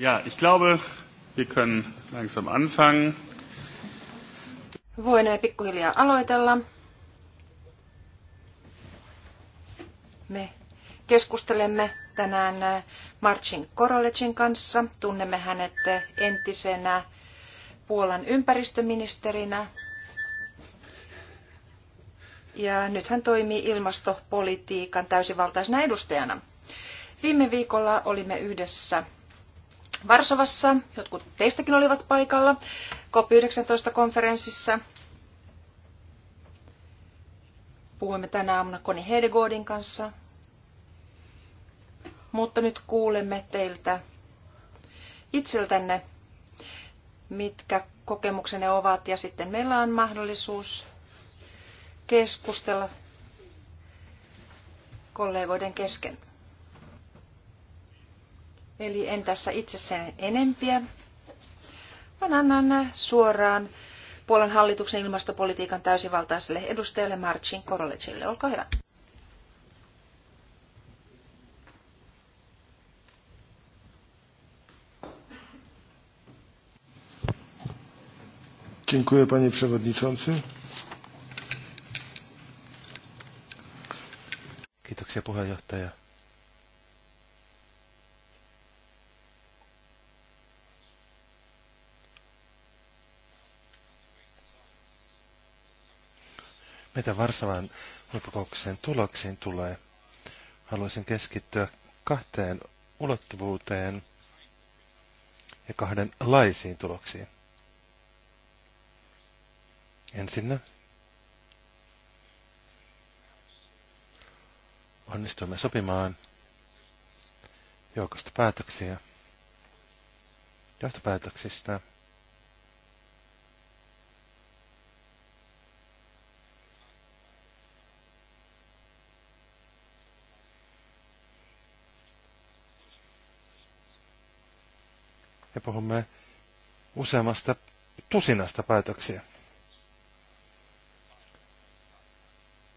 Ja, ich glaube, wir können langsam anfangen. Voin pikkuhiljaa aloitella. Me keskustelemme tänään äh, Marcin Korolecin kanssa. Tunnemme hänet entisenä Puolan ympäristöministerinä. Ja nyt hän toimii ilmastopolitiikan täysivaltaisena edustajana. Viime viikolla olimme yhdessä Varsovassa, jotkut teistäkin olivat paikalla, COP19-konferenssissa. Puhuimme tänä aamuna Koni Hedegoodin kanssa. Mutta nyt kuulemme teiltä itseltänne, mitkä kokemuksenne ovat, ja sitten meillä on mahdollisuus keskustella kollegoiden kesken. Eli en tässä itse sen enempiä, vaan annan suoraan Puolan hallituksen ilmastopolitiikan täysivaltaiselle edustajalle Marcin Korolecille. Olkaa hyvä. Dziękuję panie przewodniczący. Kiitoksia puheenjohtaja. Mitä Varsavan huippukokouksen tuloksiin tulee, haluaisin keskittyä kahteen ulottuvuuteen ja kahdenlaisiin tuloksiin. Ensinnä onnistuimme sopimaan joukosta päätöksiä johtopäätöksistä – puhumme useammasta tusinasta päätöksiä.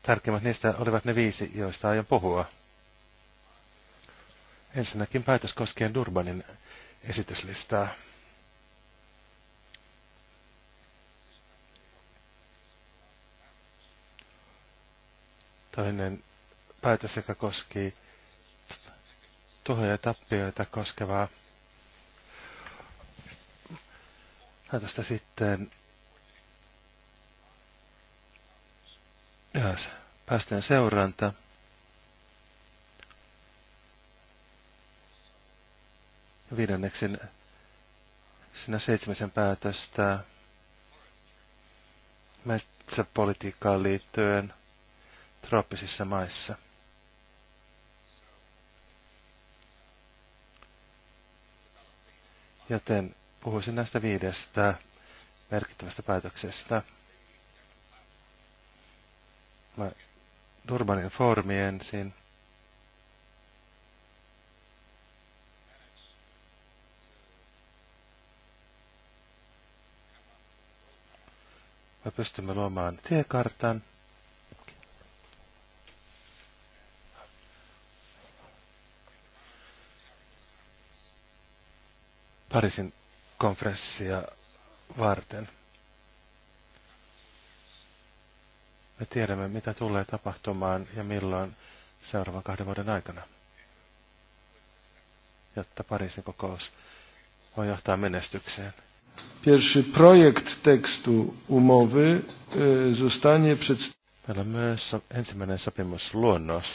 Tärkeimmät niistä olivat ne viisi, joista aion puhua. Ensinnäkin päätös koskien Durbanin esityslistaa. Toinen päätös, joka koski tuhoja ja tappioita koskevaa tästä sitten ja päästään seuranta. viidenneksi sinä seitsemisen päätöstä metsäpolitiikkaan liittyen trooppisissa maissa. Joten Puhuisin näistä viidestä merkittävästä päätöksestä. Mä Durbanin foorumi ensin. Me pystymme luomaan tiekartan. Pariisin konferenssia varten. Me tiedämme, mitä tulee tapahtumaan ja milloin seuraavan kahden vuoden aikana, jotta Pariisin kokous voi johtaa menestykseen. Pierwszy projekt tekstu umowy zostanie przedstawiony. ensimmäinen sopimusluonnos,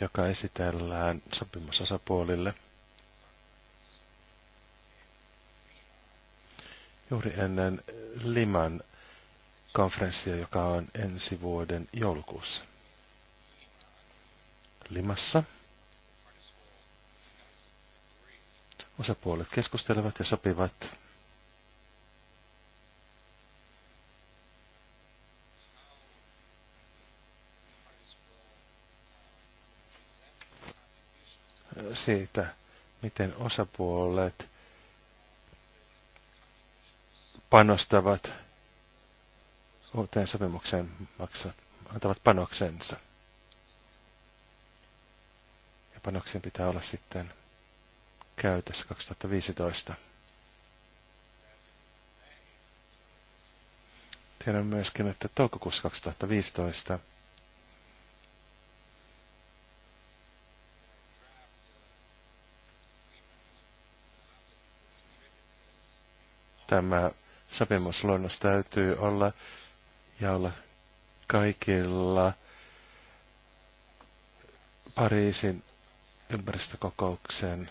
joka esitellään sopimusosapuolille – juuri ennen Liman konferenssia, joka on ensi vuoden joulukuussa. Limassa. Osapuolet keskustelevat ja sopivat siitä, miten osapuolet panostavat uuteen sopimukseen, maksat, antavat panoksensa. Ja panoksen pitää olla sitten käytössä 2015. Tiedän myöskin, että toukokuussa 2015 tämä sopimusluonnos täytyy olla ja olla kaikilla Pariisin ympäristökokouksen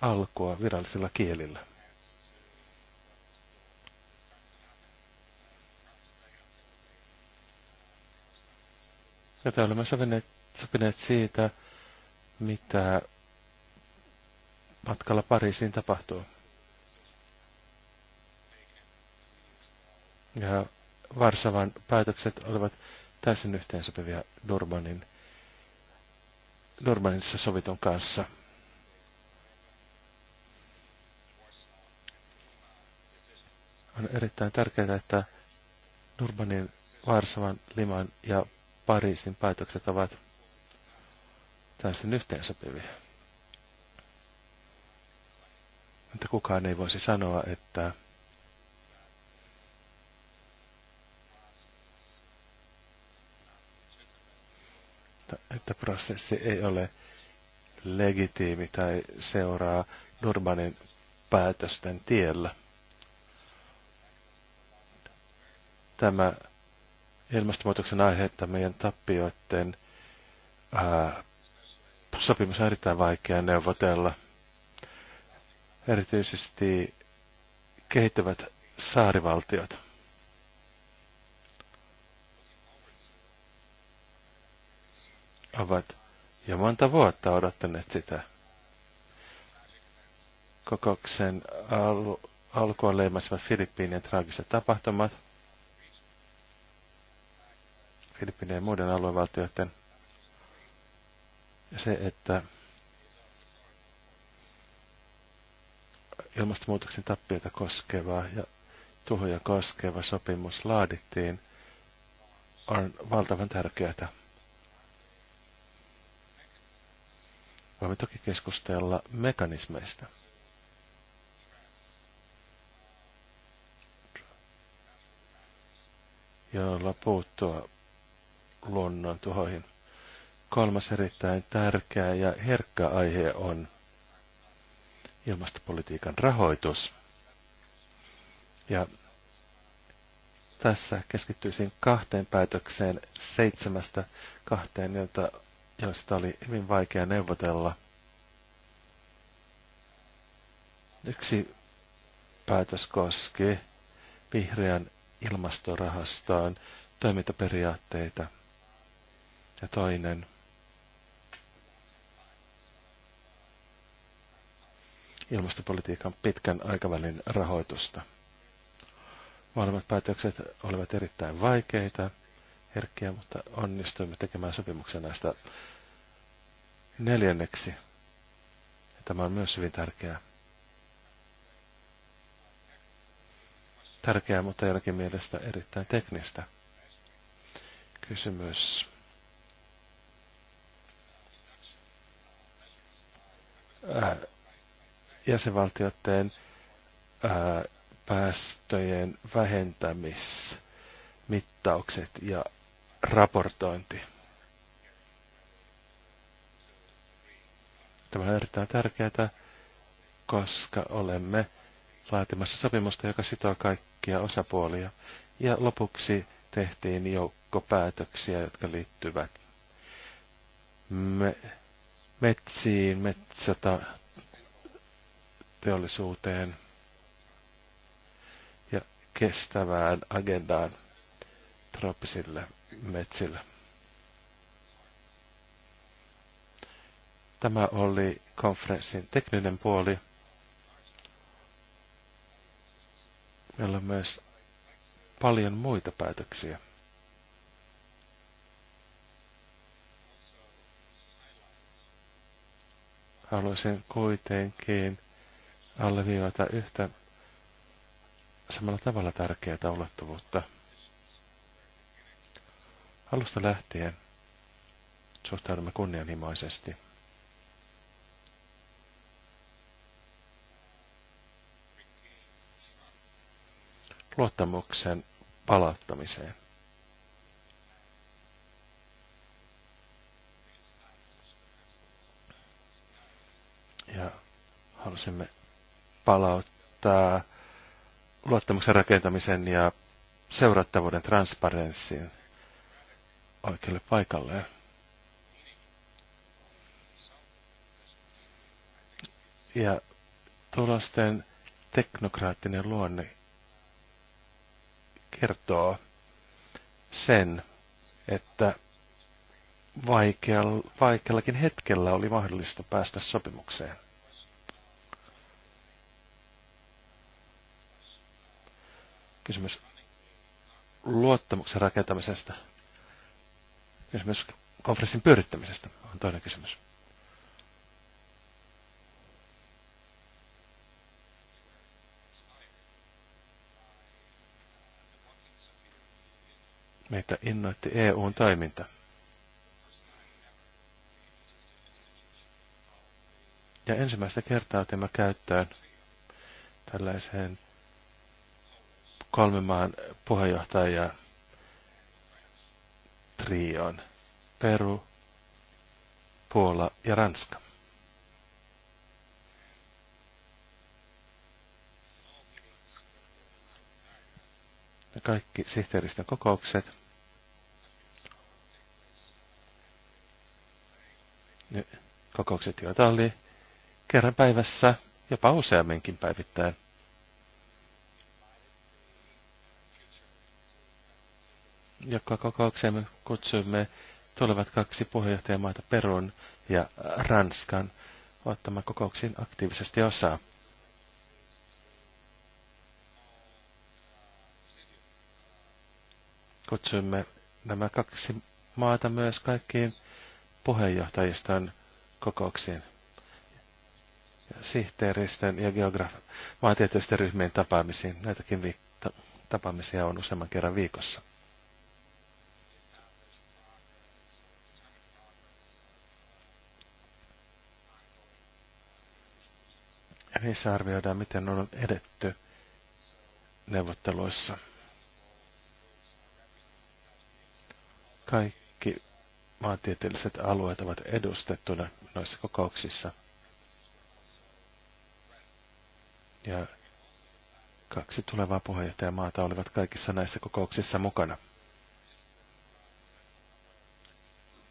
alkua virallisilla kielillä. Ja olemme sopineet, sopineet siitä, mitä matkalla Pariisiin tapahtuu. Ja Varsavan päätökset olivat täysin yhteensopivia Durbanin, Durbanissa sovitun kanssa. On erittäin tärkeää, että Durbanin, Varsavan, Liman ja Pariisin päätökset ovat täysin yhteensopivia. Mutta kukaan ei voisi sanoa, että prosessi ei ole legitiimi tai seuraa Durbanin päätösten tiellä. Tämä ilmastonmuutoksen aiheuttamien tappioiden ää, sopimus on erittäin vaikea neuvotella. Erityisesti kehittyvät saarivaltiot. ovat jo monta vuotta odottaneet sitä. Kokouksen al- alkuun leimasivat Filippiinien traagiset tapahtumat, Filippiinien ja muiden aluevaltioiden, ja se, että ilmastonmuutoksen tappioita koskeva ja tuhoja koskeva sopimus laadittiin, on valtavan tärkeää. Voimme toki keskustella mekanismeista. jolla puuttua luonnon tuhoihin. Kolmas erittäin tärkeä ja herkkä aihe on ilmastopolitiikan rahoitus. Ja tässä keskittyisin kahteen päätökseen seitsemästä kahteen, jota joista oli hyvin vaikea neuvotella. Yksi päätös koski vihreän ilmastorahastoon toimintaperiaatteita. Ja toinen ilmastopolitiikan pitkän aikavälin rahoitusta. Molemmat päätökset olivat erittäin vaikeita, herkkiä, mutta onnistuimme tekemään sopimuksen näistä Neljänneksi, ja tämä on myös hyvin tärkeää. Tärkeää, mutta jollakin mielestä erittäin teknistä. Kysymys Ää, äh, jäsenvaltioiden ää, äh, päästöjen vähentämismittaukset ja raportointi. Tämä on erittäin tärkeää, koska olemme laatimassa sopimusta, joka sitoo kaikkia osapuolia. Ja lopuksi tehtiin joukko päätöksiä, jotka liittyvät me, metsiin, metsätä, teollisuuteen ja kestävään agendaan trooppisille metsille. Tämä oli konferenssin tekninen puoli. Meillä on myös paljon muita päätöksiä. Haluaisin kuitenkin alleviivata yhtä samalla tavalla tärkeää ulottuvuutta. Alusta lähtien suhtaudumme kunnianhimoisesti. luottamuksen palauttamiseen. Ja halusimme palauttaa luottamuksen rakentamisen ja seurattavuuden transparenssiin oikealle paikalleen. Ja tulosten teknokraattinen luonne kertoo sen, että vaikeallakin hetkellä oli mahdollista päästä sopimukseen. Kysymys luottamuksen rakentamisesta. Kysymys konferenssin pyörittämisestä on toinen kysymys. Meitä innoitti EUn toiminta. Ja ensimmäistä kertaa otimme käyttöön tällaisen maan puheenjohtaja trioon. Peru, Puola ja Ranska. Ja kaikki sihteeristön kokoukset – kokoukset, joita oli kerran päivässä, jopa useamminkin päivittäin. Joka kokoukseen kutsuimme tulevat kaksi puheenjohtajamaita Perun ja Ranskan ottamaan kokouksiin aktiivisesti osaa. Kutsuimme nämä kaksi maata myös kaikkiin puheenjohtajiston ja sihteeristen ja geograf- ryhmien tapaamisiin. Näitäkin tapaamisia on useamman kerran viikossa. Ja niissä arvioidaan, miten on edetty neuvotteluissa. Kaikki maantieteelliset alueet ovat edustettuna noissa kokouksissa. Ja kaksi tulevaa puheenjohtajamaata olivat kaikissa näissä kokouksissa mukana.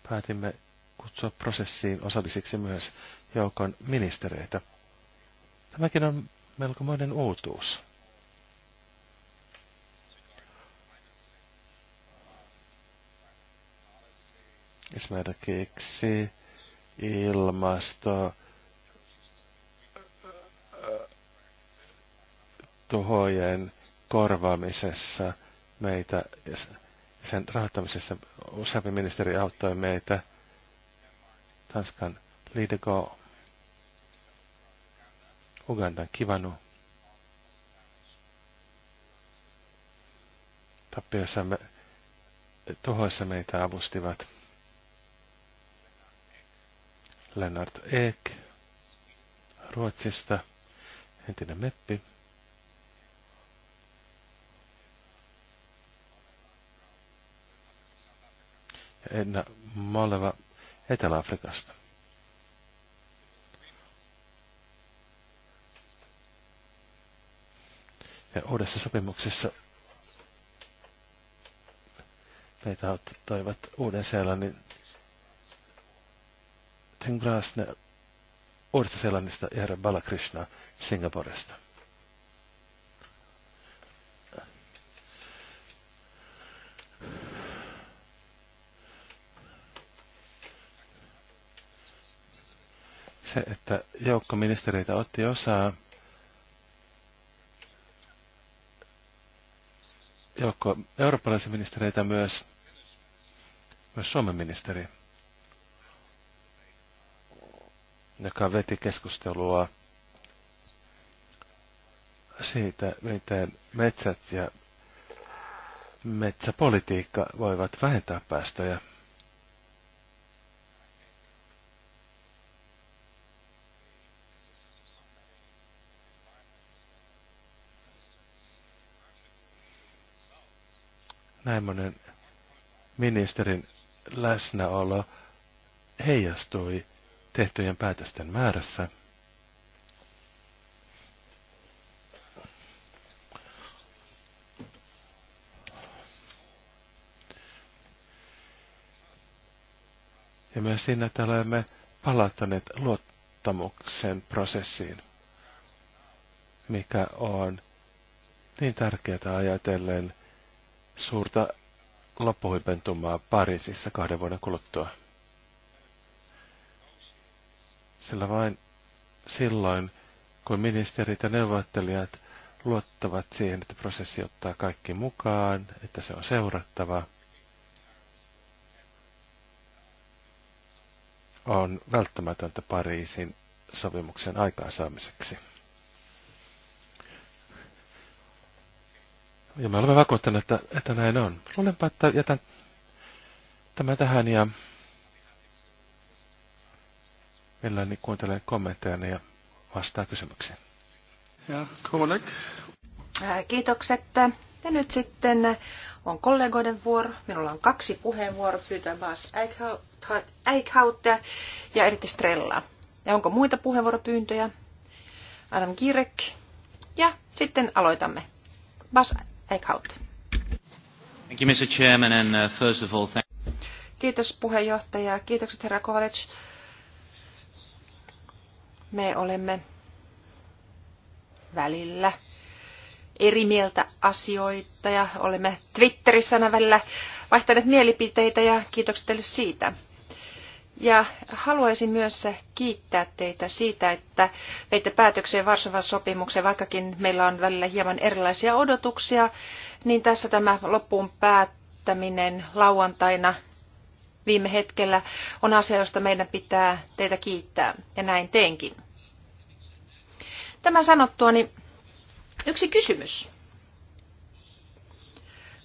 Päätimme kutsua prosessiin osallisiksi myös joukon ministereitä. Tämäkin on melkomoinen uutuus. esimerkiksi ilmasto, tuhojen korvaamisessa meitä ja sen rahoittamisessa useampi ministeri auttoi meitä. Tanskan Lidego, Ugandan Kivanu. Tappiossa me, tuhoissa meitä avustivat. Lennart Ek Ruotsista, entinen meppi. Ja Edna Maleva Etelä-Afrikasta. Ja uudessa sopimuksessa meitä toivat Uuden-Seelannin Martin Grasne Uudesta-Seelannista ja herra Balakrishna Singaporesta. se, että joukko ministereitä otti osaa joukko eurooppalaisia ministereitä myös, myös Suomen ministeri. joka veti keskustelua siitä, miten metsät ja metsäpolitiikka voivat vähentää päästöjä. Näin monen ministerin läsnäolo heijastui tehtyjen päätösten määrässä. Ja myös siinä, että olemme palauttaneet luottamuksen prosessiin, mikä on niin tärkeää ajatellen suurta loppuhuipentumaa Pariisissa kahden vuoden kuluttua sillä vain silloin, kun ministerit ja neuvottelijat luottavat siihen, että prosessi ottaa kaikki mukaan, että se on seurattava, on välttämätöntä Pariisin sopimuksen aikaansaamiseksi. Ja me olemme vakuuttaneet, että, että näin on. Luulenpa, että jätän tämän tähän ja Mielelläni kuuntelee kommentteja ja vastaa kysymyksiin. Ja kolleg. Äh, kiitokset. Ja nyt sitten on kollegoiden vuoro. Minulla on kaksi puheenvuoropyyntöä, Bas Eichhaut ja Erti Strella. Ja onko muita puheenvuoropyyntöjä? Adam Kirek. Ja sitten aloitamme. Bas Eichhaut. Thank you, Mr. Chairman, and uh, first of all, thank Kiitos puheenjohtaja. Kiitokset herra Kovalec me olemme välillä eri mieltä asioita ja olemme Twitterissä aina välillä vaihtaneet mielipiteitä ja kiitokset teille siitä. Ja haluaisin myös kiittää teitä siitä, että veitte päätökseen Varsovan sopimuksen, vaikkakin meillä on välillä hieman erilaisia odotuksia, niin tässä tämä loppuun päättäminen lauantaina viime hetkellä on asia, josta meidän pitää teitä kiittää, ja näin teenkin. Tämä sanottua, niin yksi kysymys.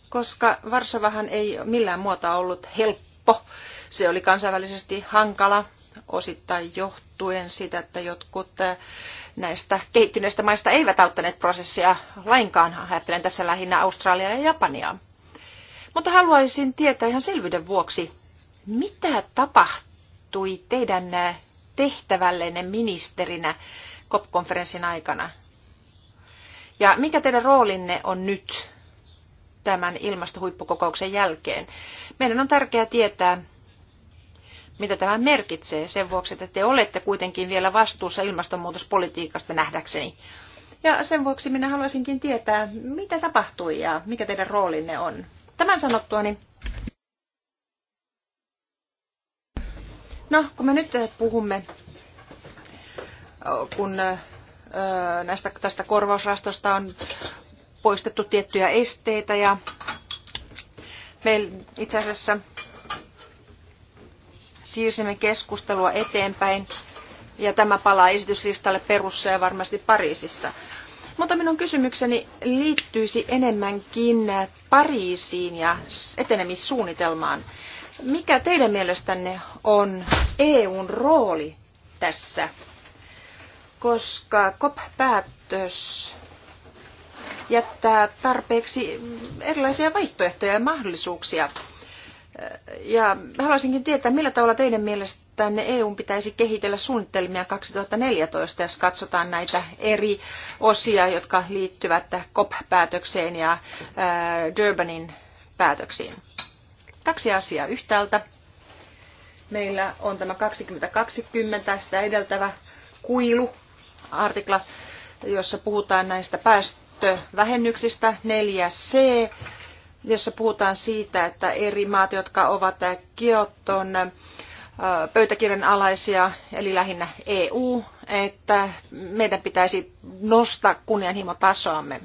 Koska Varsovahan ei millään muuta ollut helppo. Se oli kansainvälisesti hankala, osittain johtuen sitä, että jotkut eh, näistä kehittyneistä maista eivät auttaneet prosessia lainkaan. Ajattelen tässä lähinnä Australiaa ja Japania. Mutta haluaisin tietää ihan selvyyden vuoksi, mitä tapahtui teidän tehtävällenne ministerinä COP-konferenssin aikana? Ja mikä teidän roolinne on nyt tämän ilmastohuippukokouksen jälkeen? Meidän on tärkeää tietää, mitä tämä merkitsee sen vuoksi, että te olette kuitenkin vielä vastuussa ilmastonmuutospolitiikasta nähdäkseni. Ja sen vuoksi minä haluaisinkin tietää, mitä tapahtui ja mikä teidän roolinne on. Tämän sanottua, niin No, kun me nyt eh, puhumme, oh, kun eh, eh, näistä, tästä korvausrastosta on poistettu tiettyjä esteitä ja me itse asiassa siirsimme keskustelua eteenpäin ja tämä palaa esityslistalle perussa ja varmasti Pariisissa. Mutta minun kysymykseni liittyisi enemmänkin Pariisiin ja etenemissuunnitelmaan. Mikä teidän mielestänne on EUn rooli tässä? Koska COP-päätös jättää tarpeeksi erilaisia vaihtoehtoja ja mahdollisuuksia. Ja haluaisinkin tietää, millä tavalla teidän mielestänne EUn pitäisi kehitellä suunnitelmia 2014, jos katsotaan näitä eri osia, jotka liittyvät COP-päätökseen ja Durbanin päätöksiin. Kaksi asiaa yhtäältä. Meillä on tämä 2020, sitä edeltävä kuilu, artikla, jossa puhutaan näistä päästövähennyksistä, 4C, jossa puhutaan siitä, että eri maat, jotka ovat Kioton pöytäkirjan alaisia, eli lähinnä EU, että meidän pitäisi nostaa kunnianhimotasoamme.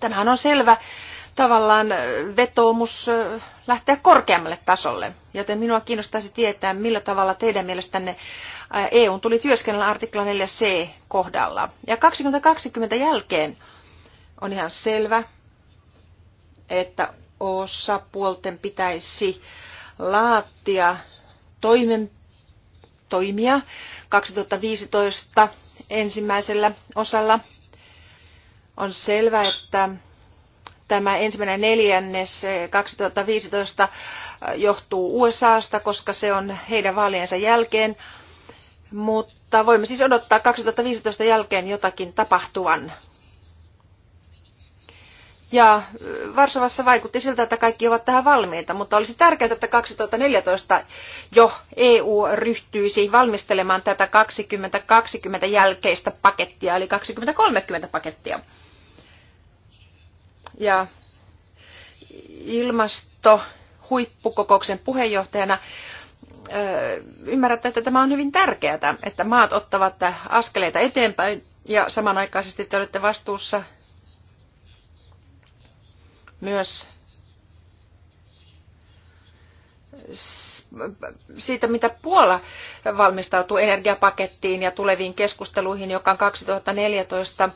Tämähän on selvä tavallaan vetoomus lähteä korkeammalle tasolle. Joten minua kiinnostaisi tietää, millä tavalla teidän mielestänne EU tuli työskennellä artikla 4c kohdalla. Ja 2020 jälkeen on ihan selvä, että osapuolten pitäisi laatia toimen, toimia 2015 ensimmäisellä osalla. On selvä, että tämä ensimmäinen neljännes 2015 eh, eh, johtuu USAsta, koska se on heidän vaaliensa jälkeen. Mutta voimme siis odottaa 2015 jälkeen jotakin tapahtuvan. Ja eh, Varsovassa vaikutti siltä, että kaikki ovat tähän valmiita, mutta olisi tärkeää, että 2014 jo EU ryhtyisi valmistelemaan tätä 2020 jälkeistä pakettia, eli 2030 pakettia ja ilmasto huippukokouksen puheenjohtajana ymmärrätte, että tämä on hyvin tärkeää, että maat ottavat askeleita eteenpäin ja samanaikaisesti te olette vastuussa myös siitä, mitä Puola valmistautuu energiapakettiin ja tuleviin keskusteluihin, joka on 2014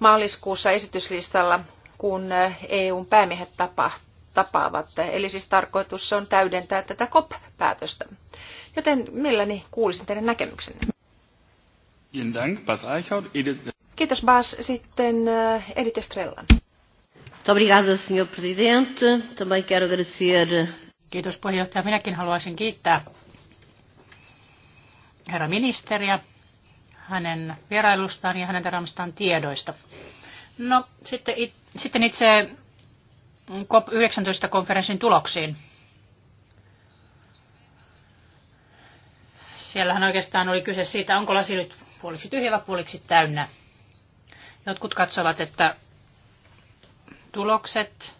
maaliskuussa esityslistalla kun EUn päämiehet tapaavat. Eli siis tarkoitus on täydentää tätä COP-päätöstä. Joten mielelläni kuulisin teidän näkemyksenne. Kiitos Bas. Sitten eh, Edith Estrellan. Eh, Kiitos puheenjohtaja. Minäkin haluaisin kiittää herra ministeriä hänen vierailustaan ja hänen tarjoamistaan tiedoista. No sitten, it, sitten itse COP19-konferenssin tuloksiin. Siellähän oikeastaan oli kyse siitä, onko lasi nyt puoliksi tyhjä vai puoliksi täynnä. Jotkut katsovat, että tulokset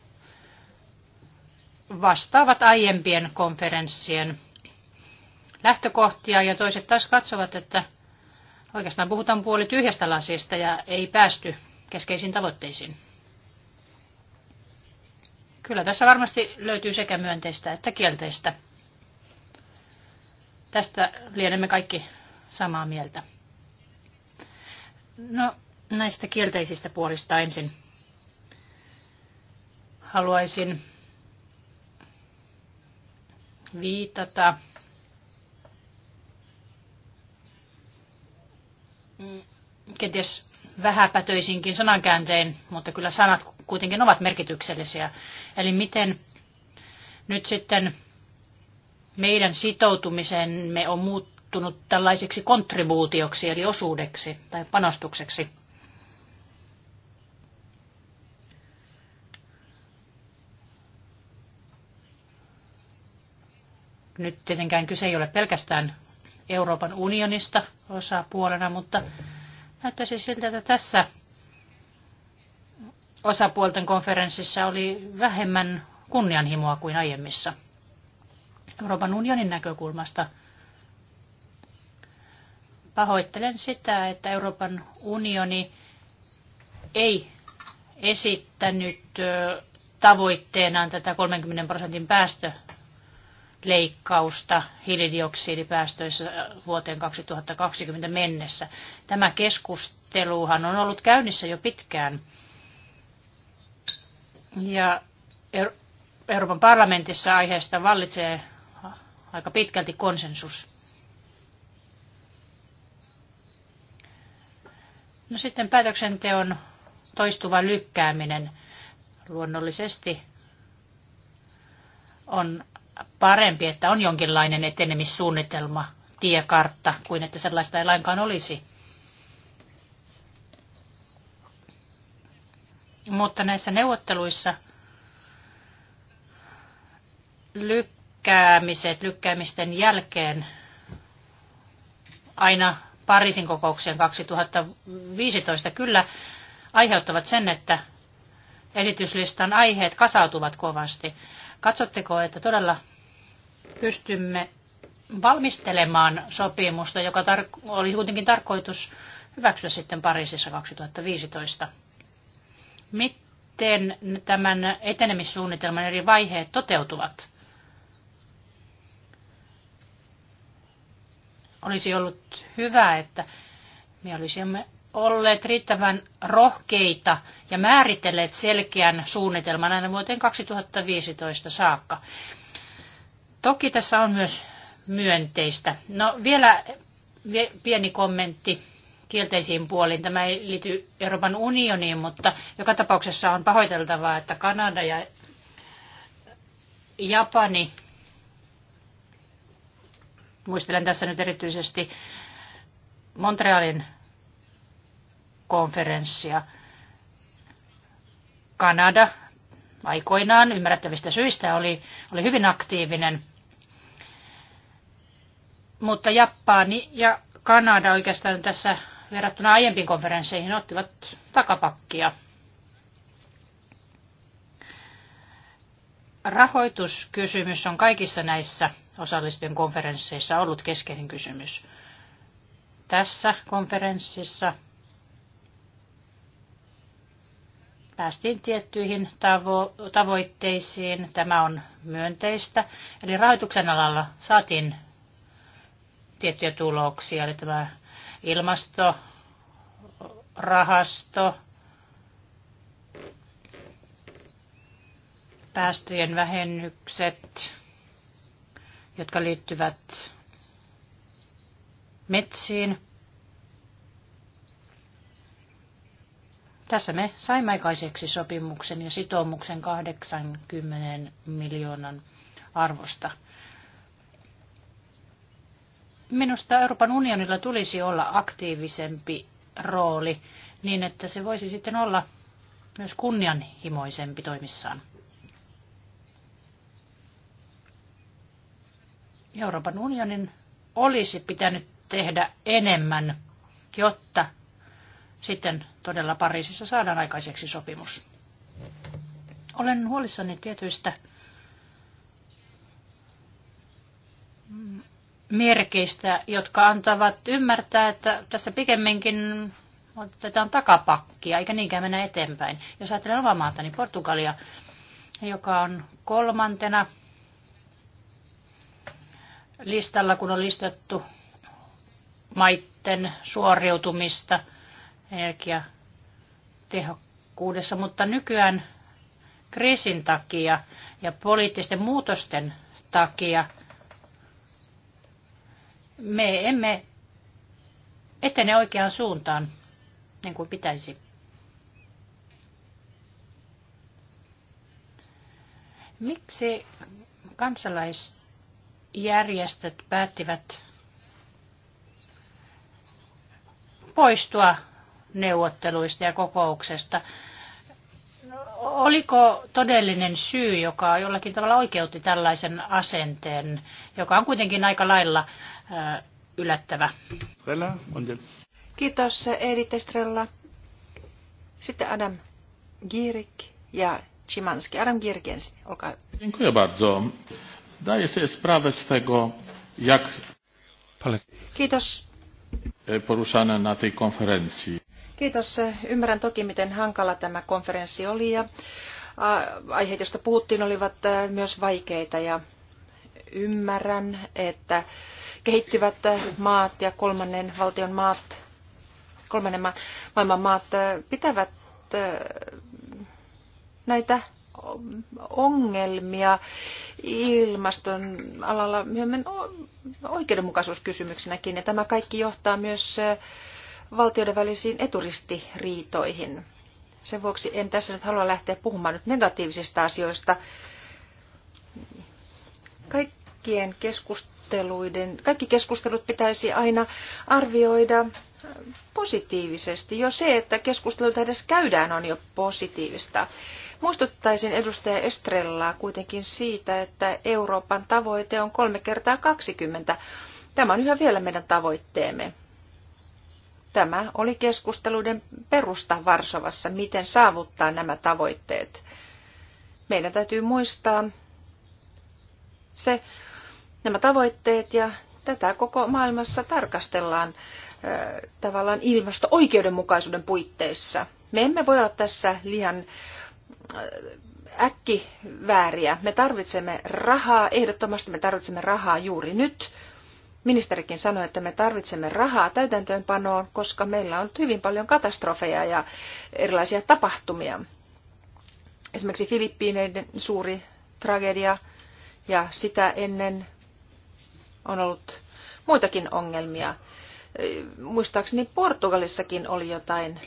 vastaavat aiempien konferenssien lähtökohtia ja toiset taas katsovat, että oikeastaan puhutaan puoli tyhjästä lasista ja ei päästy keskeisiin tavoitteisiin. Kyllä tässä varmasti löytyy sekä myönteistä että kielteistä. Tästä lienemme kaikki samaa mieltä. No, näistä kielteisistä puolista ensin. Haluaisin viitata kenties vähäpätöisinkin sanankääntein, mutta kyllä sanat kuitenkin ovat merkityksellisiä. Eli miten nyt sitten meidän sitoutumisemme on muuttunut tällaiseksi kontribuutioksi, eli osuudeksi tai panostukseksi? Nyt tietenkään kyse ei ole pelkästään Euroopan unionista osapuolena, mutta Näyttäisi siltä, että tässä osapuolten konferenssissa oli vähemmän kunnianhimoa kuin aiemmissa. Euroopan unionin näkökulmasta pahoittelen sitä, että Euroopan unioni ei esittänyt tavoitteenaan tätä 30 prosentin päästö leikkausta hiilidioksidipäästöissä vuoteen 2020 mennessä. Tämä keskusteluhan on ollut käynnissä jo pitkään. Ja Euroopan parlamentissa aiheesta vallitsee aika pitkälti konsensus. No sitten päätöksenteon toistuva lykkääminen luonnollisesti on parempi, että on jonkinlainen etenemissuunnitelma, tiekartta, kuin että sellaista ei lainkaan olisi. Mutta näissä neuvotteluissa lykkäämiset, lykkäämisten jälkeen aina Pariisin kokoukseen 2015 kyllä aiheuttavat sen, että esityslistan aiheet kasautuvat kovasti. Katsotteko, että todella pystymme valmistelemaan sopimusta, joka tar- oli kuitenkin tarkoitus hyväksyä sitten Pariisissa 2015. Miten tämän etenemissuunnitelman eri vaiheet toteutuvat? Olisi ollut hyvä, että me olisimme olleet riittävän rohkeita ja määritelleet selkeän suunnitelman aina vuoteen 2015 saakka. Toki tässä on myös myönteistä. No vielä pieni kommentti kielteisiin puoliin. Tämä ei liity Euroopan unioniin, mutta joka tapauksessa on pahoiteltavaa, että Kanada ja Japani, muistelen tässä nyt erityisesti Montrealin konferenssia, Kanada aikoinaan ymmärrettävistä syistä oli, oli hyvin aktiivinen – mutta Japani ja Kanada oikeastaan tässä verrattuna aiempiin konferensseihin ottivat takapakkia. Rahoituskysymys on kaikissa näissä osallistujien konferensseissa ollut keskeinen kysymys. Tässä konferenssissa päästiin tiettyihin tavo- tavoitteisiin. Tämä on myönteistä. Eli rahoituksen alalla saatiin tiettyjä tuloksia, eli tämä ilmastorahasto, päästöjen vähennykset, jotka liittyvät metsiin. Tässä me saimme aikaiseksi sopimuksen ja sitoumuksen 80 miljoonan arvosta. Minusta Euroopan unionilla tulisi olla aktiivisempi rooli niin, että se voisi sitten olla myös kunnianhimoisempi toimissaan. Euroopan unionin olisi pitänyt tehdä enemmän, jotta sitten todella Pariisissa saadaan aikaiseksi sopimus. Olen huolissani tietyistä merkeistä, jotka antavat ymmärtää, että tässä pikemminkin otetaan takapakkia, eikä niinkään mennä eteenpäin. Jos ajatellaan omaa maata, niin Portugalia, joka on kolmantena listalla, kun on listattu maitten suoriutumista energiatehokkuudessa, mutta nykyään kriisin takia ja poliittisten muutosten takia – me emme etene oikeaan suuntaan, niin kuin pitäisi. Miksi kansalaisjärjestöt päättivät poistua neuvotteluista ja kokouksesta? Oliko todellinen syy, joka jollakin tavalla oikeutti tällaisen asenteen, joka on kuitenkin aika lailla yllättävä. Kiitos Edith Estrella. Sitten Adam Girik ja Cimanski. Adam Girik ensin, olkaa hyvä. Dziękuję bardzo. Zdaję sobie sprawę z tego, jak Kiitos. E, poruszane na tej konferencji. Kiitos. Ymmärrän toki, miten hankala tämä konferenssi oli ja aiheet, joista puhuttiin, olivat e, myös vaikeita ja ymmärrän, että kehittyvät maat ja kolmannen valtion maat, kolmannen ma- maailman maat pitävät näitä ongelmia ilmaston alalla myöhemmin oikeudenmukaisuuskysymyksenäkin. Ja tämä kaikki johtaa myös valtioiden välisiin eturistiriitoihin. Sen vuoksi en tässä nyt halua lähteä puhumaan nyt negatiivisista asioista. Kaikkien keskustelujen keskusteluiden, kaikki keskustelut pitäisi aina arvioida positiivisesti. Jo se, että keskusteluita edes käydään, on jo positiivista. Muistuttaisin edustaja Estrellaa kuitenkin siitä, että Euroopan tavoite on kolme kertaa 20. Tämä on yhä vielä meidän tavoitteemme. Tämä oli keskusteluiden perusta Varsovassa, miten saavuttaa nämä tavoitteet. Meidän täytyy muistaa se, nämä tavoitteet ja tätä koko maailmassa tarkastellaan tavallaan ilmasto-oikeudenmukaisuuden puitteissa. Me emme voi olla tässä liian äkki vääriä. Me tarvitsemme rahaa, ehdottomasti me tarvitsemme rahaa juuri nyt. Ministerikin sanoi, että me tarvitsemme rahaa täytäntöönpanoon, koska meillä on hyvin paljon katastrofeja ja erilaisia tapahtumia. Esimerkiksi Filippiineiden suuri tragedia ja sitä ennen on ollut muitakin ongelmia. Muistaakseni Portugalissakin oli jotain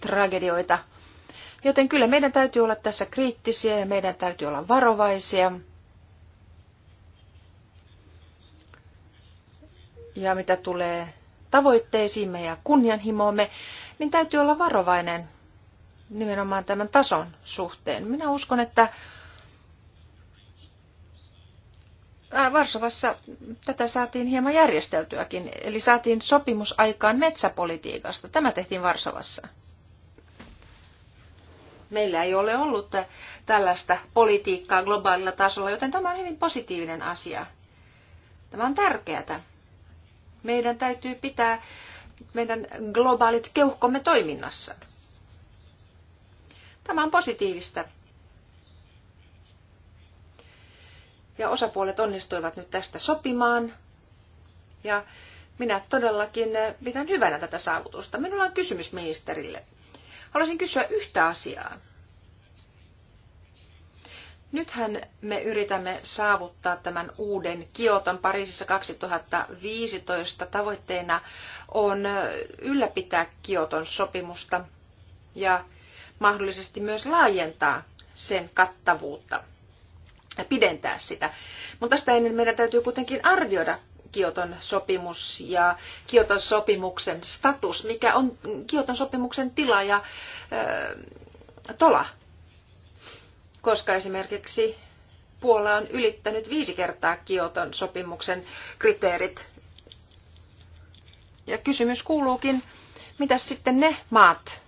tragedioita. Joten kyllä meidän täytyy olla tässä kriittisiä ja meidän täytyy olla varovaisia. Ja mitä tulee tavoitteisiimme ja kunnianhimoomme, niin täytyy olla varovainen nimenomaan tämän tason suhteen. Minä uskon, että Äh, Varsovassa tätä saatiin hieman järjesteltyäkin, eli saatiin sopimus aikaan metsäpolitiikasta. Tämä tehtiin Varsovassa. Meillä ei ole ollut tällaista politiikkaa globaalilla tasolla, joten tämä on hyvin positiivinen asia. Tämä on tärkeää. Meidän täytyy pitää meidän globaalit keuhkomme toiminnassa. Tämä on positiivista ja osapuolet onnistuivat nyt tästä sopimaan. Ja minä todellakin eh, pidän hyvänä tätä saavutusta. Minulla on kysymys ministerille. Haluaisin kysyä yhtä asiaa. Nythän me yritämme saavuttaa tämän uuden Kioton Pariisissa 2015. Tavoitteena on eh, ylläpitää Kioton sopimusta ja mahdollisesti myös laajentaa sen kattavuutta pidentää sitä. Mutta sitä ennen meidän täytyy kuitenkin arvioida Kioton sopimus ja Kioton sopimuksen status, mikä on Kioton sopimuksen tila ja tola. Koska esimerkiksi Puola on ylittänyt viisi kertaa Kioton sopimuksen kriteerit. Ja kysymys kuuluukin, mitä sitten ne maat,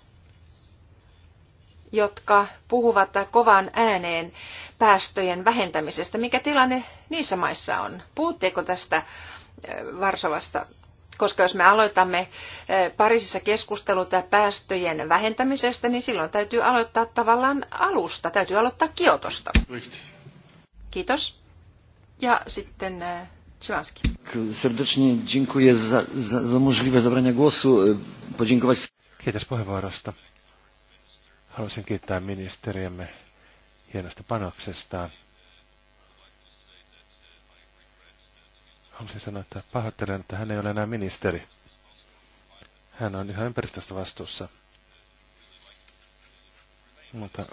jotka puhuvat kovan ääneen päästöjen vähentämisestä. Mikä tilanne niissä maissa on? Puhutteeko tästä eh, Varsovasta? Koska jos me aloitamme eh, Pariisissa keskustelut päästöjen vähentämisestä, niin silloin täytyy aloittaa tavallaan alusta. Täytyy aloittaa Kiotosta. Kiitos. Ja sitten eh, Ciłaski. Serdecznie dziękuję za, za, za możliwe zabranie głosu. E, podziękować. Kiitos puheenvuorosta. Haluaisin kiittää ministeriämme hienosta panoksestaan. Haluaisin sanoa, että pahoittelen, että hän ei ole enää ministeri. Hän on yhä ympäristöstä vastuussa. Mutta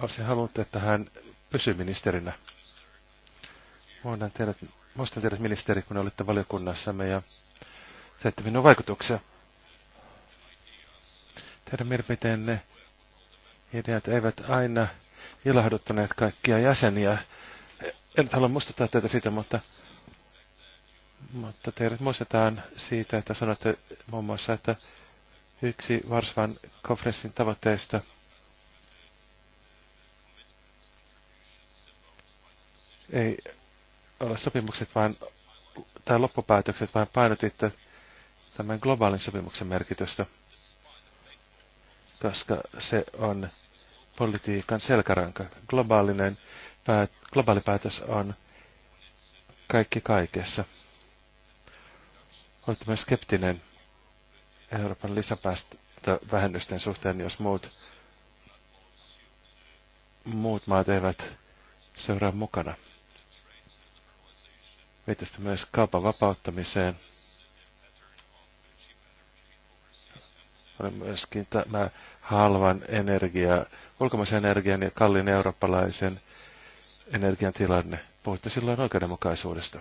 olisin halunnut, että hän pysyy ministerinä. Muistan teidät, ministeri, kun olitte valiokunnassamme ja teette minun vaikutuksia. Teidän mielipiteenne Ideat eivät aina ilahduttaneet kaikkia jäseniä. En halua muistuttaa tätä siitä, mutta, mutta teidät muistetaan siitä, että sanotte muun muassa, että yksi Varsvan konferenssin tavoitteista ei ole sopimukset vaan, tai loppupäätökset, vaan painotitte tämän globaalin sopimuksen merkitystä koska se on politiikan selkäranka. Globaalinen päät, globaali päätös on kaikki kaikessa. Olet myös skeptinen Euroopan lisäpäästövähennysten suhteen, jos muut, muut maat eivät seuraa mukana. Viittasitte myös kaupan vapauttamiseen – on myöskin tämä halvan energia, ulkomaisen energian ja kalliin eurooppalaisen energian tilanne. Puhutte silloin oikeudenmukaisuudesta.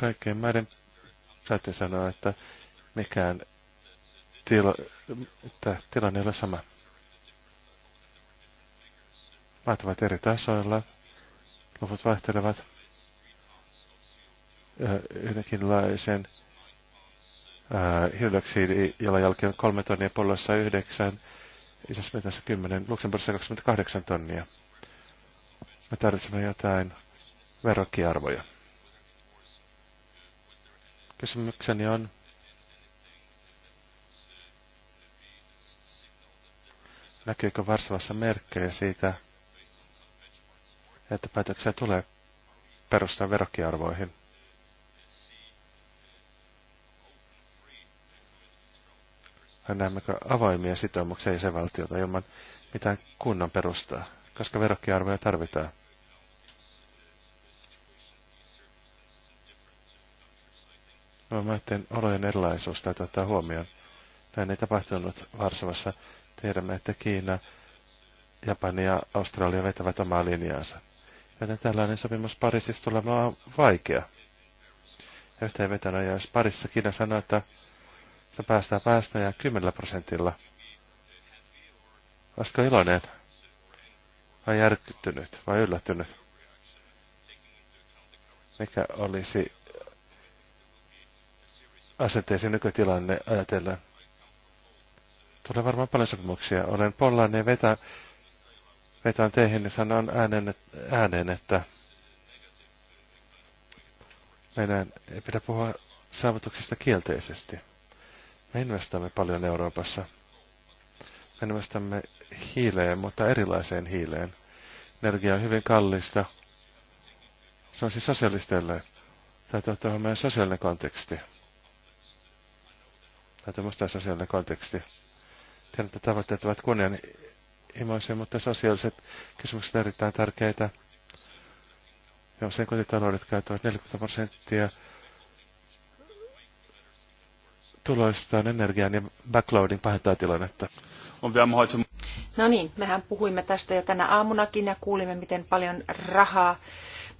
kaikkien maiden täytyy sanoa, että mikään tilo, että tilanne ei ole sama. Maat ovat eri tasoilla, luvut vaihtelevat yhdenkinlaisen hiilidioksidijalanjälkeen kolme tonnia, Pollossa yhdeksän, isossa metassa kymmenen, Luxemburgissa 28 tonnia. Me tarvitsemme jotain verrokkiarvoja. Kysymykseni on, Näkyykö Varsovassa merkkejä siitä, että päätöksiä tulee perustaa verokkiarvoihin? näemmekö avoimia sitoumuksia jäsenvaltiota ilman mitään kunnan perustaa, koska verokkiarvoja tarvitaan? No, maiden olojen erilaisuus täytyy ottaa huomioon. Näin ei tapahtunut Varsovassa. Tiedämme, että Kiina, Japani ja Australia vetävät omaa linjaansa. Joten tällainen sopimus Pariisissa tulee on vaikea. Yhteenvetona, jos parissa Kiina sanoo, että se päästään päästöjä 10 prosentilla, olisiko iloinen? Vai järkyttynyt? Vai yllättynyt? Mikä olisi asenteesi nykytilanne ajatellen? tulee varmaan paljon sopimuksia. Olen pollaan ja vetän, vetän teihin ja niin sanon äänen, ääneen, että meidän ei pidä puhua saavutuksista kielteisesti. Me investoimme paljon Euroopassa. Me investoimme hiileen, mutta erilaiseen hiileen. Energia on hyvin kallista. Se on siis sosialisteille. Täytyy ottaa meidän sosiaalinen konteksti. Täytyy muistaa sosiaalinen konteksti. Tiedän, että tavoitteet ovat kunnianhimoisia, mutta sosiaaliset kysymykset ovat erittäin tärkeitä. Ja usein kotitaloudet käyttävät 40 prosenttia tuloistaan energiaan ja backloading pahentaa tilannetta. No niin, mehän puhuimme tästä jo tänä aamunakin ja kuulimme, miten paljon rahaa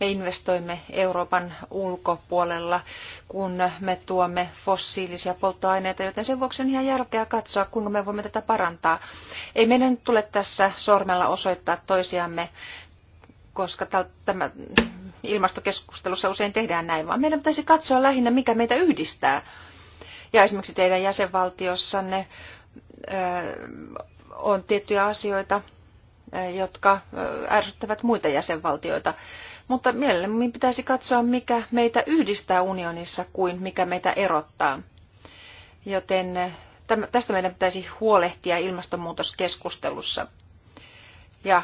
me investoimme Euroopan ulkopuolella, kun me tuomme fossiilisia polttoaineita, joten sen vuoksi on ihan järkeä katsoa, kuinka me voimme tätä parantaa. Ei meidän nyt tule tässä sormella osoittaa toisiamme, koska tämä ilmastokeskustelussa usein tehdään näin, vaan meidän pitäisi katsoa lähinnä, mikä meitä yhdistää. Ja esimerkiksi teidän jäsenvaltiossanne on tiettyjä asioita, jotka ärsyttävät muita jäsenvaltioita. Mutta mielemmin pitäisi katsoa, mikä meitä yhdistää unionissa kuin mikä meitä erottaa. Joten eh, tästä meidän pitäisi huolehtia ilmastonmuutoskeskustelussa ja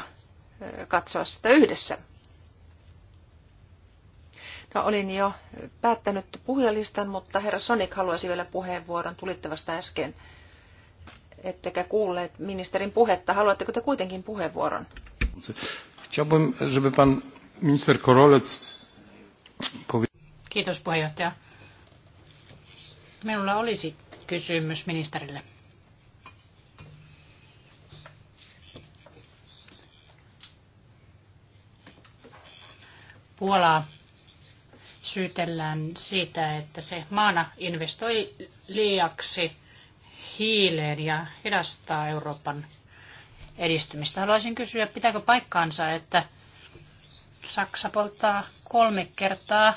eh, katsoa sitä yhdessä. No, olin jo päättänyt puhujalistan, mutta herra Sonic haluaisi vielä puheenvuoron. tulittavasta äsken. Ettekä kuulleet ministerin puhetta. Haluatteko te kuitenkin puheenvuoron? Chciałbym, żeby pan Minister Korolec Kiitos puheenjohtaja. Minulla olisi kysymys ministerille. Puolaa syytellään siitä, että se maana investoi liiaksi hiileen ja hidastaa Euroopan edistymistä. Haluaisin kysyä, pitääkö paikkaansa, että – Saksa polttaa kolme kertaa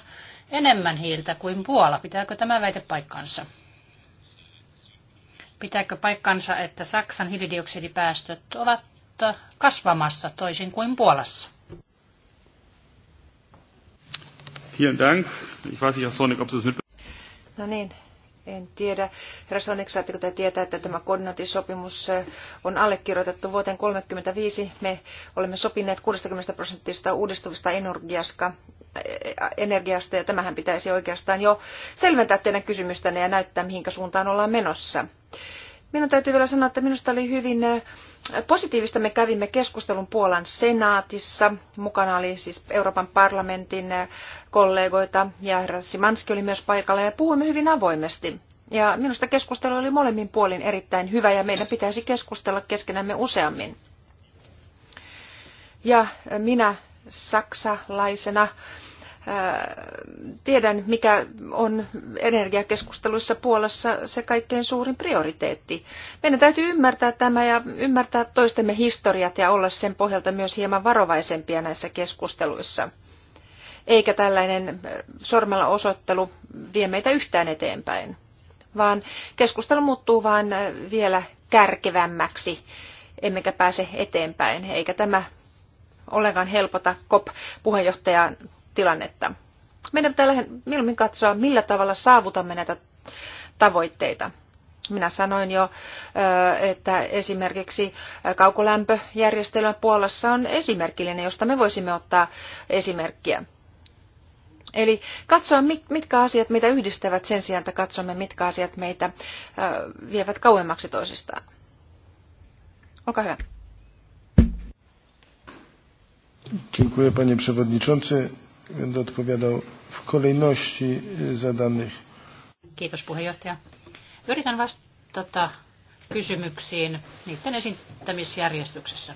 enemmän hiiltä kuin Puola. Pitääkö tämä väite paikkansa? Pitääkö paikkansa, että Saksan hiilidioksidipäästöt ovat kasvamassa toisin kuin Puolassa? Vielen Dank. Ich weiß nicht, Sonic, ob Sie es mit... No niin, en tiedä. Herra Sonik, saatteko te tietää, että tämä koordinaatisopimus on allekirjoitettu vuoteen 1935. Me olemme sopineet 60 prosenttista uudistuvista energiasta, energiasta ja tämähän pitäisi oikeastaan jo selventää teidän kysymystänne ja näyttää, mihinkä suuntaan ollaan menossa. Minun täytyy vielä sanoa, että minusta oli hyvin äh, positiivista. Me kävimme keskustelun Puolan senaatissa. Mukana oli siis Euroopan parlamentin äh, kollegoita ja herra Simanski oli myös paikalla ja puhuimme hyvin avoimesti. Ja minusta keskustelu oli molemmin puolin erittäin hyvä ja meidän pitäisi keskustella keskenämme useammin. Ja äh, minä saksalaisena tiedän, mikä on energiakeskusteluissa Puolassa se kaikkein suurin prioriteetti. Meidän täytyy ymmärtää tämä ja ymmärtää toistemme historiat ja olla sen pohjalta myös hieman varovaisempia näissä keskusteluissa. Eikä tällainen sormella osoittelu vie meitä yhtään eteenpäin, vaan keskustelu muuttuu vain vielä kärkevämmäksi, emmekä pääse eteenpäin, eikä tämä ollenkaan helpota COP-puheenjohtajan tilannetta. Meidän pitää mieluummin katsoa, millä tavalla saavutamme näitä tavoitteita. Minä sanoin jo, että esimerkiksi kaukolämpöjärjestelmä Puolassa on esimerkillinen, josta me voisimme ottaa esimerkkiä. Eli katsoa, mitkä asiat meitä yhdistävät sen sijaan, että katsomme, mitkä asiat meitä vievät kauemmaksi toisistaan. Olkaa hyvä. Dziękuję panie przewodniczący. Będę odpowiadał w kolejności zadanych. Kiitos puheenjohtaja. Yritän vastata kysymyksiin niiden esittämisjärjestyksessä.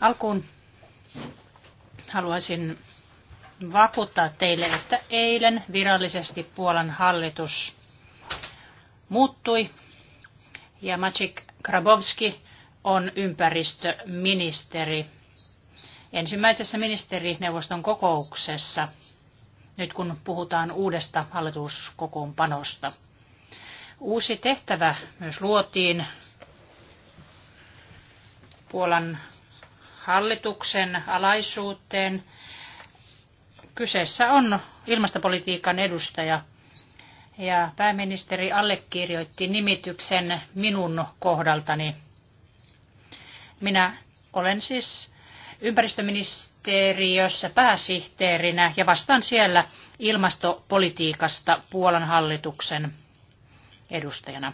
Alkuun haluaisin vakuuttaa teille, että eilen virallisesti Puolan hallitus muuttui ja Maciek Grabowski on ympäristöministeri. Ensimmäisessä ministerineuvoston kokouksessa, nyt kun puhutaan uudesta hallituskokoonpanosta. Uusi tehtävä myös luotiin Puolan hallituksen alaisuuteen. Kyseessä on ilmastopolitiikan edustaja ja pääministeri allekirjoitti nimityksen minun kohdaltani minä olen siis ympäristöministeriössä pääsihteerinä ja vastaan siellä ilmastopolitiikasta Puolan hallituksen edustajana.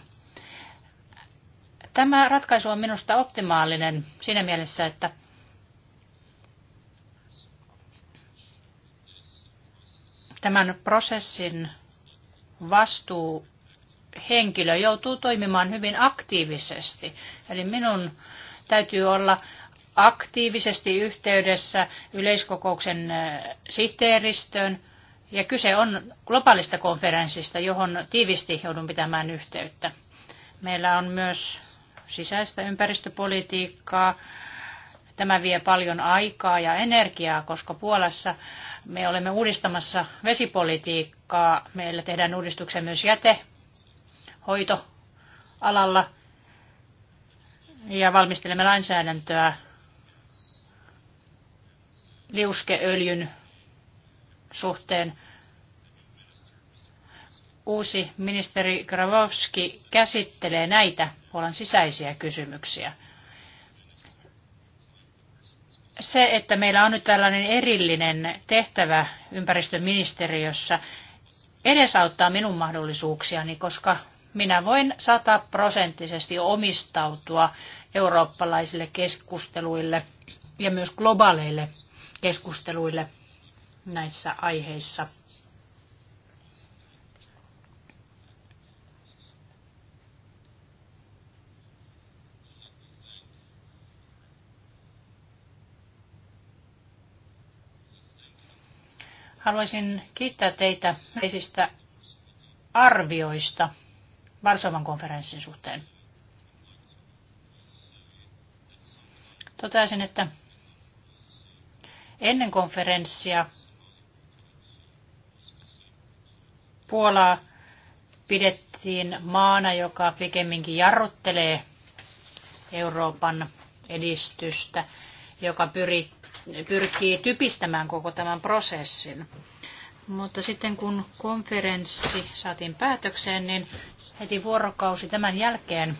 Tämä ratkaisu on minusta optimaalinen siinä mielessä, että tämän prosessin vastuuhenkilö joutuu toimimaan hyvin aktiivisesti. Eli minun täytyy olla aktiivisesti yhteydessä yleiskokouksen äh, sihteeristöön. Ja kyse on globaalista konferenssista, johon tiivisti joudun pitämään yhteyttä. Meillä on myös sisäistä ympäristöpolitiikkaa. Tämä vie paljon aikaa ja energiaa, koska Puolassa me olemme uudistamassa vesipolitiikkaa. Meillä tehdään uudistuksia myös jätehoitoalalla. alalla ja valmistelemme lainsäädäntöä liuskeöljyn suhteen. Uusi ministeri Gravowski käsittelee näitä Puolan sisäisiä kysymyksiä. Se, että meillä on nyt tällainen erillinen tehtävä ympäristöministeriössä, edesauttaa minun mahdollisuuksiani, koska minä voin sataprosenttisesti omistautua eurooppalaisille keskusteluille ja myös globaaleille keskusteluille näissä aiheissa. Haluaisin kiittää teitä esistä arvioista Varsovan konferenssin suhteen. Toteaisin, että ennen konferenssia Puolaa pidettiin maana, joka pikemminkin jarruttelee Euroopan edistystä, joka pyri, pyrkii typistämään koko tämän prosessin. Mutta sitten kun konferenssi saatiin päätökseen, niin heti vuorokausi tämän jälkeen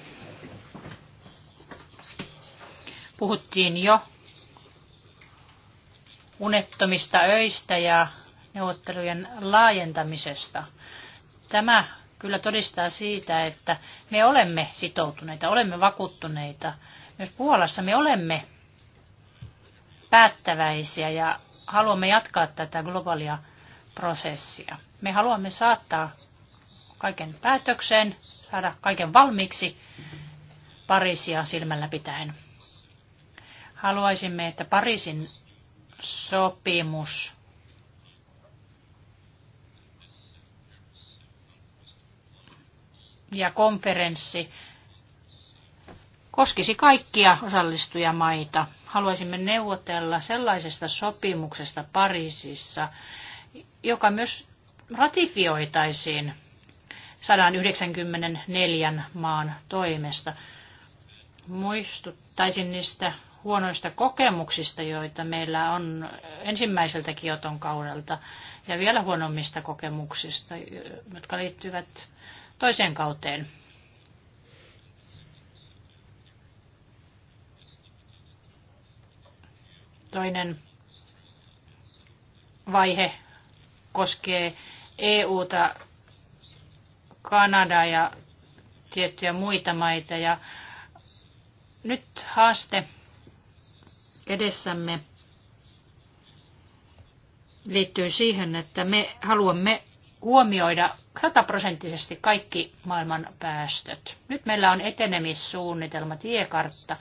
puhuttiin jo unettomista öistä ja neuvottelujen laajentamisesta. Tämä kyllä todistaa siitä, että me olemme sitoutuneita, olemme vakuuttuneita. Myös Puolassa me olemme päättäväisiä ja haluamme jatkaa tätä globaalia prosessia. Me haluamme saattaa kaiken päätökseen, saada kaiken valmiiksi Pariisia silmällä pitäen. Haluaisimme, että Pariisin sopimus ja konferenssi koskisi kaikkia osallistujamaita. Haluaisimme neuvotella sellaisesta sopimuksesta Pariisissa, joka myös ratifioitaisiin 194 maan toimesta. Muistuttaisin niistä huonoista kokemuksista, joita meillä on ensimmäiseltä Kioton kaudelta ja vielä huonommista kokemuksista, jotka liittyvät toiseen kauteen. Toinen vaihe koskee EUta Kanadaa ja tiettyjä muita maita. Ja nyt haaste edessämme liittyy siihen, että me haluamme huomioida sataprosenttisesti kaikki maailman päästöt. Nyt meillä on etenemissuunnitelma, tiekartta.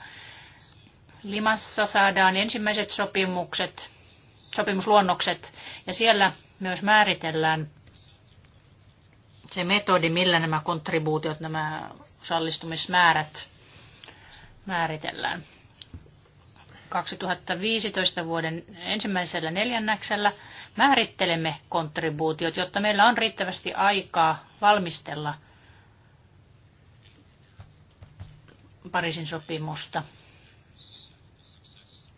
Limassa saadaan ensimmäiset sopimukset, sopimusluonnokset ja siellä myös määritellään se metodi, millä nämä kontribuutiot, nämä osallistumismäärät määritellään. 2015 vuoden ensimmäisellä neljänneksellä määrittelemme kontribuutiot, jotta meillä on riittävästi aikaa valmistella Pariisin sopimusta.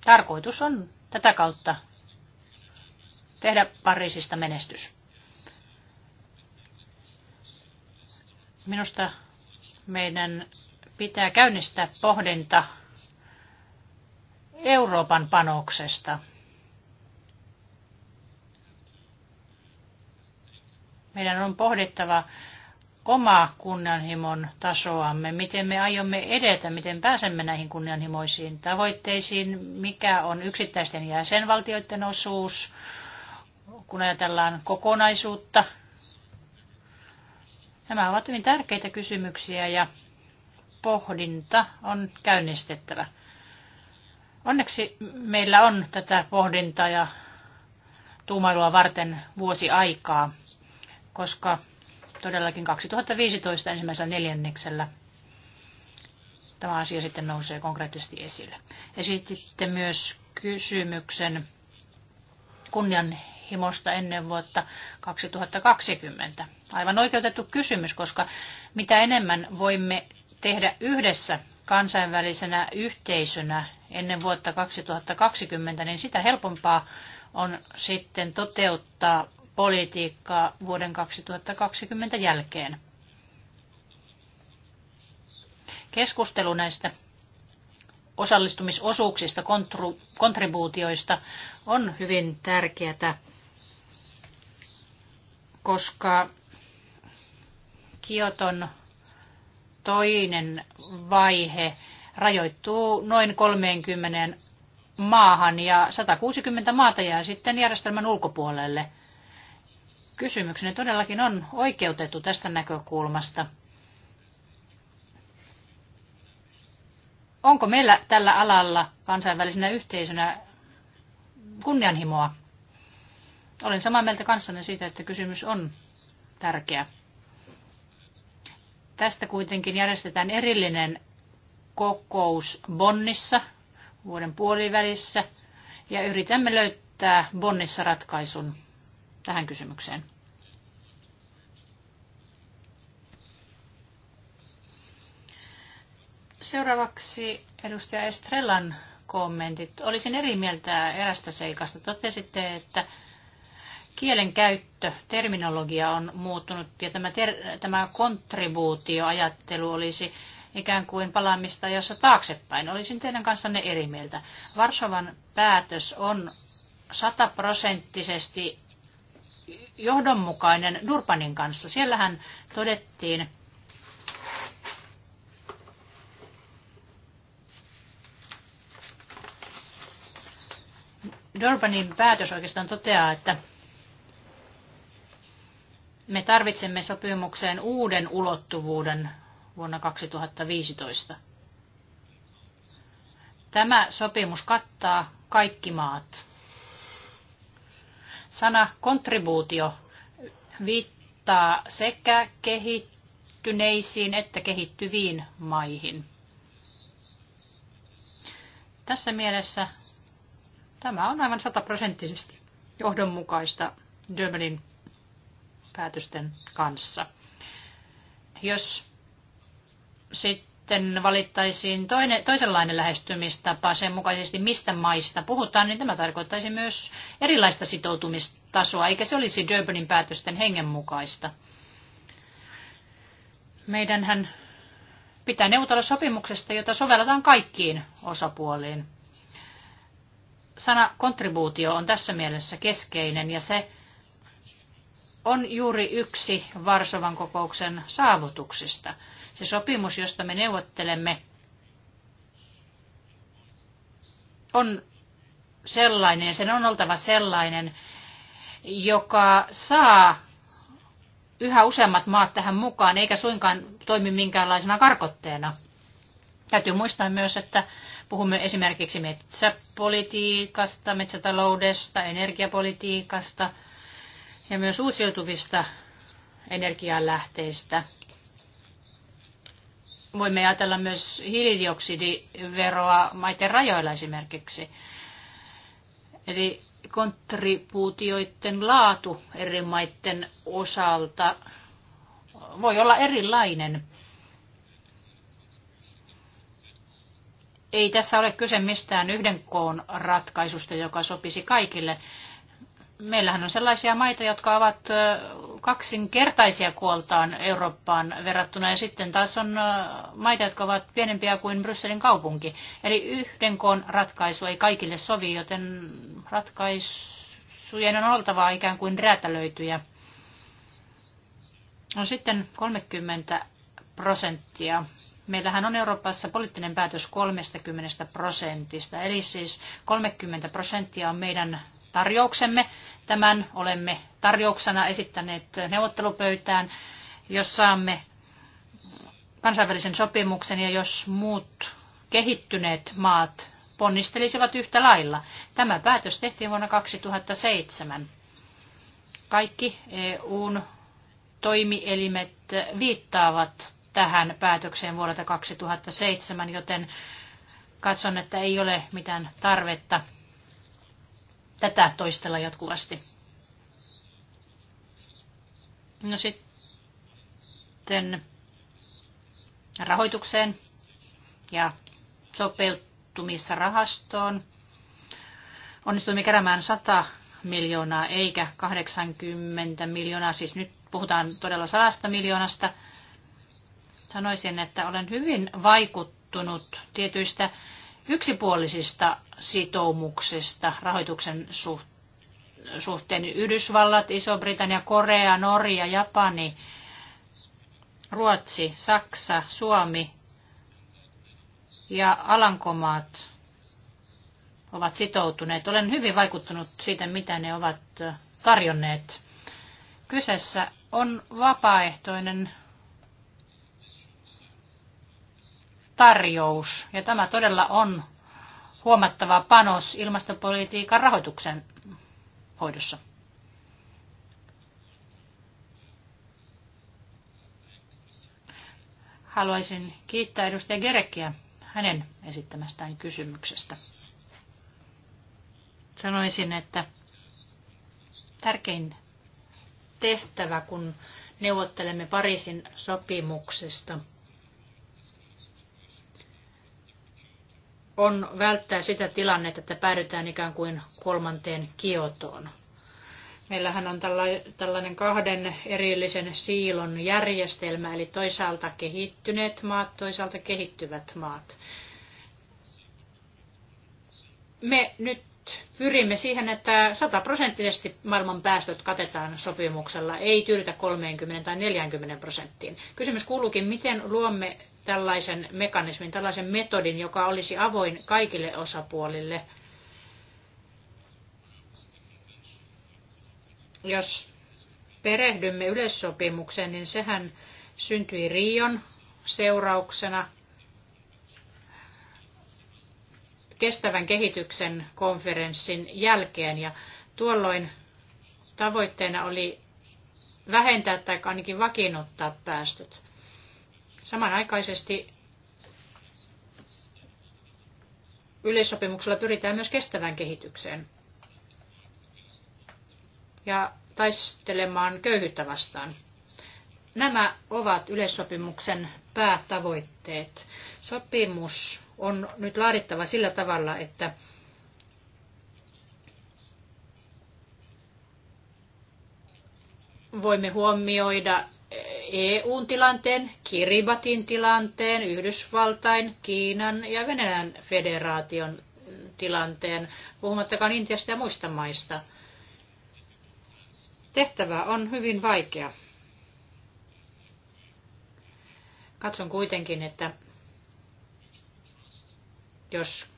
Tarkoitus on tätä kautta tehdä Pariisista menestys. Minusta meidän pitää käynnistää pohdinta Euroopan panoksesta. Meidän on pohdittava omaa kunnianhimon tasoamme, miten me aiomme edetä, miten pääsemme näihin kunnianhimoisiin tavoitteisiin, mikä on yksittäisten jäsenvaltioiden osuus, kun ajatellaan kokonaisuutta Nämä ovat hyvin tärkeitä kysymyksiä ja pohdinta on käynnistettävä. Onneksi meillä on tätä pohdintaa ja tuumailua varten vuosi aikaa, koska todellakin 2015 ensimmäisellä neljänneksellä tämä asia sitten nousee konkreettisesti esille. Esititte myös kysymyksen kunnian himosta ennen vuotta 2020? Aivan oikeutettu kysymys, koska mitä enemmän voimme tehdä yhdessä kansainvälisenä yhteisönä ennen vuotta 2020, niin sitä helpompaa on sitten toteuttaa politiikkaa vuoden 2020 jälkeen. Keskustelu näistä osallistumisosuuksista, kontribuutioista on hyvin tärkeää koska Kioton toinen vaihe rajoittuu noin 30 maahan ja 160 maata jää sitten järjestelmän ulkopuolelle. Kysymykseni todellakin on oikeutettu tästä näkökulmasta. Onko meillä tällä alalla kansainvälisenä yhteisönä kunnianhimoa? Olen samaa mieltä kanssanne siitä, että kysymys on tärkeä. Tästä kuitenkin järjestetään erillinen kokous Bonnissa vuoden puolivälissä ja yritämme löytää Bonnissa ratkaisun tähän kysymykseen. Seuraavaksi edustaja Estrellan kommentit. Olisin eri mieltä erästä seikasta. Totesitte, että kielen käyttö, terminologia on muuttunut ja tämä, ter- tämä kontribuutioajattelu olisi ikään kuin palaamista ajassa taaksepäin. Olisin teidän kanssanne eri mieltä. Varsovan päätös on sataprosenttisesti johdonmukainen Durbanin kanssa. Siellähän todettiin, Durbanin päätös oikeastaan toteaa, että me tarvitsemme sopimukseen uuden ulottuvuuden vuonna 2015. Tämä sopimus kattaa kaikki maat. Sana kontribuutio viittaa sekä kehittyneisiin että kehittyviin maihin. Tässä mielessä tämä on aivan sataprosenttisesti johdonmukaista Durbanin päätösten kanssa. Jos sitten valittaisiin toinen, toisenlainen lähestymistapa sen mukaisesti, mistä maista puhutaan, niin tämä tarkoittaisi myös erilaista sitoutumistasoa, eikä se olisi Durbanin päätösten hengen mukaista. Meidänhän pitää neuvotella sopimuksesta, jota sovelletaan kaikkiin osapuoliin. Sana kontribuutio on tässä mielessä keskeinen ja se on juuri yksi Varsovan kokouksen saavutuksista. Se sopimus, josta me neuvottelemme, on sellainen, sen on oltava sellainen, joka saa yhä useammat maat tähän mukaan, eikä suinkaan toimi minkäänlaisena karkotteena. Täytyy muistaa myös, että puhumme esimerkiksi metsäpolitiikasta, metsätaloudesta, energiapolitiikasta – ja myös uusiutuvista energialähteistä. Voimme ajatella myös hiilidioksidiveroa maiden rajoilla esimerkiksi. Eli kontribuutioiden laatu eri maiden osalta voi olla erilainen. Ei tässä ole kyse mistään yhden koon ratkaisusta, joka sopisi kaikille meillähän on sellaisia maita, jotka ovat kaksinkertaisia kuoltaan Eurooppaan verrattuna, ja sitten taas on maita, jotka ovat pienempiä kuin Brysselin kaupunki. Eli yhden koon ratkaisu ei kaikille sovi, joten ratkaisujen on oltava ikään kuin räätälöityjä. No sitten 30 prosenttia. Meillähän on Euroopassa poliittinen päätös 30 prosentista, eli siis 30 prosenttia on meidän tarjouksemme. Tämän olemme tarjouksena esittäneet neuvottelupöytään, jos saamme kansainvälisen sopimuksen ja jos muut kehittyneet maat ponnistelisivat yhtä lailla. Tämä päätös tehtiin vuonna 2007. Kaikki EUn toimielimet viittaavat tähän päätökseen vuodelta 2007, joten katson, että ei ole mitään tarvetta tätä toistella jatkuvasti. No sitten rahoitukseen ja sopeutumisrahastoon. Onnistuimme keräämään 100 miljoonaa eikä 80 miljoonaa, siis nyt puhutaan todella 100 miljoonasta. Sanoisin, että olen hyvin vaikuttunut tietyistä yksipuolisista sitoumuksista rahoituksen suhteen. Yhdysvallat, Iso-Britannia, Korea, Norja, Japani, Ruotsi, Saksa, Suomi ja Alankomaat ovat sitoutuneet. Olen hyvin vaikuttunut siitä, mitä ne ovat tarjonneet. Kyseessä on vapaaehtoinen tarjous. Ja tämä todella on huomattava panos ilmastopolitiikan rahoituksen hoidossa. Haluaisin kiittää edustaja Gerekkiä hänen esittämästään kysymyksestä. Sanoisin, että tärkein tehtävä, kun neuvottelemme Pariisin sopimuksesta – on välttää sitä tilannetta, että päädytään ikään kuin kolmanteen kiotoon. Meillähän on tällainen kahden erillisen siilon järjestelmä, eli toisaalta kehittyneet maat, toisaalta kehittyvät maat. Me nyt pyrimme siihen, että sataprosenttisesti maailman päästöt katetaan sopimuksella, ei tyydytä 30 tai 40 prosenttiin. Kysymys kuuluukin, miten luomme tällaisen mekanismin, tällaisen metodin, joka olisi avoin kaikille osapuolille. Jos perehdymme yleissopimukseen, niin sehän syntyi Rion seurauksena – kestävän kehityksen konferenssin jälkeen ja tuolloin tavoitteena oli vähentää tai ainakin vakiinnuttaa päästöt. Samanaikaisesti yleissopimuksella pyritään myös kestävään kehitykseen ja taistelemaan köyhyyttä vastaan. Nämä ovat yleissopimuksen päätavoitteet. Sopimus on nyt laadittava sillä tavalla, että voimme huomioida EUn tilanteen, Kiribatin tilanteen, Yhdysvaltain, Kiinan ja Venäjän federaation tilanteen, puhumattakaan Intiasta ja muista maista. Tehtävä on hyvin vaikea. Katson kuitenkin, että jos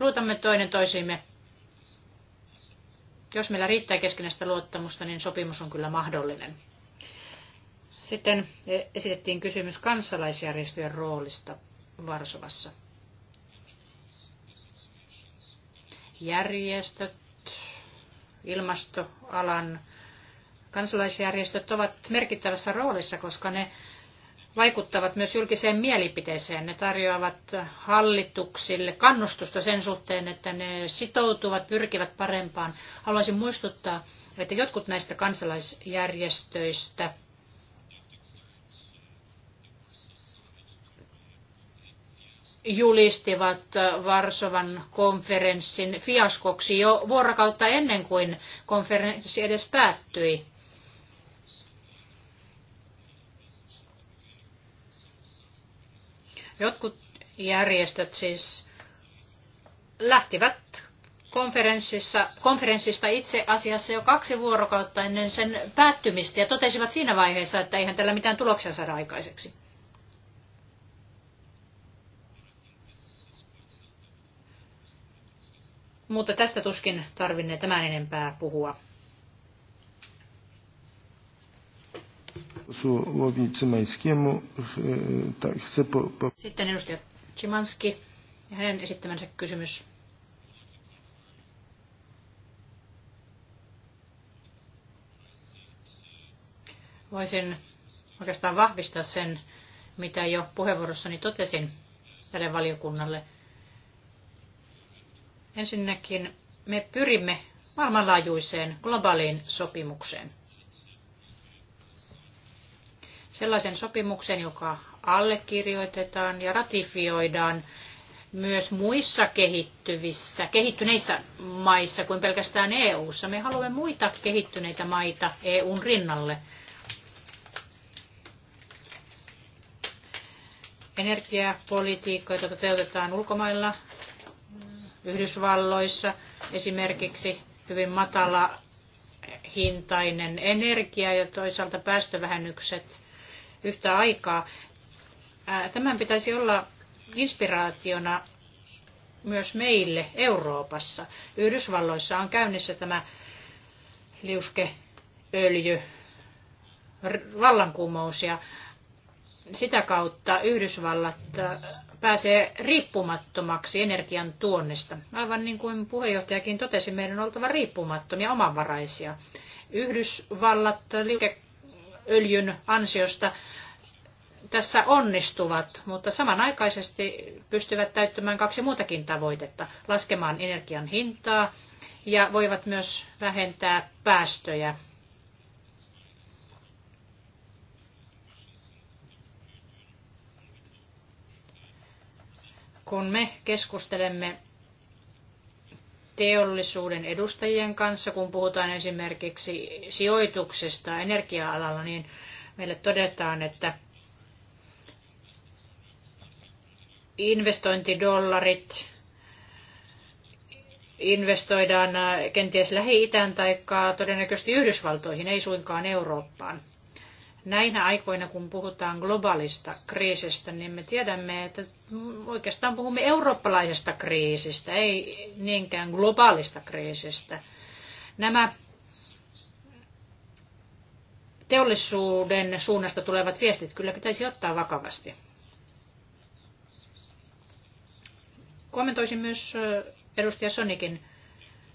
luotamme toinen toisiimme, jos meillä riittää keskinäistä luottamusta, niin sopimus on kyllä mahdollinen. Sitten esitettiin kysymys kansalaisjärjestöjen roolista Varsovassa. Järjestöt, ilmastoalan kansalaisjärjestöt ovat merkittävässä roolissa, koska ne vaikuttavat myös julkiseen mielipiteeseen. Ne tarjoavat hallituksille kannustusta sen suhteen, että ne sitoutuvat, pyrkivät parempaan. Haluaisin muistuttaa, että jotkut näistä kansalaisjärjestöistä julistivat Varsovan konferenssin fiaskoksi jo vuorokautta ennen kuin konferenssi edes päättyi. Jotkut järjestöt siis lähtivät konferenssissa, konferenssista itse asiassa jo kaksi vuorokautta ennen sen päättymistä ja totesivat siinä vaiheessa, että eihän tällä mitään tuloksia saada aikaiseksi. Mutta tästä tuskin tarvinnee tämän enempää puhua. E, po, po... Sitten edustaja Cimanski ja hänen esittämänsä kysymys. Voisin oikeastaan vahvistaa sen, mitä jo puheenvuorossani totesin tälle valiokunnalle. Ensinnäkin me pyrimme maailmanlaajuiseen globaaliin sopimukseen sellaisen sopimuksen, joka allekirjoitetaan ja ratifioidaan myös muissa kehittyvissä, kehittyneissä maissa kuin pelkästään EU:ssa. Me haluamme muita kehittyneitä maita EUn rinnalle. Energiapolitiikkoita toteutetaan ulkomailla, Yhdysvalloissa esimerkiksi hyvin matala hintainen energia ja toisaalta päästövähennykset yhtä aikaa. Tämän pitäisi olla inspiraationa myös meille Euroopassa. Yhdysvalloissa on käynnissä tämä liuskeöljy vallankumous ja sitä kautta Yhdysvallat pääsee riippumattomaksi energian tuonnista. Aivan niin kuin puheenjohtajakin totesi, meidän on oltava riippumattomia omavaraisia. Yhdysvallat liike öljyn ansiosta tässä onnistuvat, mutta samanaikaisesti pystyvät täyttämään kaksi muutakin tavoitetta. Laskemaan energian hintaa ja voivat myös vähentää päästöjä. Kun me keskustelemme teollisuuden edustajien kanssa, kun puhutaan esimerkiksi sijoituksesta energia-alalla, niin meille todetaan, että investointidollarit investoidaan kenties Lähi-Itään tai todennäköisesti Yhdysvaltoihin, ei suinkaan Eurooppaan näinä aikoina, kun puhutaan globaalista kriisistä, niin me tiedämme, että oikeastaan puhumme eurooppalaisesta kriisistä, ei niinkään globaalista kriisistä. Nämä teollisuuden suunnasta tulevat viestit kyllä pitäisi ottaa vakavasti. Kommentoisin myös edustaja Sonikin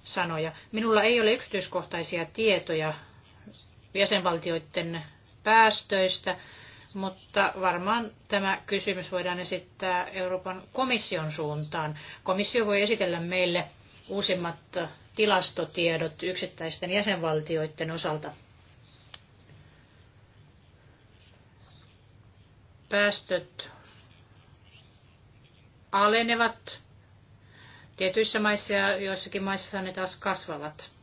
sanoja. Minulla ei ole yksityiskohtaisia tietoja jäsenvaltioiden päästöistä, mutta varmaan tämä kysymys voidaan esittää Euroopan komission suuntaan. Komissio voi esitellä meille uusimmat tilastotiedot yksittäisten jäsenvaltioiden osalta. Päästöt alenevat tietyissä maissa ja joissakin maissa ne taas kasvavat.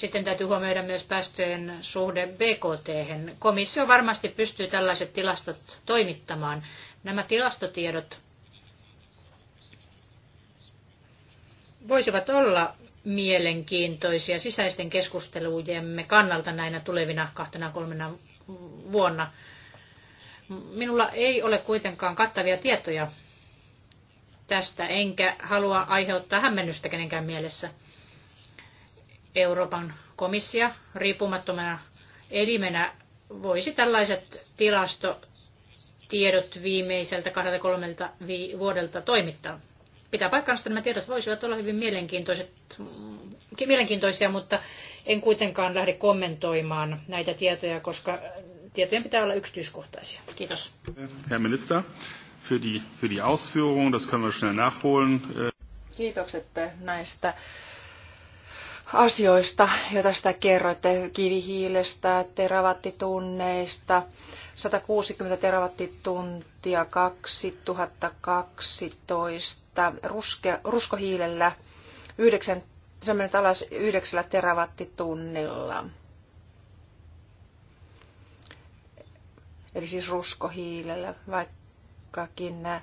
Sitten täytyy huomioida myös päästöjen suhde BKT. -hän. Komissio varmasti pystyy tällaiset tilastot toimittamaan. Nämä tilastotiedot voisivat olla mielenkiintoisia sisäisten keskustelujemme kannalta näinä tulevina kahtena kolmena vuonna. Minulla ei ole kuitenkaan kattavia tietoja tästä, enkä halua aiheuttaa hämmennystä kenenkään mielessä. Euroopan komissio riippumattomana elimenä voisi tällaiset tilastotiedot viimeiseltä kahdelta kolmelta vuodelta toimittaa. Pitää paikkaansa, että nämä tiedot voisivat olla hyvin mielenkiintoiset, mm, mielenkiintoisia, mutta en kuitenkaan lähde kommentoimaan näitä tietoja, koska tietojen pitää olla yksityiskohtaisia. Kiitos. Herr Minister, für die, für die Ausführung, das können wir schnell nachholen. Kiitokset näistä asioista, joita sitä kerroitte, kivihiilestä, terawattitunneista, 160 terawattituntia 2012, ruske, ruskohiilellä 9, se on mennyt alas 9 terawattitunnilla. Eli siis ruskohiilellä, vaikkakin nämä äh,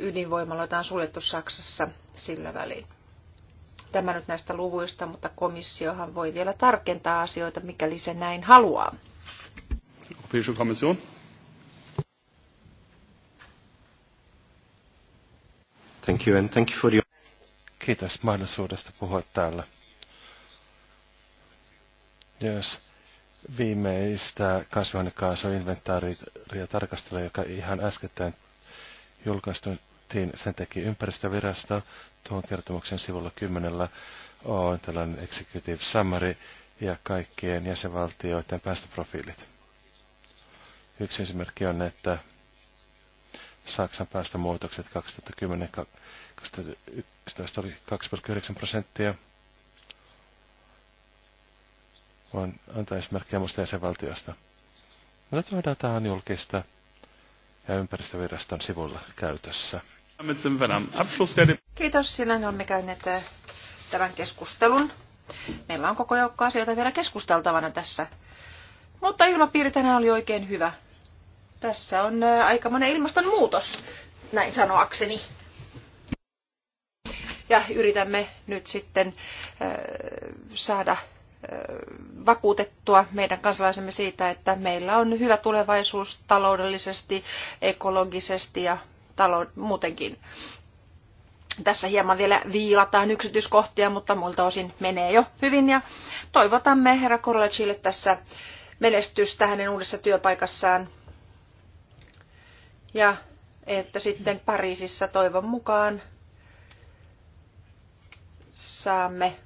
ydinvoimaloita on suljettu Saksassa sillä välin. Tämä nyt näistä luvuista, mutta komissiohan voi vielä tarkentaa asioita, mikäli se näin haluaa. Thank you and thank you for your... Kiitos mahdollisuudesta puhua täällä. Yes. viimeistä kasvihuonekaasuinventaaria tarkastelee, joka ihan äskettäin julkaistun raportin sen teki ympäristövirasto. Tuon kertomuksen sivulla kymmenellä on tällainen executive summary ja kaikkien jäsenvaltioiden päästöprofiilit. Yksi esimerkki on, että Saksan päästömuutokset 2010-2011 oli 2,9 prosenttia. Voin antaa esimerkkiä muista jäsenvaltiosta. Mutta tuo data on julkista ja ympäristöviraston sivulla käytössä. Kiitos, näin olemme käyneet äh, tämän keskustelun. Meillä on koko joukko asioita vielä keskusteltavana tässä. Mutta ilmapiiri tänään oli oikein hyvä. Tässä on äh, aikamoinen ilmastonmuutos, näin sanoakseni. Ja yritämme nyt sitten äh, saada vakuutettua meidän kansalaisemme siitä, että meillä on hyvä tulevaisuus taloudellisesti, ekologisesti ja Talon muutenkin. Tässä hieman vielä viilataan yksityiskohtia, mutta muilta osin menee jo hyvin ja toivotamme herra Korolecille tässä menestystä hänen uudessa työpaikassaan. Ja että sitten Pariisissa toivon mukaan saamme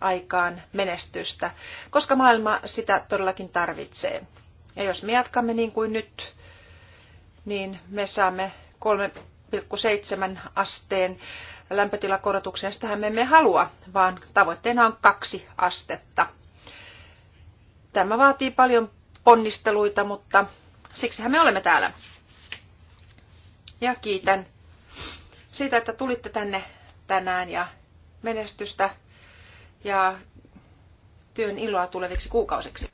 aikaan menestystä, koska maailma sitä todellakin tarvitsee. Ja jos me jatkamme niin kuin nyt, niin me saamme 3,7 asteen lämpötilakorotuksia. Sitähän me emme halua, vaan tavoitteena on kaksi astetta. Tämä vaatii paljon ponnisteluita, mutta siksihän me olemme täällä. Ja kiitän siitä, että tulitte tänne tänään ja menestystä ja työn iloa tuleviksi kuukausiksi.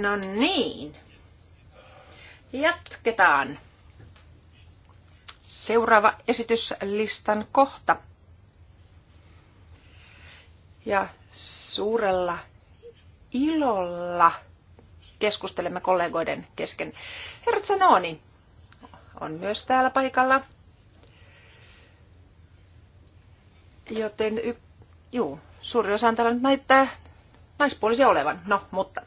No niin. Jatketaan. Seuraava esityslistan kohta. Ja suurella ilolla keskustelemme kollegoiden kesken. Herra Sanoni on myös täällä paikalla. Joten y- juu, suuri osa on täällä nyt näyttää naispuolisia olevan. No, mutta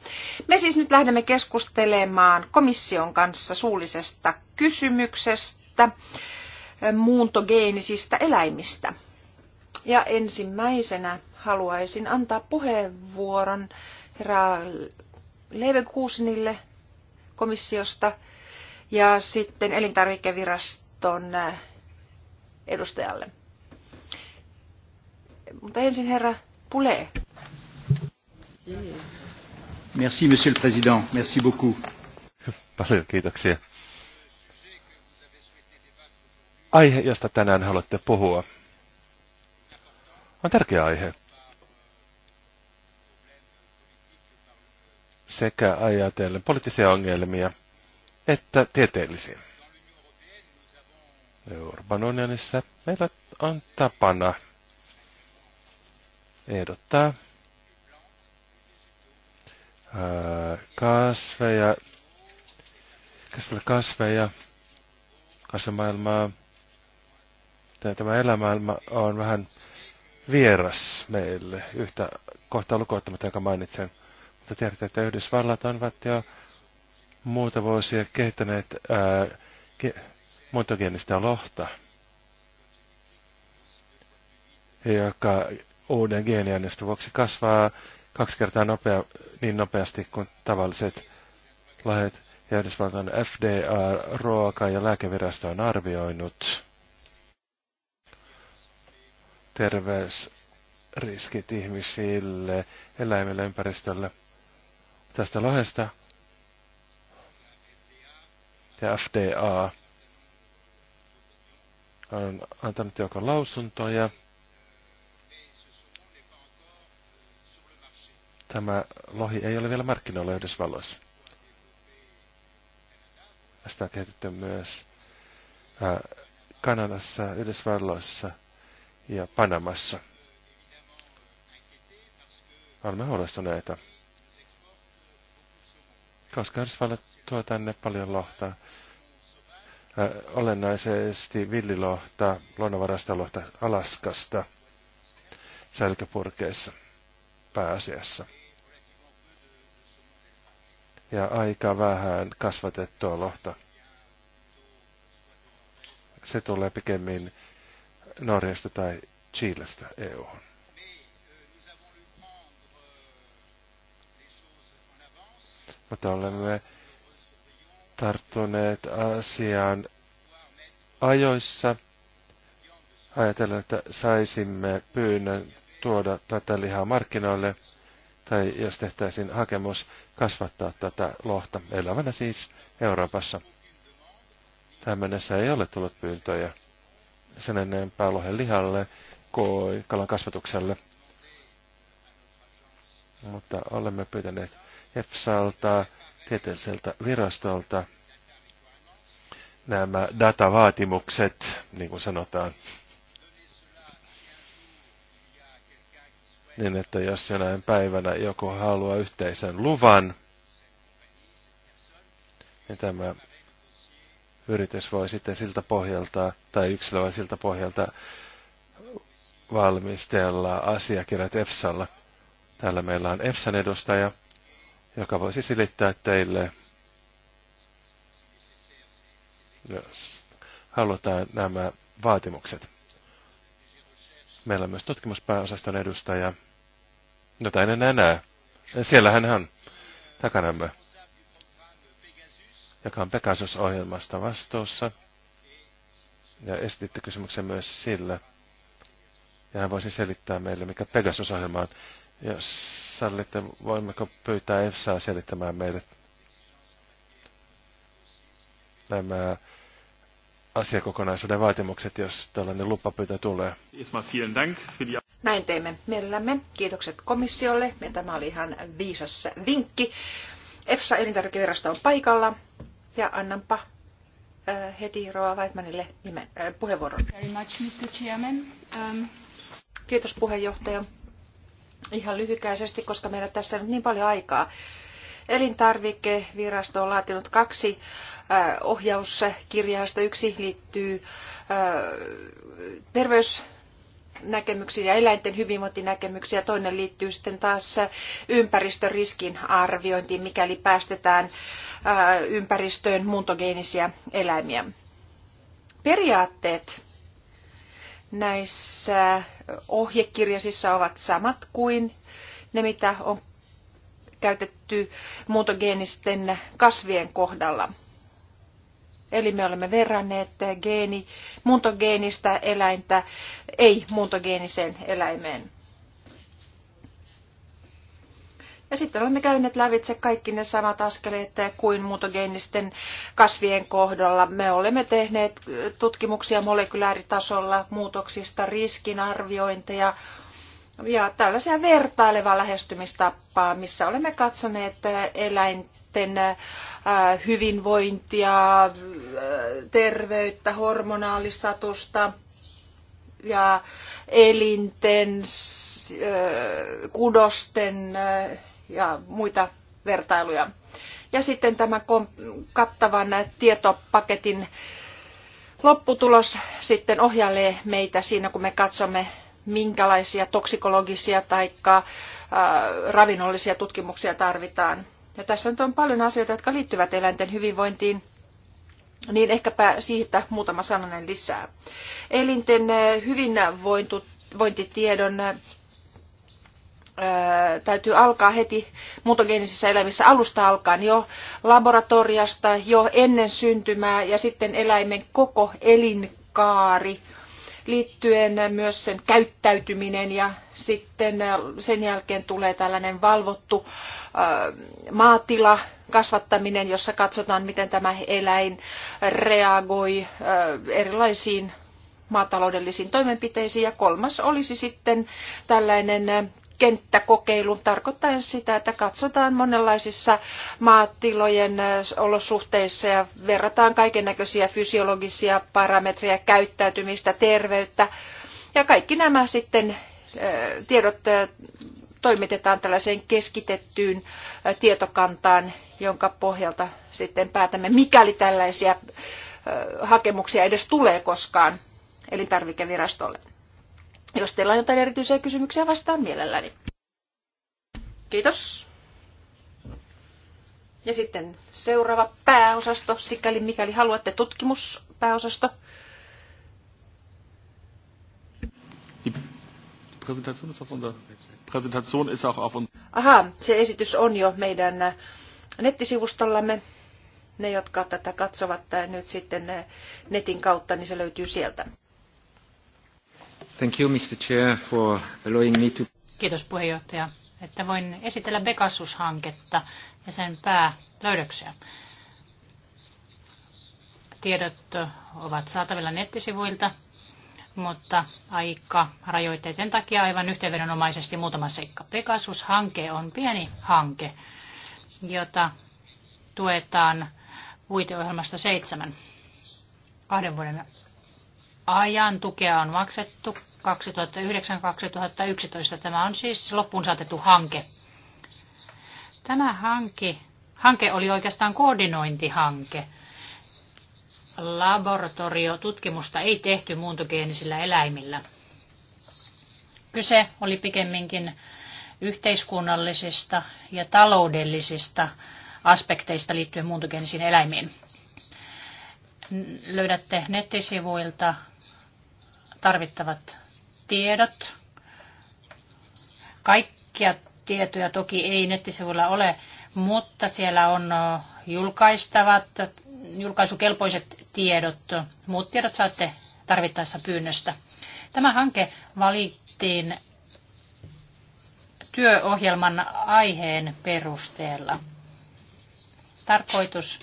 me siis nyt lähdemme keskustelemaan komission kanssa suullisesta kysymyksestä muuntogeenisistä eläimistä. Ja ensimmäisenä haluaisin antaa puheenvuoron herra Leivekuusinille komissiosta ja sitten elintarvikeviraston edustajalle. Mutta ensin herra Pule. Merci, monsieur le président. Merci beaucoup. Paljon kiitoksia. Aihe, josta tänään haluatte puhua, on tärkeä aihe. Sekä ajatellen poliittisia ongelmia että tieteellisiä. Euroopan unionissa meillä on tapana ehdottaa kasveja, käsitellä kasveja, kasvimaailmaa. Tämä elämaailma on vähän vieras meille, yhtä kohtaa lukuottamatta, joka mainitsen. Mutta tiedätte, että Yhdysvallat ovat jo muuta vuosia kehittäneet ke, muuntogeenistä lohta, joka uuden geeniaineiston vuoksi kasvaa kaksi kertaa nopea, niin nopeasti kuin tavalliset lahjat. Ja Yhdysvaltain FDA, ruoka- ja lääkevirasto on arvioinut terveysriskit ihmisille, eläimille, ympäristölle tästä lahjasta. Ja FDA on antanut joko lausuntoja. Tämä lohi ei ole vielä markkinoilla Yhdysvalloissa. Sitä on kehitetty myös Kanadassa, Yhdysvalloissa ja Panamassa. Olemme huolestuneita, koska Yhdysvallat tuo tänne paljon lohtaa olennaisesti villilohta, luonnonvarastolohta Alaskasta sälkäpurkeissa pääasiassa ja aika vähän kasvatettua lohta. Se tulee pikemmin Norjasta tai Chilestä EU:hun. Mutta olemme tarttuneet asiaan ajoissa. Ajatellaan, että saisimme pyynnön tuoda tätä lihaa markkinoille – tai jos tehtäisiin hakemus kasvattaa tätä lohta, elävänä siis Euroopassa. Tähän mennessä ei ole tullut pyyntöjä sen enempää lohen lihalle kuin kalan kasvatukselle. Mutta olemme pyytäneet EFSAlta, tieteelliseltä virastolta nämä datavaatimukset, niin kuin sanotaan, niin että jos jonain päivänä joku haluaa yhteisen luvan, niin tämä yritys voi sitten siltä pohjalta, tai yksilö voi siltä pohjalta valmistella asiakirjat EFSAlla. Täällä meillä on EFSAn edustaja, joka voisi silittää teille, jos halutaan nämä vaatimukset. Meillä on myös tutkimuspääosaston edustaja, jota no, en enää näe. Siellähän hän takanamme, joka on Pegasus-ohjelmasta vastuussa. Ja esititte kysymyksen myös sillä. Ja hän voisi selittää meille, mikä Pegasus-ohjelma on. Jos sallitte, voimmeko pyytää EFSAa selittämään meille nämä asiakokonaisuuden vaatimukset, jos tällainen lupapyyntö tulee. Näin teimme mielellämme. Kiitokset komissiolle. tämä oli ihan viisas vinkki. EFSA elintarvikevirasto on paikalla ja annanpa äh, heti Roa Weidmanille nimen, äh, puheenvuoron. Very much, Mr. Chairman. Um... Kiitos puheenjohtaja. Ihan lyhykäisesti, koska meillä tässä on niin paljon aikaa. Elintarvikevirasto on laatinut kaksi ohjauskirjausta. Yksi liittyy terveys ja eläinten hyvinvointinäkemyksiin ja toinen liittyy sitten taas ympäristöriskin arviointiin, mikäli päästetään ympäristöön muuntogeenisiä eläimiä. Periaatteet näissä ohjekirjasissa ovat samat kuin ne, mitä on käytetty muutogeenisten kasvien kohdalla. Eli me olemme verranneet geeni, muuntogeenistä eläintä ei muuntogeeniseen eläimeen. Ja sitten olemme käyneet lävitse kaikki ne samat askeleet kuin muutogeenisten kasvien kohdalla. Me olemme tehneet tutkimuksia molekyläritasolla muutoksista, riskinarviointeja, ja tällaisia vertailevaa lähestymistapaa, missä olemme katsoneet äh, eläinten äh, hyvinvointia, äh, terveyttä, hormonaalistatusta ja elinten, kudosten ja muita vertailuja. Ja sitten tämä kattavan tietopaketin lopputulos sitten ohjailee meitä siinä, kun me katsomme minkälaisia toksikologisia tai äh, ravinnollisia tutkimuksia tarvitaan. Ja tässä nyt on paljon asioita, jotka liittyvät eläinten hyvinvointiin, niin ehkäpä siitä muutama sananen lisää. Elinten äh, hyvinvointitiedon äh, täytyy alkaa heti mutageenisissä eläimissä alusta alkaen jo laboratoriasta, jo ennen syntymää ja sitten eläimen koko elinkaari liittyen myös sen käyttäytyminen ja sitten äh, sen jälkeen tulee tällainen valvottu äh, maatila kasvattaminen, jossa katsotaan, miten tämä eläin reagoi äh, erilaisiin maataloudellisiin toimenpiteisiin. Ja kolmas olisi sitten tällainen kenttäkokeilun tarkoittaen sitä, että katsotaan monenlaisissa maatilojen olosuhteissa ja verrataan kaiken näköisiä fysiologisia parametreja, käyttäytymistä, terveyttä. Ja kaikki nämä sitten tiedot toimitetaan tällaiseen keskitettyyn tietokantaan, jonka pohjalta sitten päätämme, mikäli tällaisia hakemuksia edes tulee koskaan elintarvikevirastolle. Jos teillä on jotain erityisiä kysymyksiä, vastaan mielelläni. Kiitos. Ja sitten seuraava pääosasto, sikäli mikäli haluatte tutkimuspääosasto. Aha, se esitys on jo meidän nettisivustollamme. Ne, jotka tätä katsovat äh, nyt sitten äh, netin kautta, niin se löytyy sieltä. Thank you, Mr. Chair, for allowing me to... Kiitos puheenjohtaja, että voin esitellä Pegasus-hanketta ja sen päälöydöksiä. Tiedot ovat saatavilla nettisivuilta, mutta aika rajoitteiden takia aivan yhteenvedonomaisesti muutama seikka. Pegasus-hanke on pieni hanke, jota tuetaan puiteohjelmasta seitsemän kahden vuoden ajan tukea on maksettu 2009-2011. Tämä on siis loppuun saatettu hanke. Tämä hanke, hanke oli oikeastaan koordinointihanke. Laboratoriotutkimusta ei tehty muuntogeenisillä eläimillä. Kyse oli pikemminkin yhteiskunnallisista ja taloudellisista aspekteista liittyen muuntogeenisiin eläimiin. Löydätte nettisivuilta tarvittavat tiedot. Kaikkia tietoja toki ei nettisivuilla ole, mutta siellä on julkaistavat, julkaisukelpoiset tiedot. Muut tiedot saatte tarvittaessa pyynnöstä. Tämä hanke valittiin työohjelman aiheen perusteella. Tarkoitus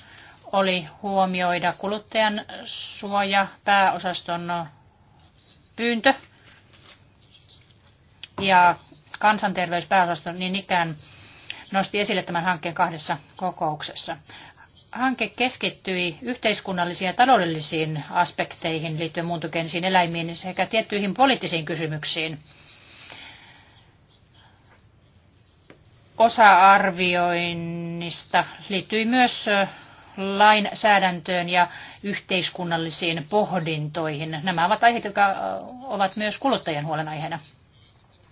oli huomioida kuluttajan suoja pääosaston pyyntö. Ja kansanterveyspääosasto niin ikään nosti esille tämän hankkeen kahdessa kokouksessa. Hanke keskittyi yhteiskunnallisiin ja taloudellisiin aspekteihin liittyen muuntogeenisiin eläimiin sekä tiettyihin poliittisiin kysymyksiin. Osa arvioinnista liittyi myös lainsäädäntöön ja yhteiskunnallisiin pohdintoihin. Nämä ovat aiheet, jotka ovat myös kuluttajien huolenaiheena.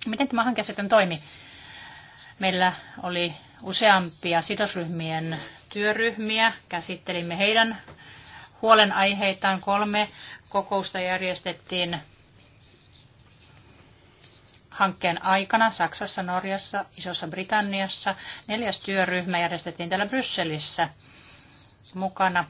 Miten tämä hanke sitten toimi? Meillä oli useampia sidosryhmien työryhmiä. Käsittelimme heidän huolenaiheitaan. Kolme kokousta järjestettiin hankkeen aikana Saksassa, Norjassa, Isossa Britanniassa. Neljäs työryhmä järjestettiin täällä Brysselissä mukana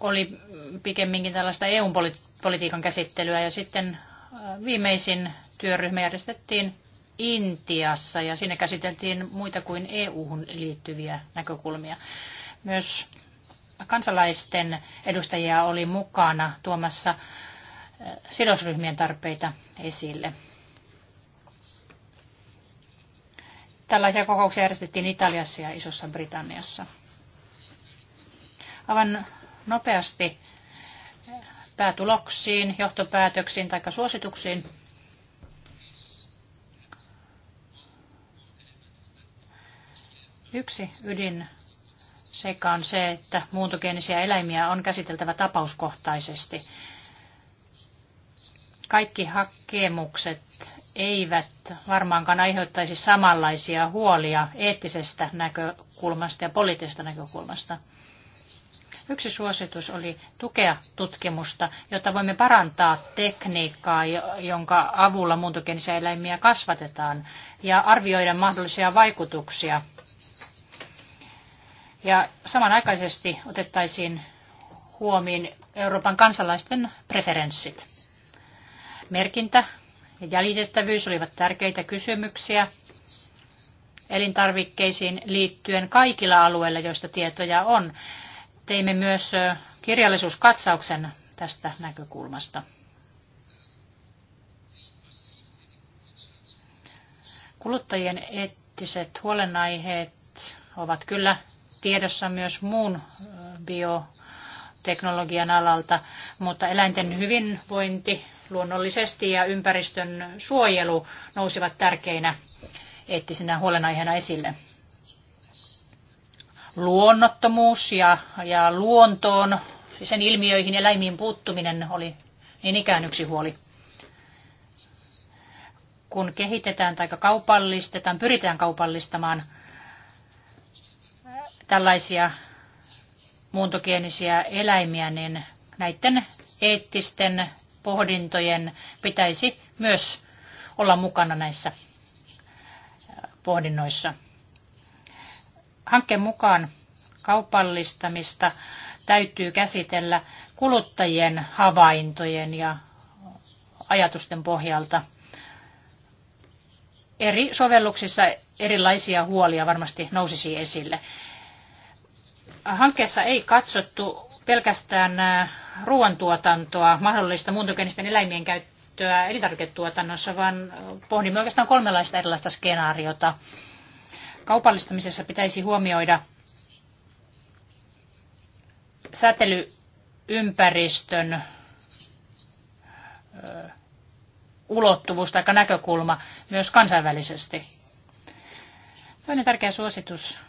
oli pikemminkin tällaista EU-politiikan käsittelyä ja sitten äh, viimeisin työryhmä järjestettiin Intiassa ja siinä käsiteltiin muita kuin EU-hun liittyviä näkökulmia. Myös kansalaisten edustajia oli mukana tuomassa äh, sidosryhmien tarpeita esille. Tällaisia kokouksia järjestettiin Italiassa ja Isossa Britanniassa. Aivan nopeasti päätuloksiin, johtopäätöksiin tai suosituksiin. Yksi ydin seikka on se, että muuntogeenisiä eläimiä on käsiteltävä tapauskohtaisesti kaikki hakemukset eivät varmaankaan aiheuttaisi samanlaisia huolia eettisestä näkökulmasta ja poliittisesta näkökulmasta. Yksi suositus oli tukea tutkimusta, jotta voimme parantaa tekniikkaa, jonka avulla muuntogenisiä eläimiä kasvatetaan ja arvioida mahdollisia vaikutuksia. Ja samanaikaisesti otettaisiin huomiin Euroopan kansalaisten preferenssit merkintä ja jäljitettävyys olivat tärkeitä kysymyksiä elintarvikkeisiin liittyen kaikilla alueilla, joista tietoja on. Teimme myös kirjallisuuskatsauksen tästä näkökulmasta. Kuluttajien eettiset huolenaiheet ovat kyllä tiedossa myös muun bioteknologian alalta, mutta eläinten hyvinvointi luonnollisesti ja ympäristön suojelu nousivat tärkeinä eettisinä huolenaiheena esille. Luonnottomuus ja, ja luontoon, sen ilmiöihin ja eläimiin puuttuminen oli niin ikään yksi huoli. Kun kehitetään tai kaupallistetaan, pyritään kaupallistamaan tällaisia muuntogeenisiä eläimiä, niin näiden eettisten pohdintojen pitäisi myös olla mukana näissä pohdinnoissa. Hankkeen mukaan kaupallistamista täytyy käsitellä kuluttajien havaintojen ja ajatusten pohjalta. Eri sovelluksissa erilaisia huolia varmasti nousisi esille. Hankkeessa ei katsottu pelkästään äh, ruoantuotantoa, mahdollista muuntogeenisten eläimien käyttöä elintarviketuotannossa, vaan äh, pohdimme oikeastaan kolmenlaista erilaista skenaariota. Kaupallistamisessa pitäisi huomioida säätelyympäristön äh, ulottuvuus tai näkökulma myös kansainvälisesti. Toinen tärkeä suositus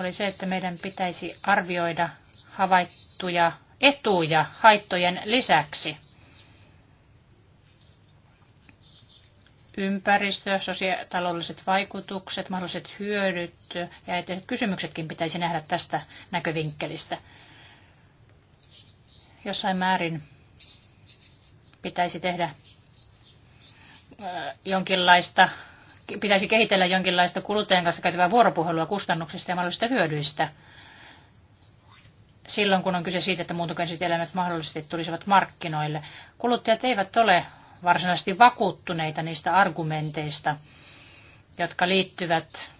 oli se, että meidän pitäisi arvioida havaittuja etuja haittojen lisäksi. Ympäristö, sosiaaliset vaikutukset, mahdolliset hyödyt ja eettiset kysymyksetkin pitäisi nähdä tästä näkövinkkelistä. Jossain määrin pitäisi tehdä jonkinlaista pitäisi kehitellä jonkinlaista kuluttajan kanssa käytävää vuoropuhelua kustannuksista ja mahdollisista hyödyistä silloin, kun on kyse siitä, että muuntogeniset eläimet mahdollisesti tulisivat markkinoille. Kuluttajat eivät ole varsinaisesti vakuuttuneita niistä argumenteista, jotka liittyvät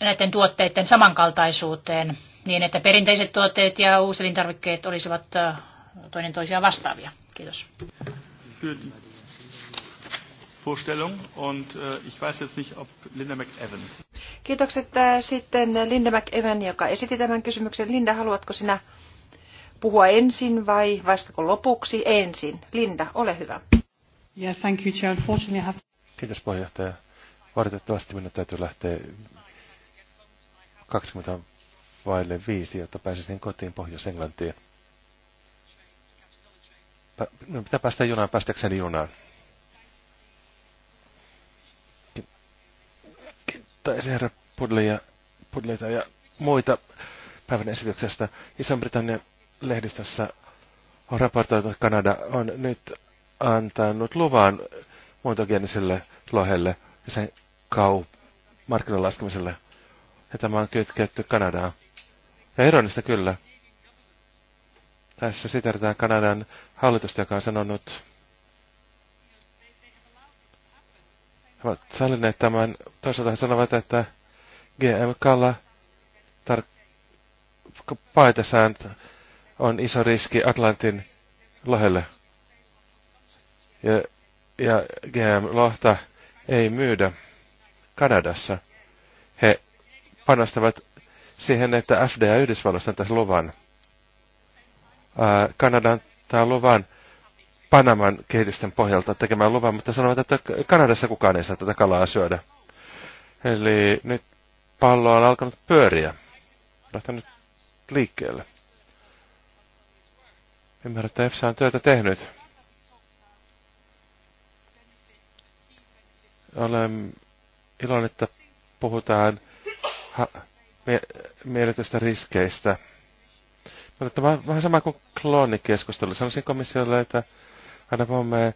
näiden tuotteiden samankaltaisuuteen niin, että perinteiset tuotteet ja uuselintarvikkeet olisivat toinen toisiaan vastaavia. Kiitos. Vorstellung und äh, ich weiß jetzt nicht, ob Linda McEwan. Kiitokset äh, sitten Linda McEwan, joka esitti tämän kysymyksen. Linda, haluatko sinä puhua ensin vai vastako lopuksi ensin? Linda, ole hyvä. Yeah, thank you, Chair. Unfortunately, I have to... Kiitos puheenjohtaja. Varitettavasti minun täytyy lähteä 20 vaille viisi, jotta pääsisin kotiin Pohjois-Englantiin. Minun no, pitää päästä junaan päästäkseni junaan. kiittäisin herra Pudleja, Pudleita ja muita päivän esityksestä. Iso-Britannian lehdistössä on raportoitu, että Kanada on nyt antanut luvan muuntogeeniselle lohelle ja sen kaupmarkkinoiden laskemiselle. Ja tämä on kytketty Kanadaan. Ja ironista kyllä. Tässä siteritään Kanadan hallitusta, joka on sanonut, He ovat sallineet tämän. Toisaalta he sanovat, että GM Kalla tar- paitesään on iso riski Atlantin lohelle. Ja, ja GM-lohta ei myydä Kanadassa. He panostavat siihen, että FDA Yhdysvalloista tässä luvan. Kanadan tämä luvan Panaman kehitysten pohjalta tekemään luvan, mutta sanovat, että Kanadassa kukaan ei saa tätä kalaa syödä. Eli nyt pallo on alkanut pyöriä. Lähtenyt liikkeelle. Ymmärrän, että EFSA on työtä tehnyt. Olen iloinen, että puhutaan ha- mielletystä riskeistä. Mutta tämä on vähän sama kuin kloonikeskustelu. Sanoisin komissiolle, että aina puhumme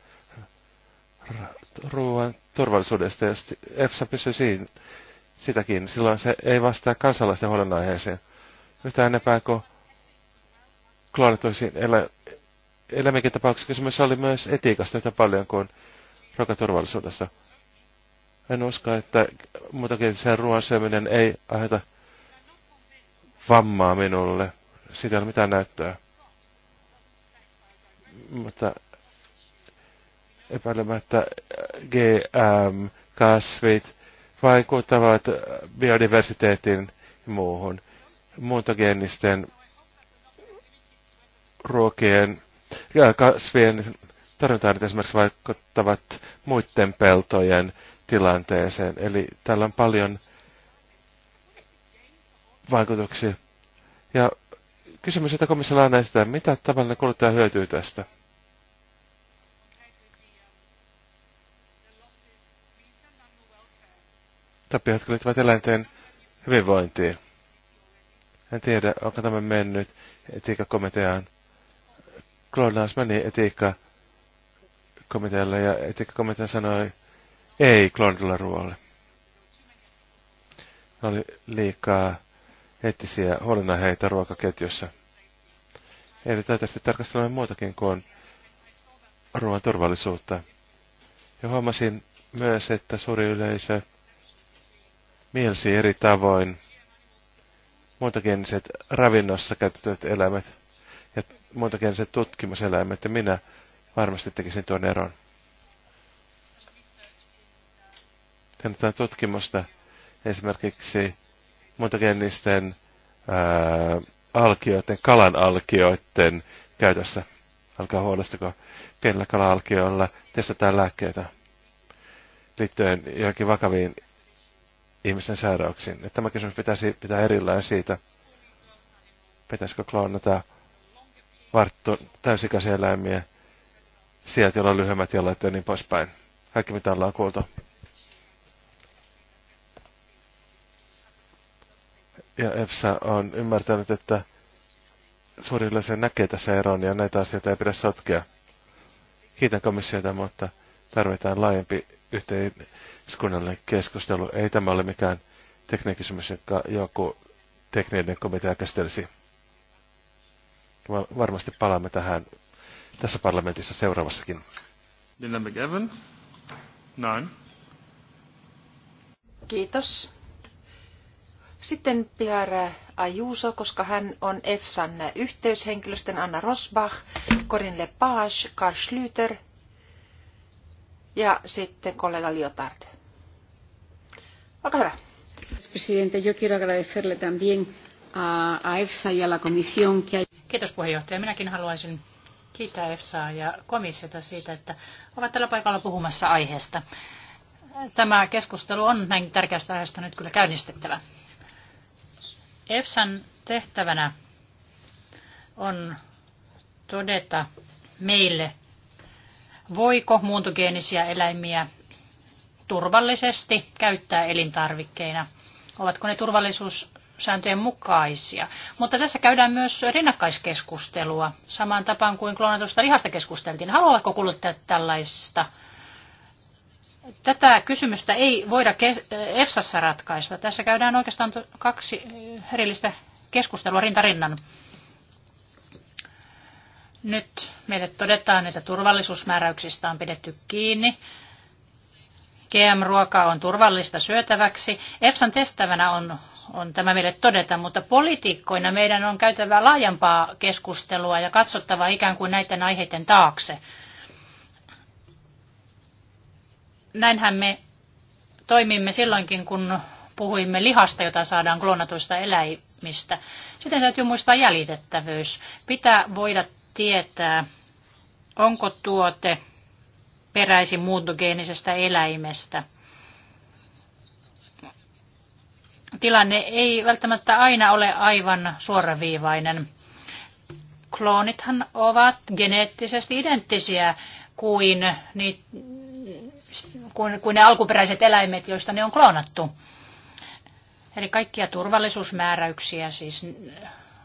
ruoan turvallisuudesta, jos EFSA pysyy siinä, sitäkin, silloin se ei vastaa kansalaisten huolenaiheeseen. Yhtään enempää kuin kloonituisiin elä, eläminkin tapauksessa kysymys oli myös etiikasta yhtä paljon kuin ruokaturvallisuudesta. En usko, että muutakin sen ruoan syöminen ei aiheuta vammaa minulle. Siitä ei ole mitään näyttöä. Mutta epäilemättä GM-kasvit vaikuttavat biodiversiteetin muuhun. Muuntogeenisten ruokien ja kasvien tarjontaan esimerkiksi vaikuttavat muiden peltojen tilanteeseen. Eli tällä on paljon vaikutuksia. Ja kysymys, että komissiolla on näistä, mitä tavallinen kuluttaja hyötyy tästä? tappiot, liittyvät eläinten hyvinvointiin. En tiedä, onko tämä mennyt etiikka-komiteaan. Klonaus meni etiikkakomitealle ja etiikkakomitea sanoi ei kloonitulle ruoalle. Oli liikaa eettisiä huolenaiheita ruokaketjussa. Eli täytyy tarkastella muutakin kuin ruoan turvallisuutta. Ja huomasin myös, että suuri yleisö mielsi eri tavoin muuntogeeniset ravinnossa käytetyt eläimet ja muuntogeeniset tutkimuseläimet, ja minä varmasti tekisin tuon eron. Tehdään tutkimusta esimerkiksi muuntogeenisten alkioiden, kalan alkioiden käytössä. Alkaa huolestako pienellä kala-alkioilla testataan lääkkeitä liittyen johonkin vakaviin ihmisten sairauksiin. Ja tämä kysymys pitäisi pitää erillään siitä, pitäisikö kloonata varttu täysikäisiä eläimiä sieltä, joilla on lyhyemmät jalat ja niin poispäin. Kaikki mitä ollaan kuultu. Ja EFSA on ymmärtänyt, että suurin se näkee tässä eron ja näitä asioita ei pidä sotkea. Kiitän komissiota, mutta tarvitaan laajempi yhteiskunnallinen keskustelu. Ei tämä ole mikään tekninen kysymys, joka joku tekninen komitea käsitelisi. Varmasti palaamme tähän tässä parlamentissa seuraavassakin. Linda McEvan. Näin. Kiitos. Sitten Pierre Ajuso, koska hän on EFSAn yhteyshenkilöstön Anna Rosbach, Corinne Lepage, Karl Schlüter, ja sitten kollega Liotard. Olkaa hyvä. Presidente, yo quiero agradecerle también a, a EFSA y a la comisión que hay... Kiitos puheenjohtaja. Minäkin haluaisin kiittää EFSA ja komissiota siitä, että ovat tällä paikalla puhumassa aiheesta. Tämä keskustelu on näin tärkeästä aiheesta nyt kyllä käynnistettävä. EFSAn tehtävänä on todeta meille voiko muuntogeenisiä eläimiä turvallisesti käyttää elintarvikkeina? Ovatko ne turvallisuussääntöjen mukaisia? Mutta tässä käydään myös rinnakkaiskeskustelua, samaan tapaan kuin kloonatusta lihasta keskusteltiin. Haluatko kuluttaa tällaista? Tätä kysymystä ei voida EFSassa ratkaista. Tässä käydään oikeastaan kaksi erillistä keskustelua rintarinnan. rinnan. Nyt meille todetaan, että turvallisuusmääräyksistä on pidetty kiinni. gm ruoka on turvallista syötäväksi. EFSAn testävänä on, on tämä meille todeta, mutta poliitikkoina meidän on käytävä laajempaa keskustelua ja katsottava ikään kuin näiden aiheiden taakse. Näinhän me toimimme silloinkin, kun puhuimme lihasta, jota saadaan kloonatuista eläimistä. Sitten täytyy muistaa jäljitettävyys. Pitää voida tietää, onko tuote peräisin muuntogeenisestä eläimestä. Tilanne ei välttämättä aina ole aivan suoraviivainen. Kloonithan ovat geneettisesti identtisiä kuin, ni, kuin, kuin ne alkuperäiset eläimet, joista ne on kloonattu. Eli kaikkia turvallisuusmääräyksiä siis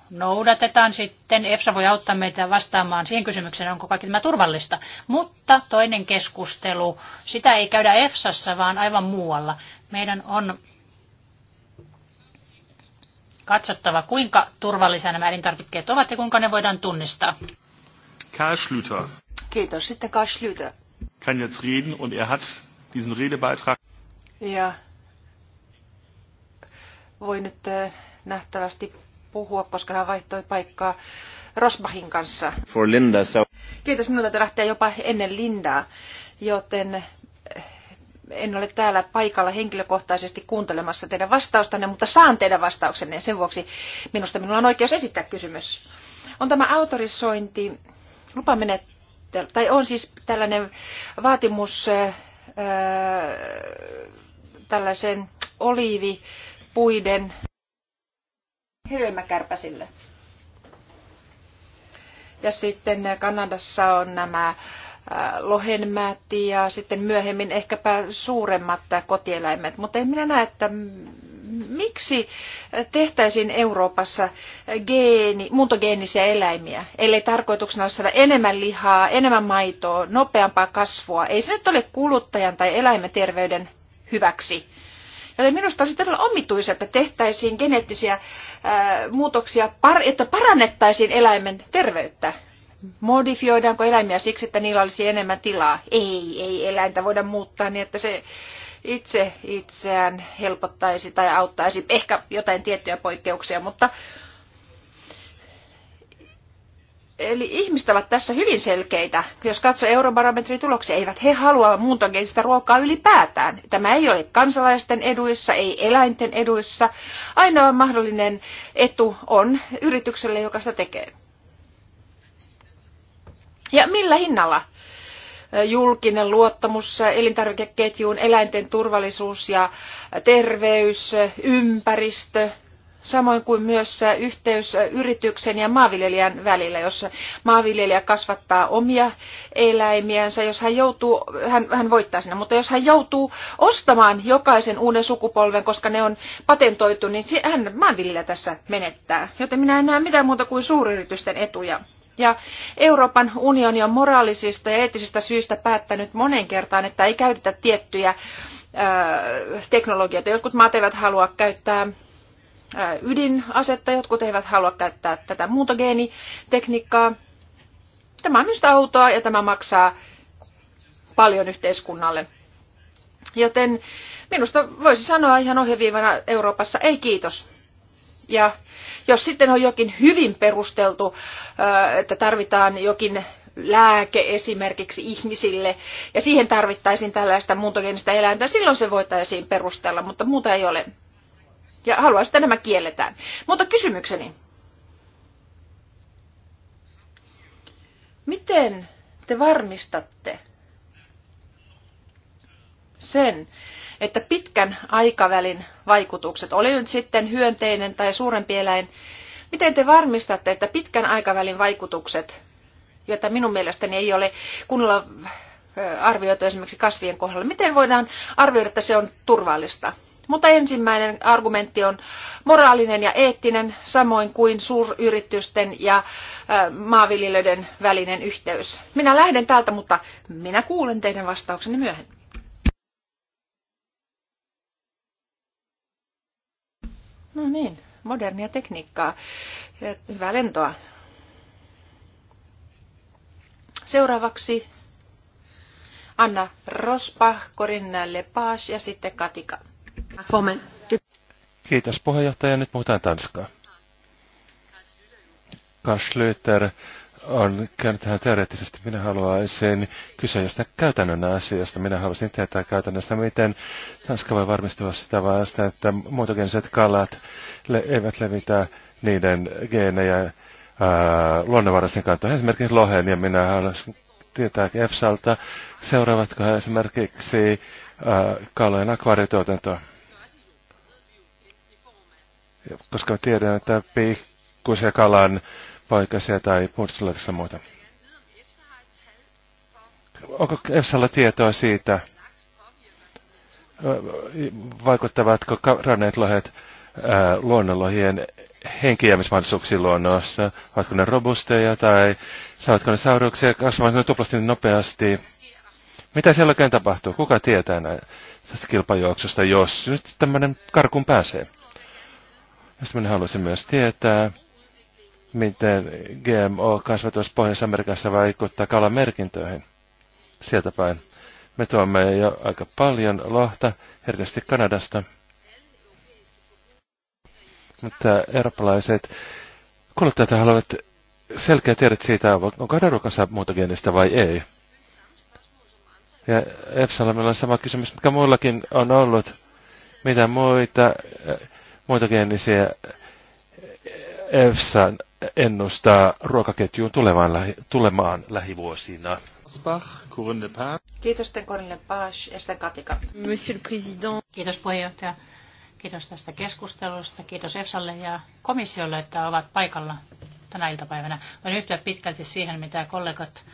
noudatetaan sitten. EFSA voi auttaa meitä vastaamaan siihen kysymykseen, onko kaikki tämä turvallista. Mutta toinen keskustelu, sitä ei käydä EFSassa, vaan aivan muualla. Meidän on katsottava, kuinka turvallisia nämä elintarvikkeet ovat ja kuinka ne voidaan tunnistaa. Karl Schlüter. Kiitos. Sitten Karl Schlüter. Kann jetzt reden und er hat diesen Redebeitrag. Ja. Voi nyt äh, nähtävästi puhua, koska hän vaihtoi paikkaa Rosbachin kanssa. For Linda, so... Kiitos, minulta että lähtee jopa ennen Lindaa, joten eh, en ole täällä paikalla henkilökohtaisesti kuuntelemassa teidän vastaustanne, mutta saan teidän vastauksenne ja sen vuoksi minusta minulla on oikeus esittää kysymys. On tämä autorisointi, lupamenettely, tai on siis tällainen vaatimus öö, tällaisen oliivipuiden helmäkärpäsille. Ja sitten Kanadassa on nämä lohenmäät ja sitten myöhemmin ehkäpä suuremmat kotieläimet. Mutta en minä näe, että miksi tehtäisiin Euroopassa geeni, muuntogeenisiä eläimiä, ellei tarkoituksena ole saada enemmän lihaa, enemmän maitoa, nopeampaa kasvua. Ei se nyt ole kuluttajan tai eläimen terveyden hyväksi Joten minusta olisi todella omituisia, että tehtäisiin geneettisiä ää, äh, muutoksia, par, että parannettaisiin eläimen terveyttä. Modifioidaanko eläimiä siksi, että niillä olisi enemmän tilaa? Ei, ei eläintä voida muuttaa niin, että se itse itseään helpottaisi tai auttaisi. Ehkä jotain tiettyjä poikkeuksia, mutta Eli ihmiset ovat tässä hyvin selkeitä. Jos katsoo eurobarometrin tuloksia, eivät he halua muuntogeista ruokaa ylipäätään. Tämä ei ole kansalaisten eduissa, ei eläinten eduissa. Ainoa mahdollinen etu on yritykselle, joka sitä tekee. Ja millä hinnalla? Julkinen luottamus elintarvikeketjuun, eläinten turvallisuus ja terveys, ympäristö, samoin kuin myös äh, yhteys äh, yrityksen ja maanviljelijän välillä. Jos maanviljelijä kasvattaa omia eläimiänsä, jos hän joutuu, hän, hän voittaa siinä, mutta jos hän joutuu ostamaan jokaisen uuden sukupolven, koska ne on patentoitu, niin hän maanviljelijä tässä menettää. Joten minä en näe mitään muuta kuin suuryritysten etuja. Ja Euroopan unioni on moraalisista ja eettisistä syistä päättänyt monen kertaan, että ei käytetä tiettyjä äh, teknologioita. Jotkut maat eivät halua käyttää ydinasetta, jotkut eivät halua käyttää tätä muuntogeenitekniikkaa. Tämä on minusta autoa ja tämä maksaa paljon yhteiskunnalle. Joten minusta voisi sanoa ihan ohjeviivana Euroopassa ei kiitos. Ja jos sitten on jokin hyvin perusteltu, että tarvitaan jokin lääke esimerkiksi ihmisille ja siihen tarvittaisiin tällaista muuntogeenistä eläintä, silloin se voitaisiin perustella, mutta muuta ei ole. Ja haluaisin, että nämä kielletään. Mutta kysymykseni. Miten te varmistatte sen, että pitkän aikavälin vaikutukset, oli nyt sitten hyönteinen tai suurempi eläin, miten te varmistatte, että pitkän aikavälin vaikutukset, joita minun mielestäni ei ole kunnolla arvioitu esimerkiksi kasvien kohdalla, miten voidaan arvioida, että se on turvallista? Mutta ensimmäinen argumentti on moraalinen ja eettinen, samoin kuin suuryritysten ja maanviljelijöiden välinen yhteys. Minä lähden täältä, mutta minä kuulen teidän vastauksenne myöhemmin. No niin, modernia tekniikkaa. Hyvää lentoa. Seuraavaksi Anna Rospa, Corinne Lepage ja sitten Katika. Kiitos puheenjohtaja. Nyt puhutaan Tanskaa. Kaslöter on käynyt tähän teoreettisesti. Minä haluaisin kysyä jostain käytännön asiasta. Minä haluaisin tietää käytännöstä, miten Tanska voi varmistua sitä vasta, että muutogeniset kalat le- eivät levitä niiden geenejä luonnonvaraisten kantoon. Esimerkiksi lohen, ja minä haluaisin tietää EFSAlta, seuraavatko he esimerkiksi ää, kalojen akvaariotuotantoa koska tiedän, että pikkuisia kalan paikaisia tai puhdistulaitoksia muuta. Onko EFSAlla tietoa siitä, vaikuttavatko ranneet lohet äh, luonnonlohien henkijäämismahdollisuuksiin luonnossa? Ovatko ne robusteja tai saavatko ne sauruksia kasvamaan tuplasti niin nopeasti? Mitä siellä oikein tapahtuu? Kuka tietää näin, tästä kilpajuoksusta, jos nyt tämmöinen karkun pääsee? Sitten minä haluaisin myös tietää, miten GMO-kasvatus Pohjois-Amerikassa vaikuttaa kalan merkintöihin. Sieltä päin. Me tuomme jo aika paljon lohta, erityisesti Kanadasta. Mutta eurooppalaiset kuluttajat haluavat selkeä tiedot siitä, onko muuta geenistä vai ei. Ja Epsalmilla on sama kysymys, mikä muillakin on ollut. Mitä muita muutogeenisiä EFSA ennustaa ruokaketjuun tulevaan, lähi, tulemaan lähivuosina. Kiitos Corinne Pash. ja sitten Katika. Monsieur le Président. Kiitos puheenjohtaja. Kiitos tästä keskustelusta. Kiitos EFSAlle ja komissiolle, että ovat paikalla tänä iltapäivänä. Voin yhtyä pitkälti siihen, mitä kollegat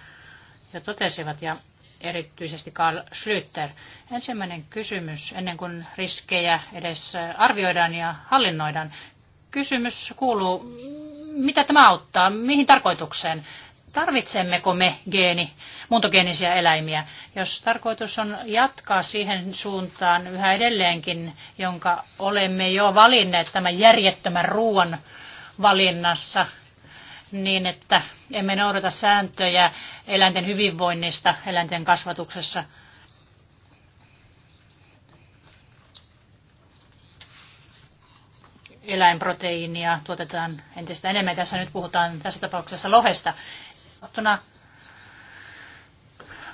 jo totesivat ja erityisesti Karl Schlüter. Ensimmäinen kysymys, ennen kuin riskejä edes arvioidaan ja hallinnoidaan. Kysymys kuuluu, mitä tämä auttaa, mihin tarkoitukseen? Tarvitsemmeko me geeni, muuntogeenisiä eläimiä, jos tarkoitus on jatkaa siihen suuntaan yhä edelleenkin, jonka olemme jo valinneet tämän järjettömän ruoan valinnassa – niin, että emme noudata sääntöjä eläinten hyvinvoinnista eläinten kasvatuksessa. Eläinproteiinia tuotetaan entistä enemmän. Tässä nyt puhutaan tässä tapauksessa lohesta.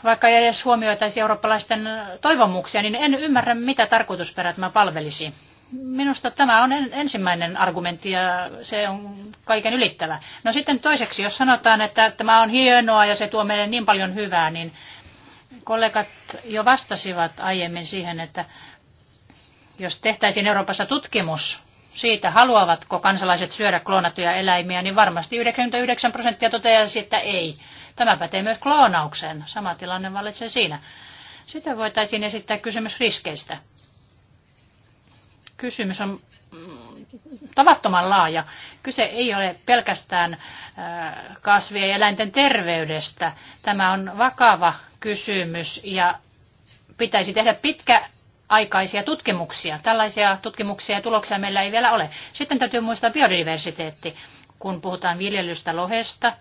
Vaikka ei edes huomioitaisi eurooppalaisten toivomuksia, niin en ymmärrä, mitä tarkoitusperät mä palvelisi Minusta tämä on ensimmäinen argumentti ja se on kaiken ylittävä. No sitten toiseksi, jos sanotaan, että tämä on hienoa ja se tuo meille niin paljon hyvää, niin kollegat jo vastasivat aiemmin siihen, että jos tehtäisiin Euroopassa tutkimus siitä, haluavatko kansalaiset syödä kloonattuja eläimiä, niin varmasti 99 prosenttia toteaisi, että ei. Tämä pätee myös kloonaukseen. Sama tilanne vallitsee siinä. Sitten voitaisiin esittää kysymys riskeistä kysymys on mm, tavattoman laaja. Kyse ei ole pelkästään äh, kasvien ja eläinten terveydestä. Tämä on vakava kysymys ja pitäisi tehdä pitkäaikaisia tutkimuksia. Tällaisia tutkimuksia ja tuloksia meillä ei vielä ole. Sitten täytyy muistaa biodiversiteetti, kun puhutaan viljelystä lohesta, äh,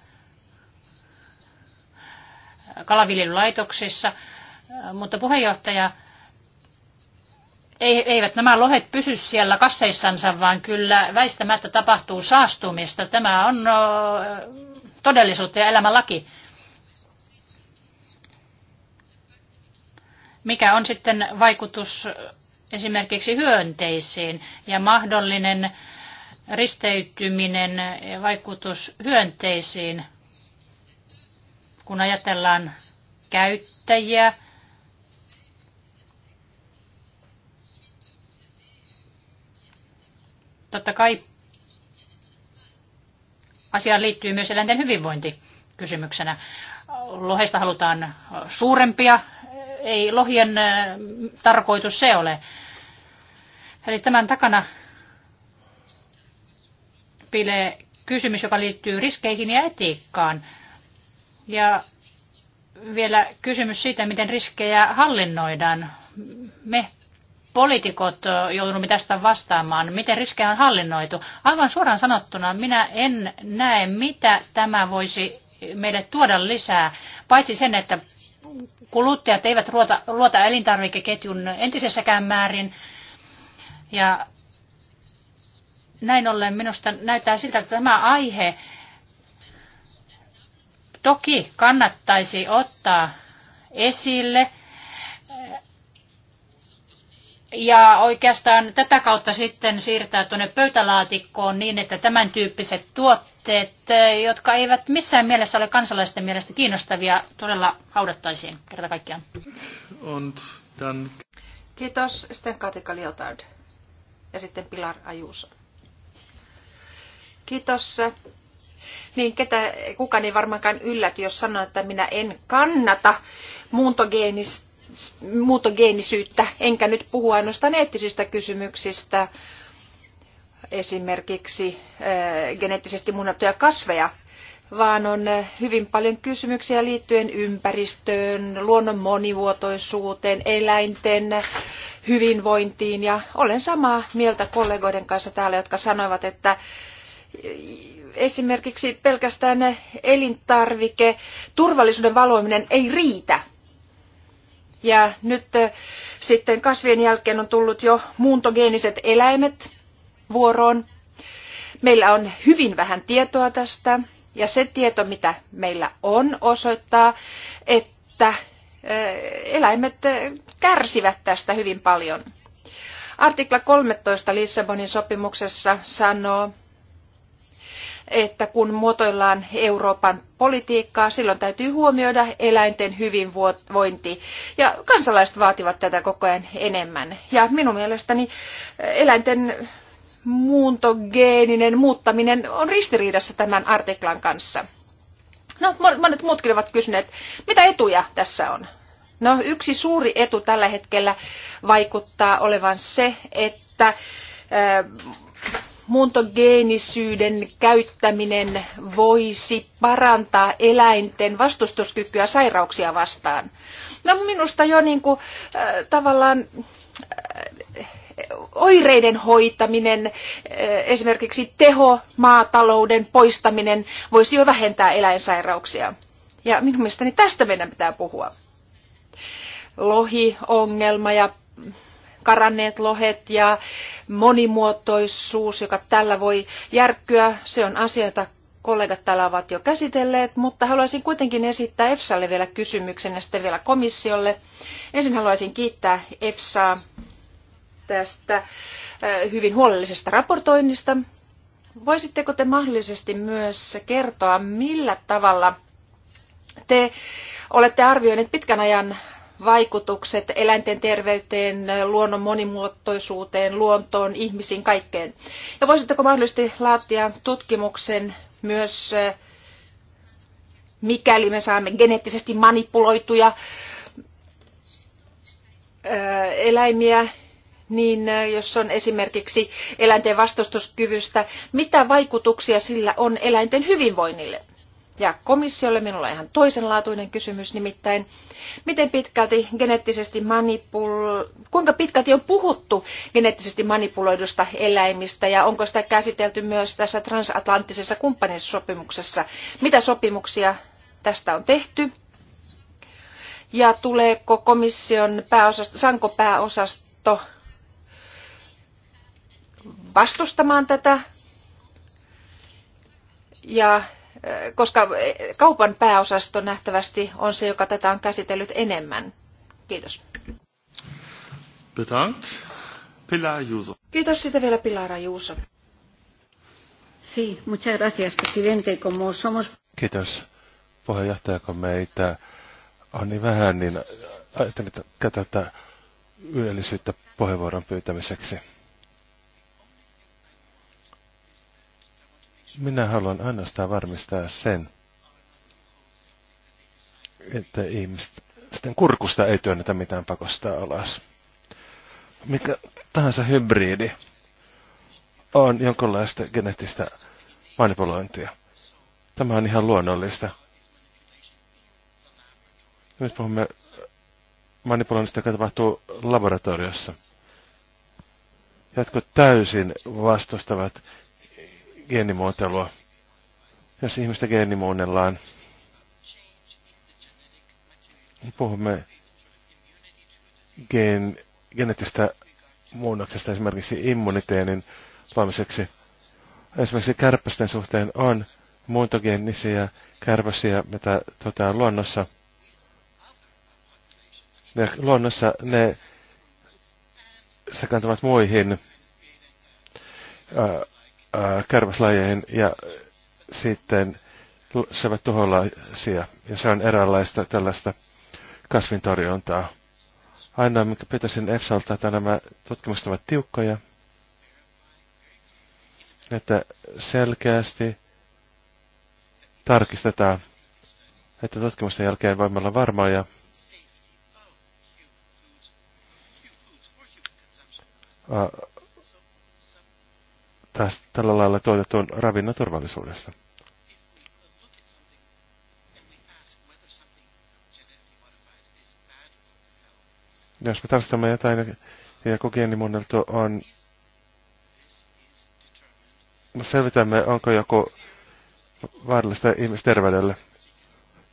kalaviljelylaitoksissa. Äh, mutta puheenjohtaja eivät nämä lohet pysy siellä kasseissansa, vaan kyllä väistämättä tapahtuu saastumista. Tämä on todellisuutta ja elämänlaki. Mikä on sitten vaikutus esimerkiksi hyönteisiin ja mahdollinen risteytyminen ja vaikutus hyönteisiin, kun ajatellaan käyttäjiä – Totta kai asiaan liittyy myös eläinten hyvinvointi kysymyksenä. Lohesta halutaan suurempia, ei lohien tarkoitus se ole. Eli tämän takana piilee kysymys, joka liittyy riskeihin ja etiikkaan. Ja vielä kysymys siitä, miten riskejä hallinnoidaan. Me poliitikot joudumme tästä vastaamaan, miten riskejä on hallinnoitu. Aivan suoraan sanottuna minä en näe, mitä tämä voisi meille tuoda lisää, paitsi sen, että kuluttajat eivät luota, luota elintarvikeketjun entisessäkään määrin. Ja näin ollen minusta näyttää siltä, että tämä aihe toki kannattaisi ottaa esille – ja oikeastaan tätä kautta sitten siirtää tuonne pöytälaatikkoon niin, että tämän tyyppiset tuotteet, jotka eivät missään mielessä ole kansalaisten mielestä kiinnostavia, todella haudattaisiin kerta kaikkiaan. Und dann... Kiitos. Sitten Katika Liotard ja sitten Pilar Ajuso. Kiitos. Niin ketä, kukaan niin ei varmaankaan ylläty, jos sanoo, että minä en kannata muuntogeenistä muuntogeenisyyttä, enkä nyt puhu ainoastaan eettisistä kysymyksistä, esimerkiksi eh, geneettisesti muunnattuja kasveja, vaan on eh, hyvin paljon kysymyksiä liittyen ympäristöön, luonnon monivuotoisuuteen, eläinten eh, hyvinvointiin. Ja olen samaa mieltä kollegoiden kanssa täällä, jotka sanoivat, että esimerkiksi pelkästään elintarvike, turvallisuuden valoiminen ei riitä ja nyt sitten kasvien jälkeen on tullut jo muuntogeeniset eläimet vuoroon. Meillä on hyvin vähän tietoa tästä ja se tieto, mitä meillä on, osoittaa, että eläimet kärsivät tästä hyvin paljon. Artikla 13 Lissabonin sopimuksessa sanoo, että kun muotoillaan Euroopan politiikkaa, silloin täytyy huomioida eläinten hyvinvointi. Ja kansalaiset vaativat tätä koko ajan enemmän. Ja minun mielestäni eläinten muuntogeeninen muuttaminen on ristiriidassa tämän artiklan kanssa. No, monet muutkin ovat kysyneet, mitä etuja tässä on? No, yksi suuri etu tällä hetkellä vaikuttaa olevan se, että muuntogeenisyyden käyttäminen voisi parantaa eläinten vastustuskykyä sairauksia vastaan. No minusta jo niin kuin, äh, tavallaan äh, oireiden hoitaminen, äh, esimerkiksi teho, maatalouden poistaminen voisi jo vähentää eläinsairauksia. Ja minun mielestäni tästä meidän pitää puhua. Lohiongelma ja karanneet lohet ja monimuotoisuus, joka tällä voi järkkyä, se on asia, jota kollegat täällä ovat jo käsitelleet, mutta haluaisin kuitenkin esittää EFSAlle vielä kysymyksen ja sitten vielä komissiolle. Ensin haluaisin kiittää EFSAa tästä äh, hyvin huolellisesta raportoinnista. Voisitteko te mahdollisesti myös kertoa, millä tavalla te olette arvioineet pitkän ajan vaikutukset eläinten terveyteen, luonnon monimuotoisuuteen, luontoon, ihmisiin, kaikkeen. Ja voisitteko mahdollisesti laatia tutkimuksen myös, eh, mikäli me saamme geneettisesti manipuloituja eh, eläimiä, niin eh, jos on esimerkiksi eläinten vastustuskyvystä, mitä vaikutuksia sillä on eläinten hyvinvoinnille? Ja komissiolle minulla on ihan toisenlaatuinen kysymys, nimittäin miten pitkälti geneettisesti manipul... kuinka pitkälti on puhuttu geneettisesti manipuloidusta eläimistä ja onko sitä käsitelty myös tässä transatlanttisessa kumppanissopimuksessa? Mitä sopimuksia tästä on tehty? Ja tuleeko komission pääosasto, Sanko pääosasto vastustamaan tätä? Ja koska kaupan pääosasto nähtävästi on se, joka tätä on käsitellyt enemmän. Kiitos. Bedankt. Pilar Juuso. Kiitos sitä vielä Pilara Juuso. Sí, muchas gracias, presidente. Como somos... Kiitos puheenjohtaja, kun meitä on niin vähän, niin ajattelin käyttää yöllisyyttä puheenvuoron pyytämiseksi. Minä haluan ainoastaan varmistaa sen, että ihmisten kurkusta ei työnnetä mitään pakosta alas. Mikä tahansa hybridi on jonkinlaista geneettistä manipulointia. Tämä on ihan luonnollista. Nyt puhumme manipuloinnista, joka tapahtuu laboratoriossa. Jotkut täysin vastustavat geenimuotelua. Jos ihmistä geenimuunnellaan, niin puhumme geen, geneettistä muunnoksesta esimerkiksi immuniteenin luomiseksi. Esimerkiksi kärpästen suhteen on muuntogeenisiä kärpäsiä, mitä tota, luonnossa. Ne, luonnossa ne sekantavat muihin Äh, kärpäslajeihin ja sitten syövät tuholaisia. Ja se on eräänlaista tällaista kasvintorjuntaa. Aina, mikä pitäisin EFSAlta, että nämä tutkimukset ovat tiukkoja. Että selkeästi tarkistetaan, että tutkimusten jälkeen voimme olla varmoja. Uh, taas tällä lailla tuotetun ravinnon turvallisuudesta. Jos me tarkastamme jotain ja joku geenimuunneltu on, me selvitämme, onko joku vaarallista ihmisterveydelle.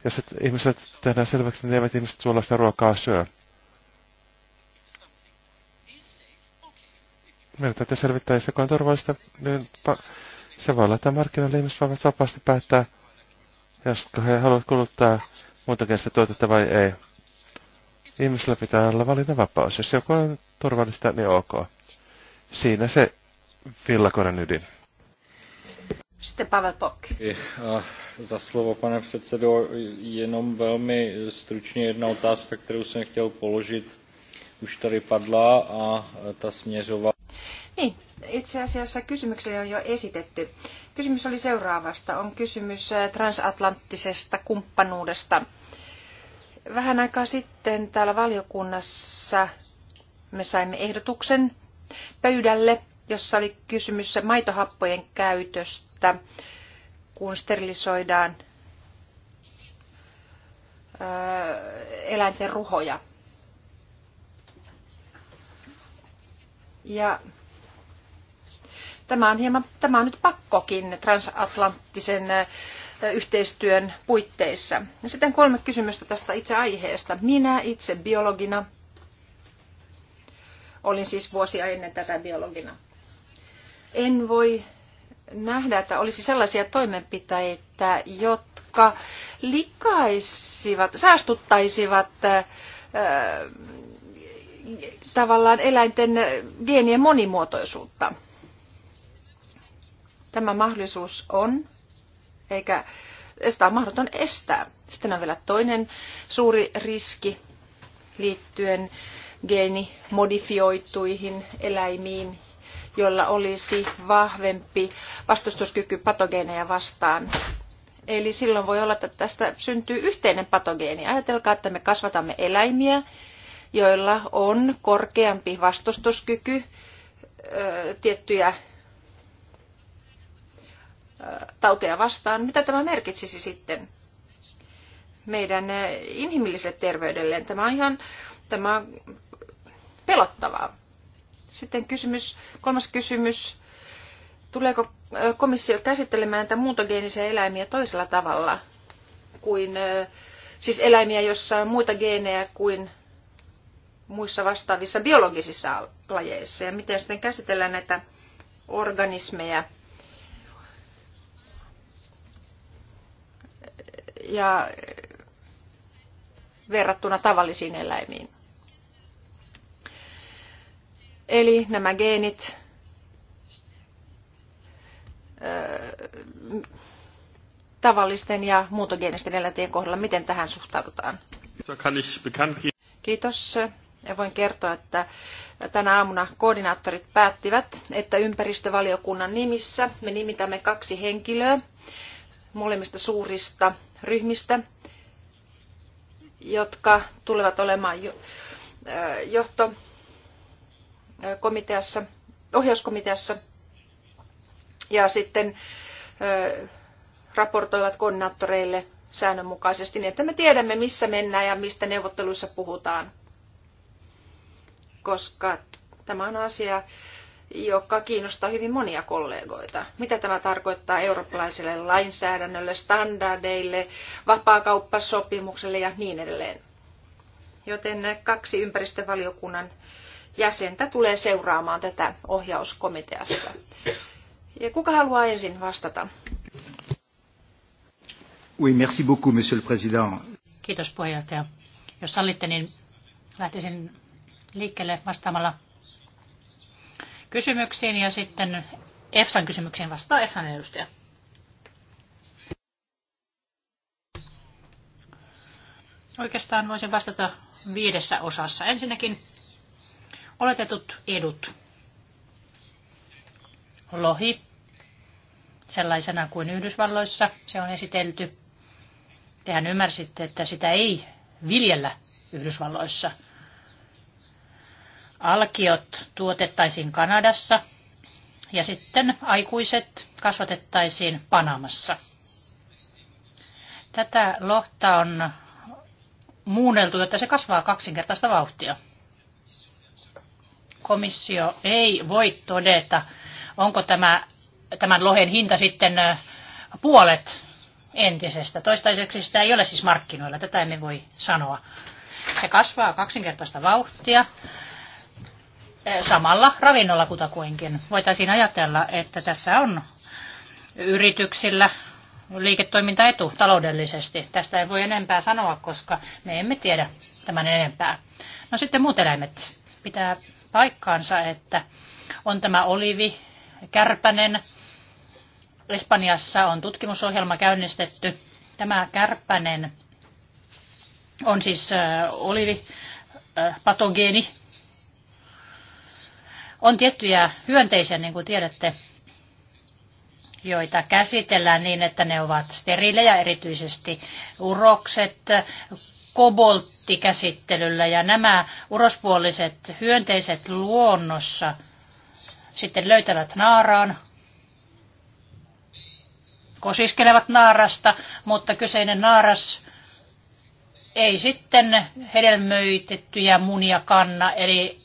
Jos ihmiset tehdään selväksi, niin eivät ihmiset suolaista ruokaa syö. meidän täytyy selvittää, se on turvallista, niin se voi olla, että markkinoille ihmiset voivat vapaasti päättää, josko he haluavat kuluttaa muuntokielistä tuotetta vai ei. Ihmisellä pitää olla valinnanvapaus. Jos joku on turvallista, niin ok. Siinä se villakoren ydin. Sitten Pavel Pok. Eh, za slovo, pane předsedo, jenom velmi stručně jedna otázka, kterou jsem chtěl položit už tady padla a e, ta směřovala. Niin, itse asiassa kysymyksiä on jo esitetty. Kysymys oli seuraavasta. On kysymys e, transatlanttisesta kumppanuudesta. Vähän aikaa sitten täällä valiokunnassa me saimme ehdotuksen pöydälle, jossa oli kysymys maitohappojen käytöstä, kun sterilisoidaan e, eläinten ruhoja. Ja tämä on, hieman, tämä on nyt pakkokin transatlanttisen yhteistyön puitteissa. Ja sitten kolme kysymystä tästä itse aiheesta. Minä itse biologina, olin siis vuosia ennen tätä biologina, en voi nähdä, että olisi sellaisia toimenpiteitä, jotka likaisivat, saastuttaisivat tavallaan eläinten geenien monimuotoisuutta. Tämä mahdollisuus on, eikä sitä on mahdoton estää. Sitten on vielä toinen suuri riski liittyen geenimodifioituihin eläimiin, joilla olisi vahvempi vastustuskyky patogeeneja vastaan. Eli silloin voi olla, että tästä syntyy yhteinen patogeeni. Ajatelkaa, että me kasvatamme eläimiä, joilla on korkeampi vastustuskyky tiettyjä tauteja vastaan. Mitä tämä merkitsisi sitten meidän inhimilliselle terveydelleen? Tämä on ihan tämä on pelottavaa. Sitten kysymys, kolmas kysymys. Tuleeko komissio käsittelemään näitä muutogeenisiä eläimiä toisella tavalla kuin, siis eläimiä, jossa on muita geenejä kuin muissa vastaavissa biologisissa lajeissa ja miten sitten käsitellään näitä organismeja. Ja verrattuna tavallisiin eläimiin. Eli nämä geenit tavallisten ja muutogeenisten eläinten kohdalla, miten tähän suhtaudutaan? Kiitos. Ja voin kertoa, että tänä aamuna koordinaattorit päättivät, että ympäristövaliokunnan nimissä me nimitämme kaksi henkilöä molemmista suurista ryhmistä, jotka tulevat olemaan äh, johtokomiteassa, äh, ohjauskomiteassa ja sitten äh, raportoivat koordinaattoreille säännönmukaisesti, niin että me tiedämme, missä mennään ja mistä neuvotteluissa puhutaan koska tämä on asia, joka kiinnostaa hyvin monia kollegoita. Mitä tämä tarkoittaa eurooppalaiselle lainsäädännölle, standardeille, vapaakauppasopimukselle ja niin edelleen. Joten kaksi ympäristövaliokunnan jäsentä tulee seuraamaan tätä ohjauskomiteassa. Ja kuka haluaa ensin vastata? Oui, merci beaucoup, monsieur le président. Kiitos puheenjohtaja. Jos sallitte, niin lähtisin liikkeelle vastaamalla kysymyksiin ja sitten EFSAn kysymyksiin vastaa no, EFSAn edustaja. Oikeastaan voisin vastata viidessä osassa. Ensinnäkin oletetut edut. Lohi, sellaisena kuin Yhdysvalloissa se on esitelty. Tehän ymmärsitte, että sitä ei viljellä Yhdysvalloissa – alkiot tuotettaisiin Kanadassa ja sitten aikuiset kasvatettaisiin Panamassa. Tätä lohta on muunneltu, että se kasvaa kaksinkertaista vauhtia. Komissio ei voi todeta, onko tämä, tämän lohen hinta sitten puolet entisestä. Toistaiseksi sitä ei ole siis markkinoilla, tätä emme voi sanoa. Se kasvaa kaksinkertaista vauhtia samalla ravinnolla kutakuinkin. Voitaisiin ajatella, että tässä on yrityksillä liiketoimintaetu taloudellisesti. Tästä ei voi enempää sanoa, koska me emme tiedä tämän enempää. No sitten muut eläimet. Pitää paikkaansa, että on tämä olivi, kärpänen. Espanjassa on tutkimusohjelma käynnistetty. Tämä kärpänen on siis olivi, patogeeni, on tiettyjä hyönteisiä, niin kuin tiedätte, joita käsitellään niin, että ne ovat sterilejä, erityisesti urokset, kobolttikäsittelyllä ja nämä urospuoliset hyönteiset luonnossa sitten löytävät naaraan, kosiskelevat naarasta, mutta kyseinen naaras ei sitten hedelmöitettyjä munia kanna, eli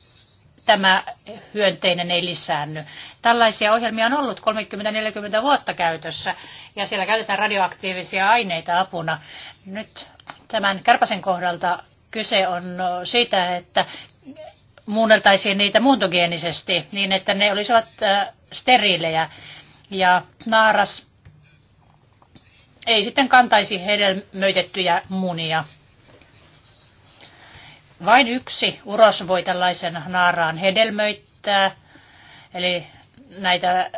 tämä hyönteinen ei lisäänny. Tällaisia ohjelmia on ollut 30-40 vuotta käytössä ja siellä käytetään radioaktiivisia aineita apuna. Nyt tämän kärpäsen kohdalta kyse on siitä, että muunneltaisiin niitä muuntogeenisesti niin, että ne olisivat äh, steriilejä ja naaras ei sitten kantaisi hedelmöitettyjä munia. Vain yksi uros voi tällaisen naaraan hedelmöittää, eli näitä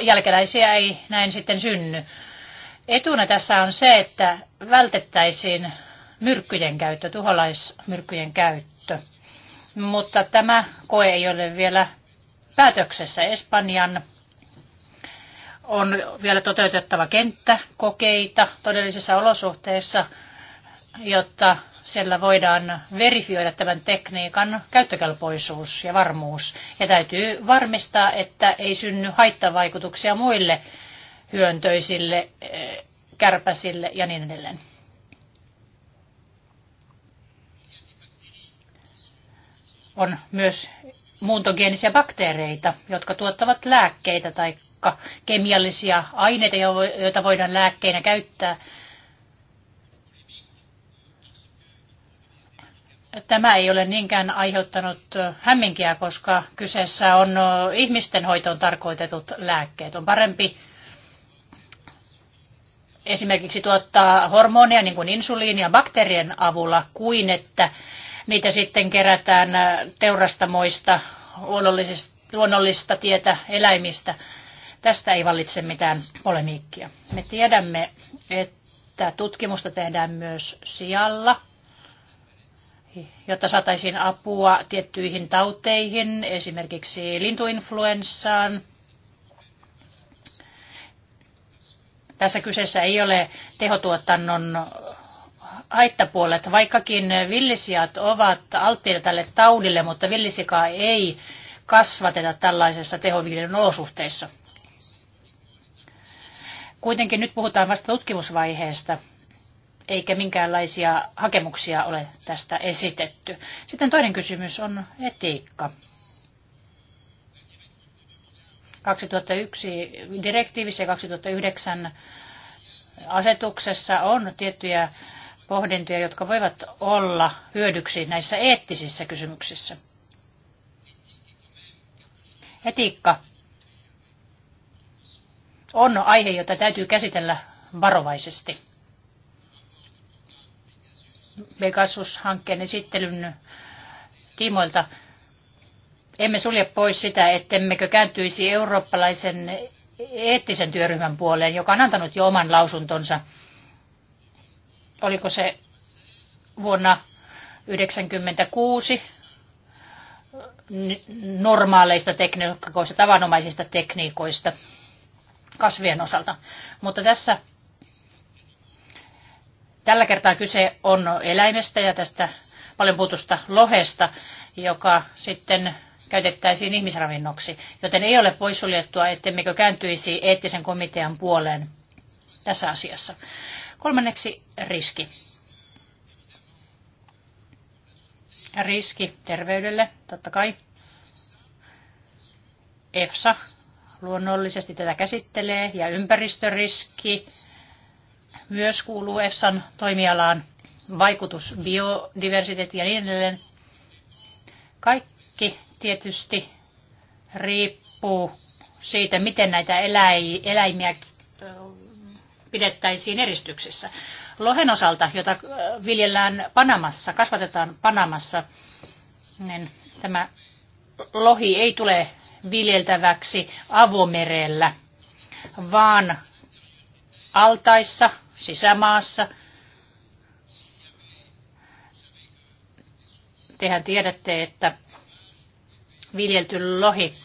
jälkeläisiä ei näin sitten synny. Etuna tässä on se, että vältettäisiin myrkkyjen käyttö, tuholaismyrkkyjen käyttö. Mutta tämä koe ei ole vielä päätöksessä. Espanjan on vielä toteutettava kenttäkokeita todellisissa olosuhteissa, jotta siellä voidaan verifioida tämän tekniikan käyttökelpoisuus ja varmuus. Ja täytyy varmistaa, että ei synny haittavaikutuksia muille hyöntöisille, eh, kärpäsille ja niin edelleen. On myös muuntogeenisiä bakteereita, jotka tuottavat lääkkeitä tai kemiallisia aineita, joita voidaan lääkkeinä käyttää – tämä ei ole niinkään aiheuttanut hämminkiä, koska kyseessä on ihmisten hoitoon tarkoitetut lääkkeet. On parempi esimerkiksi tuottaa hormoneja, niin kuin insuliinia, bakteerien avulla, kuin että niitä sitten kerätään teurastamoista, luonnollista tietä, eläimistä. Tästä ei vallitse mitään polemiikkia. Me tiedämme, että tutkimusta tehdään myös sijalla – jotta saataisiin apua tiettyihin tauteihin, esimerkiksi lintuinfluenssaan. Tässä kyseessä ei ole tehotuotannon haittapuolet, vaikkakin villisijat ovat alttiita tälle taudille, mutta villisikaa ei kasvateta tällaisessa tehoviljelyn olosuhteissa. Kuitenkin nyt puhutaan vasta tutkimusvaiheesta eikä minkäänlaisia hakemuksia ole tästä esitetty. Sitten toinen kysymys on etiikka. 2001 direktiivissä ja 2009 asetuksessa on tiettyjä pohdintoja, jotka voivat olla hyödyksi näissä eettisissä kysymyksissä. Etiikka on aihe, jota täytyy käsitellä varovaisesti. Pegasus-hankkeen esittelyn tiimoilta. Emme sulje pois sitä, ettemmekö kääntyisi eurooppalaisen eettisen työryhmän puoleen, joka on antanut jo oman lausuntonsa. Oliko se vuonna 1996 normaaleista tekniikoista, tavanomaisista tekniikoista kasvien osalta. Mutta tässä Tällä kertaa kyse on eläimestä ja tästä paljon puutusta lohesta, joka sitten käytettäisiin ihmisravinnoksi, joten ei ole poissuljettua, ettemmekö kääntyisi eettisen komitean puoleen tässä asiassa. Kolmanneksi riski. Riski terveydelle, totta kai. EFSA luonnollisesti tätä käsittelee ja ympäristöriski myös kuuluu EFSAn toimialaan vaikutus, biodiversiteettiin, ja niin edelleen. Kaikki tietysti riippuu siitä, miten näitä eläimiä äh, pidettäisiin eristyksessä. Lohen osalta, jota äh, viljellään Panamassa, kasvatetaan Panamassa, niin tämä lohi ei tule viljeltäväksi avomerellä, vaan altaissa sisämaassa. Tehän tiedätte, että viljelty lohi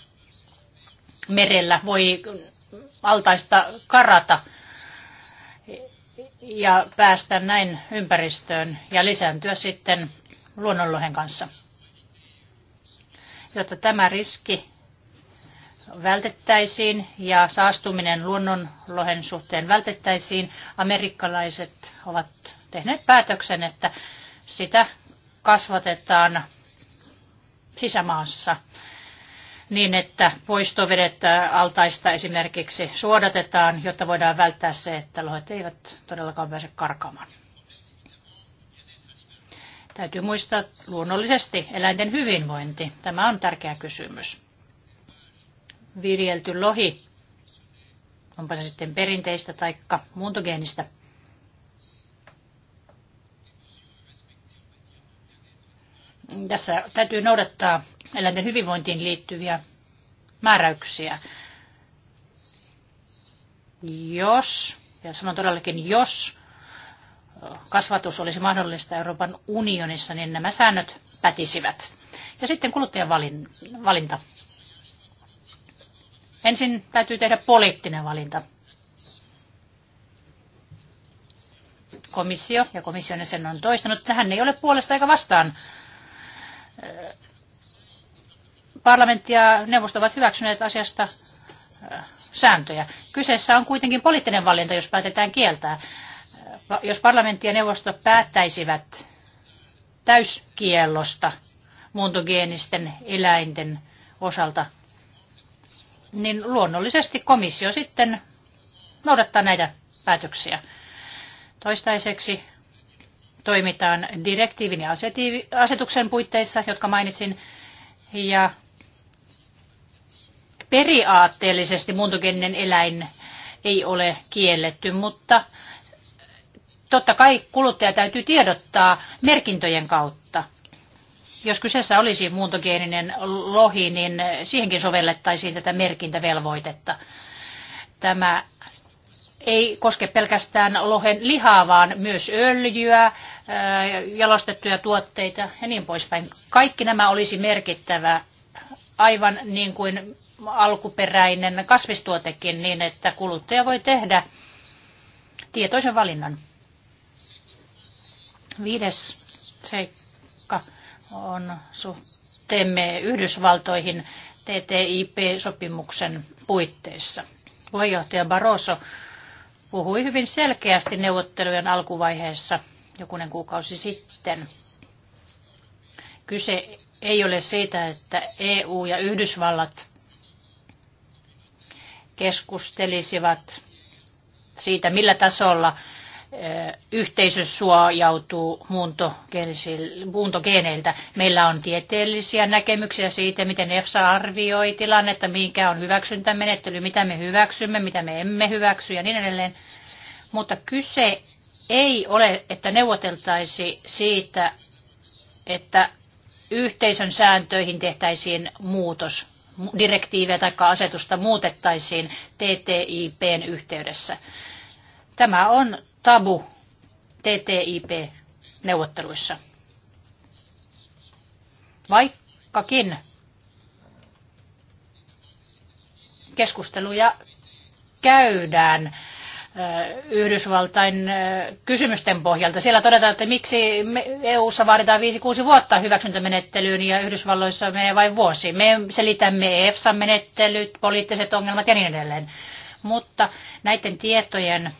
merellä voi altaista karata ja päästä näin ympäristöön ja lisääntyä sitten luonnonlohen kanssa. Jotta tämä riski vältettäisiin ja saastuminen luonnonlohen suhteen vältettäisiin. Amerikkalaiset ovat tehneet päätöksen, että sitä kasvatetaan sisämaassa niin, että poistovedet altaista esimerkiksi suodatetaan, jotta voidaan välttää se, että lohet eivät todellakaan pääse karkaamaan. Täytyy muistaa luonnollisesti eläinten hyvinvointi. Tämä on tärkeä kysymys viljelty lohi, onpa se sitten perinteistä tai muuntogeenistä, tässä täytyy noudattaa eläinten hyvinvointiin liittyviä määräyksiä. Jos, ja sanon todellakin jos, kasvatus olisi mahdollista Euroopan unionissa, niin nämä säännöt pätisivät. Ja sitten kuluttajan valinta. Ensin täytyy tehdä poliittinen valinta. Komissio ja komission sen on toistanut, tähän ei ole puolesta eikä vastaan. Parlamentti ja neuvosto ovat hyväksyneet asiasta sääntöjä. Kyseessä on kuitenkin poliittinen valinta, jos päätetään kieltää. Jos parlamentti ja neuvosto päättäisivät täyskiellosta muuntogeenisten eläinten osalta, niin luonnollisesti komissio sitten noudattaa näitä päätöksiä. Toistaiseksi toimitaan direktiivin ja asetuksen puitteissa, jotka mainitsin, ja periaatteellisesti muuntogeninen eläin ei ole kielletty, mutta totta kai kuluttaja täytyy tiedottaa merkintöjen kautta jos kyseessä olisi muuntogeeninen lohi, niin siihenkin sovellettaisiin tätä merkintävelvoitetta. Tämä ei koske pelkästään lohen lihaa, vaan myös öljyä, äh, jalostettuja tuotteita ja niin poispäin. Kaikki nämä olisi merkittävä, aivan niin kuin alkuperäinen kasvistuotekin, niin että kuluttaja voi tehdä tietoisen valinnan. Viides seikka on suhteemme Yhdysvaltoihin TTIP-sopimuksen puitteissa. Puheenjohtaja Barroso puhui hyvin selkeästi neuvottelujen alkuvaiheessa jokunen kuukausi sitten. Kyse ei ole siitä, että EU ja Yhdysvallat keskustelisivat siitä, millä tasolla yhteisö suojautuu muuntogeeneiltä. Meillä on tieteellisiä näkemyksiä siitä, miten EFSA arvioi tilannetta, mikä on hyväksyntämenettely, mitä me hyväksymme, mitä me emme hyväksy ja niin edelleen. Mutta kyse ei ole, että neuvoteltaisi siitä, että yhteisön sääntöihin tehtäisiin muutos, direktiivejä tai asetusta muutettaisiin TTIPn yhteydessä. Tämä on tabu TTIP-neuvotteluissa. Vaikkakin keskusteluja käydään äh, Yhdysvaltain äh, kysymysten pohjalta. Siellä todetaan, että miksi EU-ssa e vaaditaan 5-6 vuotta hyväksyntämenettelyyn ja Yhdysvalloissa menee vain vuosi. Me selitämme EFSA-menettelyt, poliittiset ongelmat ja niin edelleen. Mutta näiden tietojen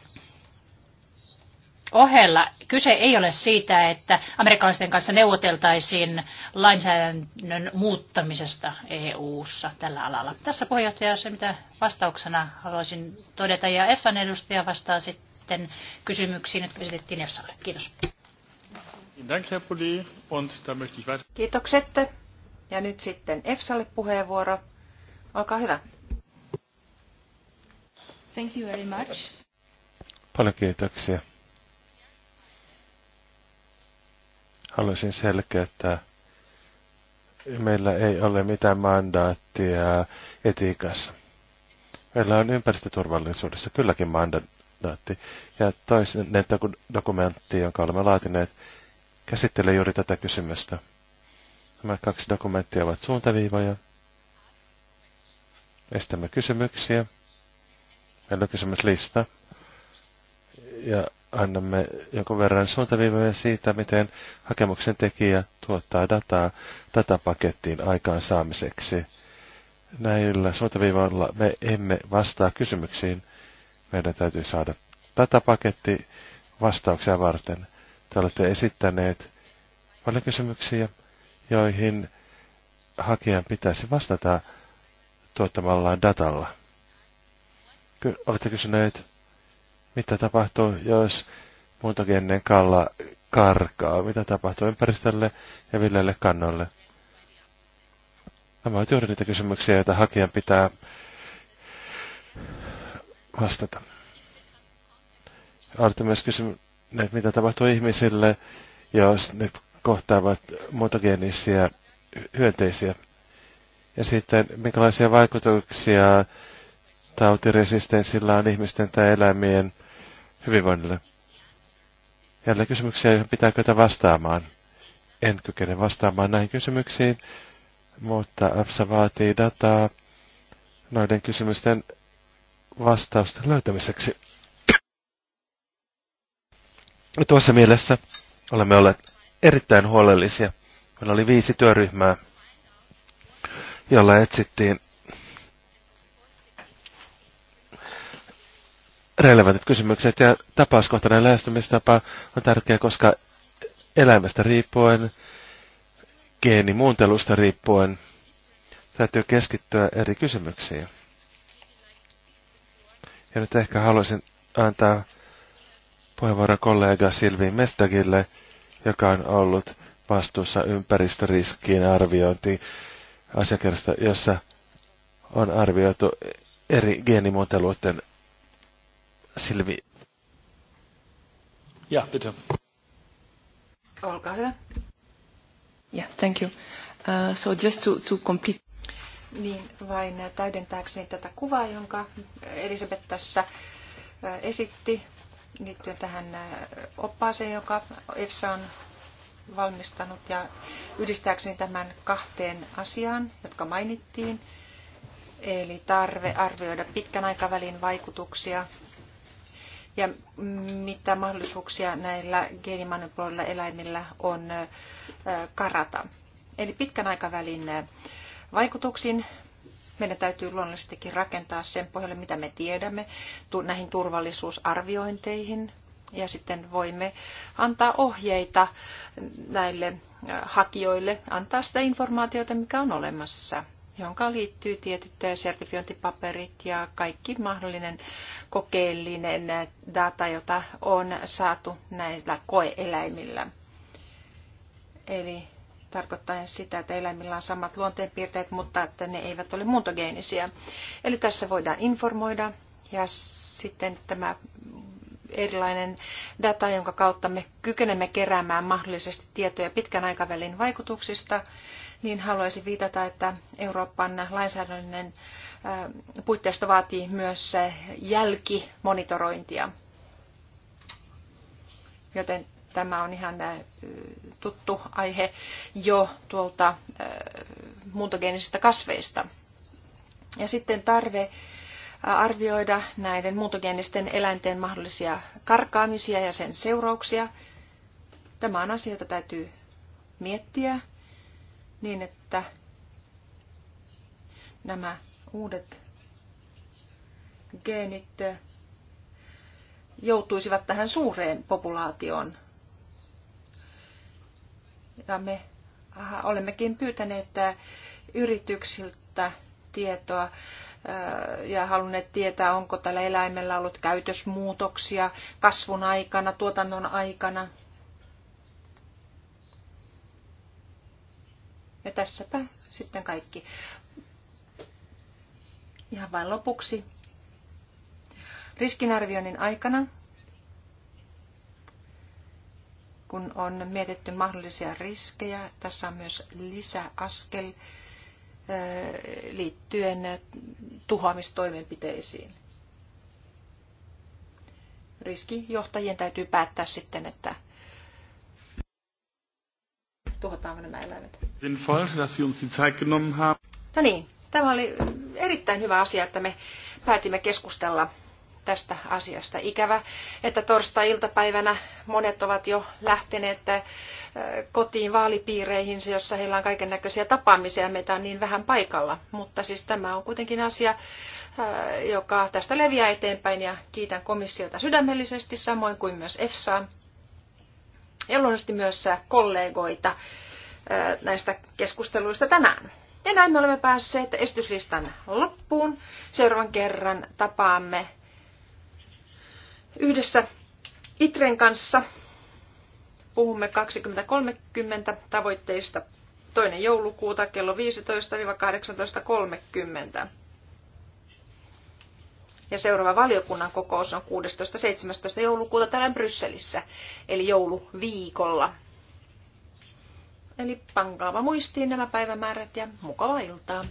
ohella. Kyse ei ole siitä, että amerikkalaisten kanssa neuvoteltaisiin lainsäädännön muuttamisesta EU-ssa tällä alalla. Tässä puheenjohtaja se, mitä vastauksena haluaisin todeta, ja EFSAn edustaja vastaa sitten kysymyksiin, jotka esitettiin EFSAlle. Kiitos. Kiitokset. Ja nyt sitten EFSAlle puheenvuoro. Olkaa hyvä. Thank you very much. Paljon kiitoksia. Haluaisin selkeyttää. Meillä ei ole mitään mandaattia etiikassa. Meillä on ympäristöturvallisuudessa kylläkin mandaatti. Ja toinen dokumentti, jonka olemme laatineet, käsittelee juuri tätä kysymystä. Nämä kaksi dokumenttia ovat suuntaviivoja. Estämme kysymyksiä. Meillä on kysymyslista. Ja annamme jonkun verran suuntaviivoja siitä, miten hakemuksen tekijä tuottaa dataa datapakettiin aikaansaamiseksi. Näillä suuntaviivoilla me emme vastaa kysymyksiin. Meidän täytyy saada datapaketti vastauksia varten. Te olette esittäneet paljon kysymyksiä, joihin hakijan pitäisi vastata tuottamallaan datalla. Olette kysyneet mitä tapahtuu, jos muuntogenen kalla karkaa? Mitä tapahtuu ympäristölle ja villelle kannolle? Nämä ovat juuri niitä kysymyksiä, joita hakijan pitää vastata. Olette myös kysyneet, mitä tapahtuu ihmisille, jos ne kohtaavat mutageenisiä hyönteisiä. Ja sitten, minkälaisia vaikutuksia tautiresistenssillä on ihmisten tai eläimien hyvinvoinnille. Jälleen kysymyksiä, joihin pitää kyetä vastaamaan. En kykene vastaamaan näihin kysymyksiin, mutta EFSA vaatii dataa noiden kysymysten vastausten löytämiseksi. Tuossa mielessä olemme olleet erittäin huolellisia. Meillä oli viisi työryhmää, jolla etsittiin relevantit kysymykset ja tapauskohtainen lähestymistapa on tärkeä, koska elämästä riippuen, geenimuuntelusta riippuen, täytyy keskittyä eri kysymyksiin. Ja nyt ehkä haluaisin antaa puheenvuoron kollega Silvi Mestagille, joka on ollut vastuussa ympäristöriskien arviointiin asiakirjasta, jossa on arvioitu eri geenimuunteluiden Silvi. Ja, bitte. Olkaa hyvä. Yeah, thank you. Uh, so just to, to complete niin vain täydentääkseni tätä kuvaa, jonka Elisabeth tässä uh, esitti liittyen tähän uh, oppaaseen, joka EFSA on valmistanut ja yhdistääkseni tämän kahteen asiaan, jotka mainittiin, eli tarve arvioida pitkän aikavälin vaikutuksia ja mitä mahdollisuuksia näillä geenimanipuloilla eläimillä on karata. Eli pitkän aikavälin vaikutuksiin meidän täytyy luonnollisestikin rakentaa sen pohjalle, mitä me tiedämme, näihin turvallisuusarviointeihin, ja sitten voimme antaa ohjeita näille hakijoille, antaa sitä informaatiota, mikä on olemassa jonka liittyy tietyt sertifiointipaperit ja kaikki mahdollinen kokeellinen data, jota on saatu näillä koeeläimillä. Eli tarkoittaen sitä, että eläimillä on samat luonteenpiirteet, mutta että ne eivät ole muuntogeenisiä. Eli tässä voidaan informoida ja sitten tämä erilainen data, jonka kautta me kykenemme keräämään mahdollisesti tietoja pitkän aikavälin vaikutuksista, niin haluaisin viitata, että Euroopan lainsäädännöllinen puitteisto vaatii myös jälkimonitorointia. Joten tämä on ihan tuttu aihe jo tuolta muuntogeenisistä kasveista. Ja sitten tarve arvioida näiden muuntogeenisten eläinten mahdollisia karkaamisia ja sen seurauksia. Tämä on asia, jota täytyy miettiä niin, että nämä uudet geenit joutuisivat tähän suureen populaatioon. Ja me aha, olemmekin pyytäneet yrityksiltä tietoa ja halunneet tietää, onko tällä eläimellä ollut käytösmuutoksia kasvun aikana, tuotannon aikana – Ja tässäpä sitten kaikki. Ihan vain lopuksi. Riskinarvioinnin aikana, kun on mietitty mahdollisia riskejä, tässä on myös lisäaskel liittyen tuhoamistoimenpiteisiin. Riskijohtajien täytyy päättää sitten, että tuhotaanko nämä eläimet. No niin, tämä oli erittäin hyvä asia, että me päätimme keskustella tästä asiasta. Ikävä, että torstai-iltapäivänä monet ovat jo lähteneet äh, kotiin vaalipiireihin, jossa heillä on kaiken näköisiä tapaamisia. Meitä on niin vähän paikalla, mutta siis tämä on kuitenkin asia, äh, joka tästä leviää eteenpäin ja kiitän komissiota sydämellisesti, samoin kuin myös EFSAa ja luonnollisesti myös kollegoita näistä keskusteluista tänään. Ja näin me olemme päässeet esityslistan loppuun. Seuraavan kerran tapaamme yhdessä Itren kanssa. Puhumme 2030 tavoitteista toinen joulukuuta kello 15-18.30. Ja seuraava valiokunnan kokous on 16.17. joulukuuta täällä Brysselissä, eli jouluviikolla. Eli pankaava muistiin nämä päivämäärät ja mukavaa iltaa.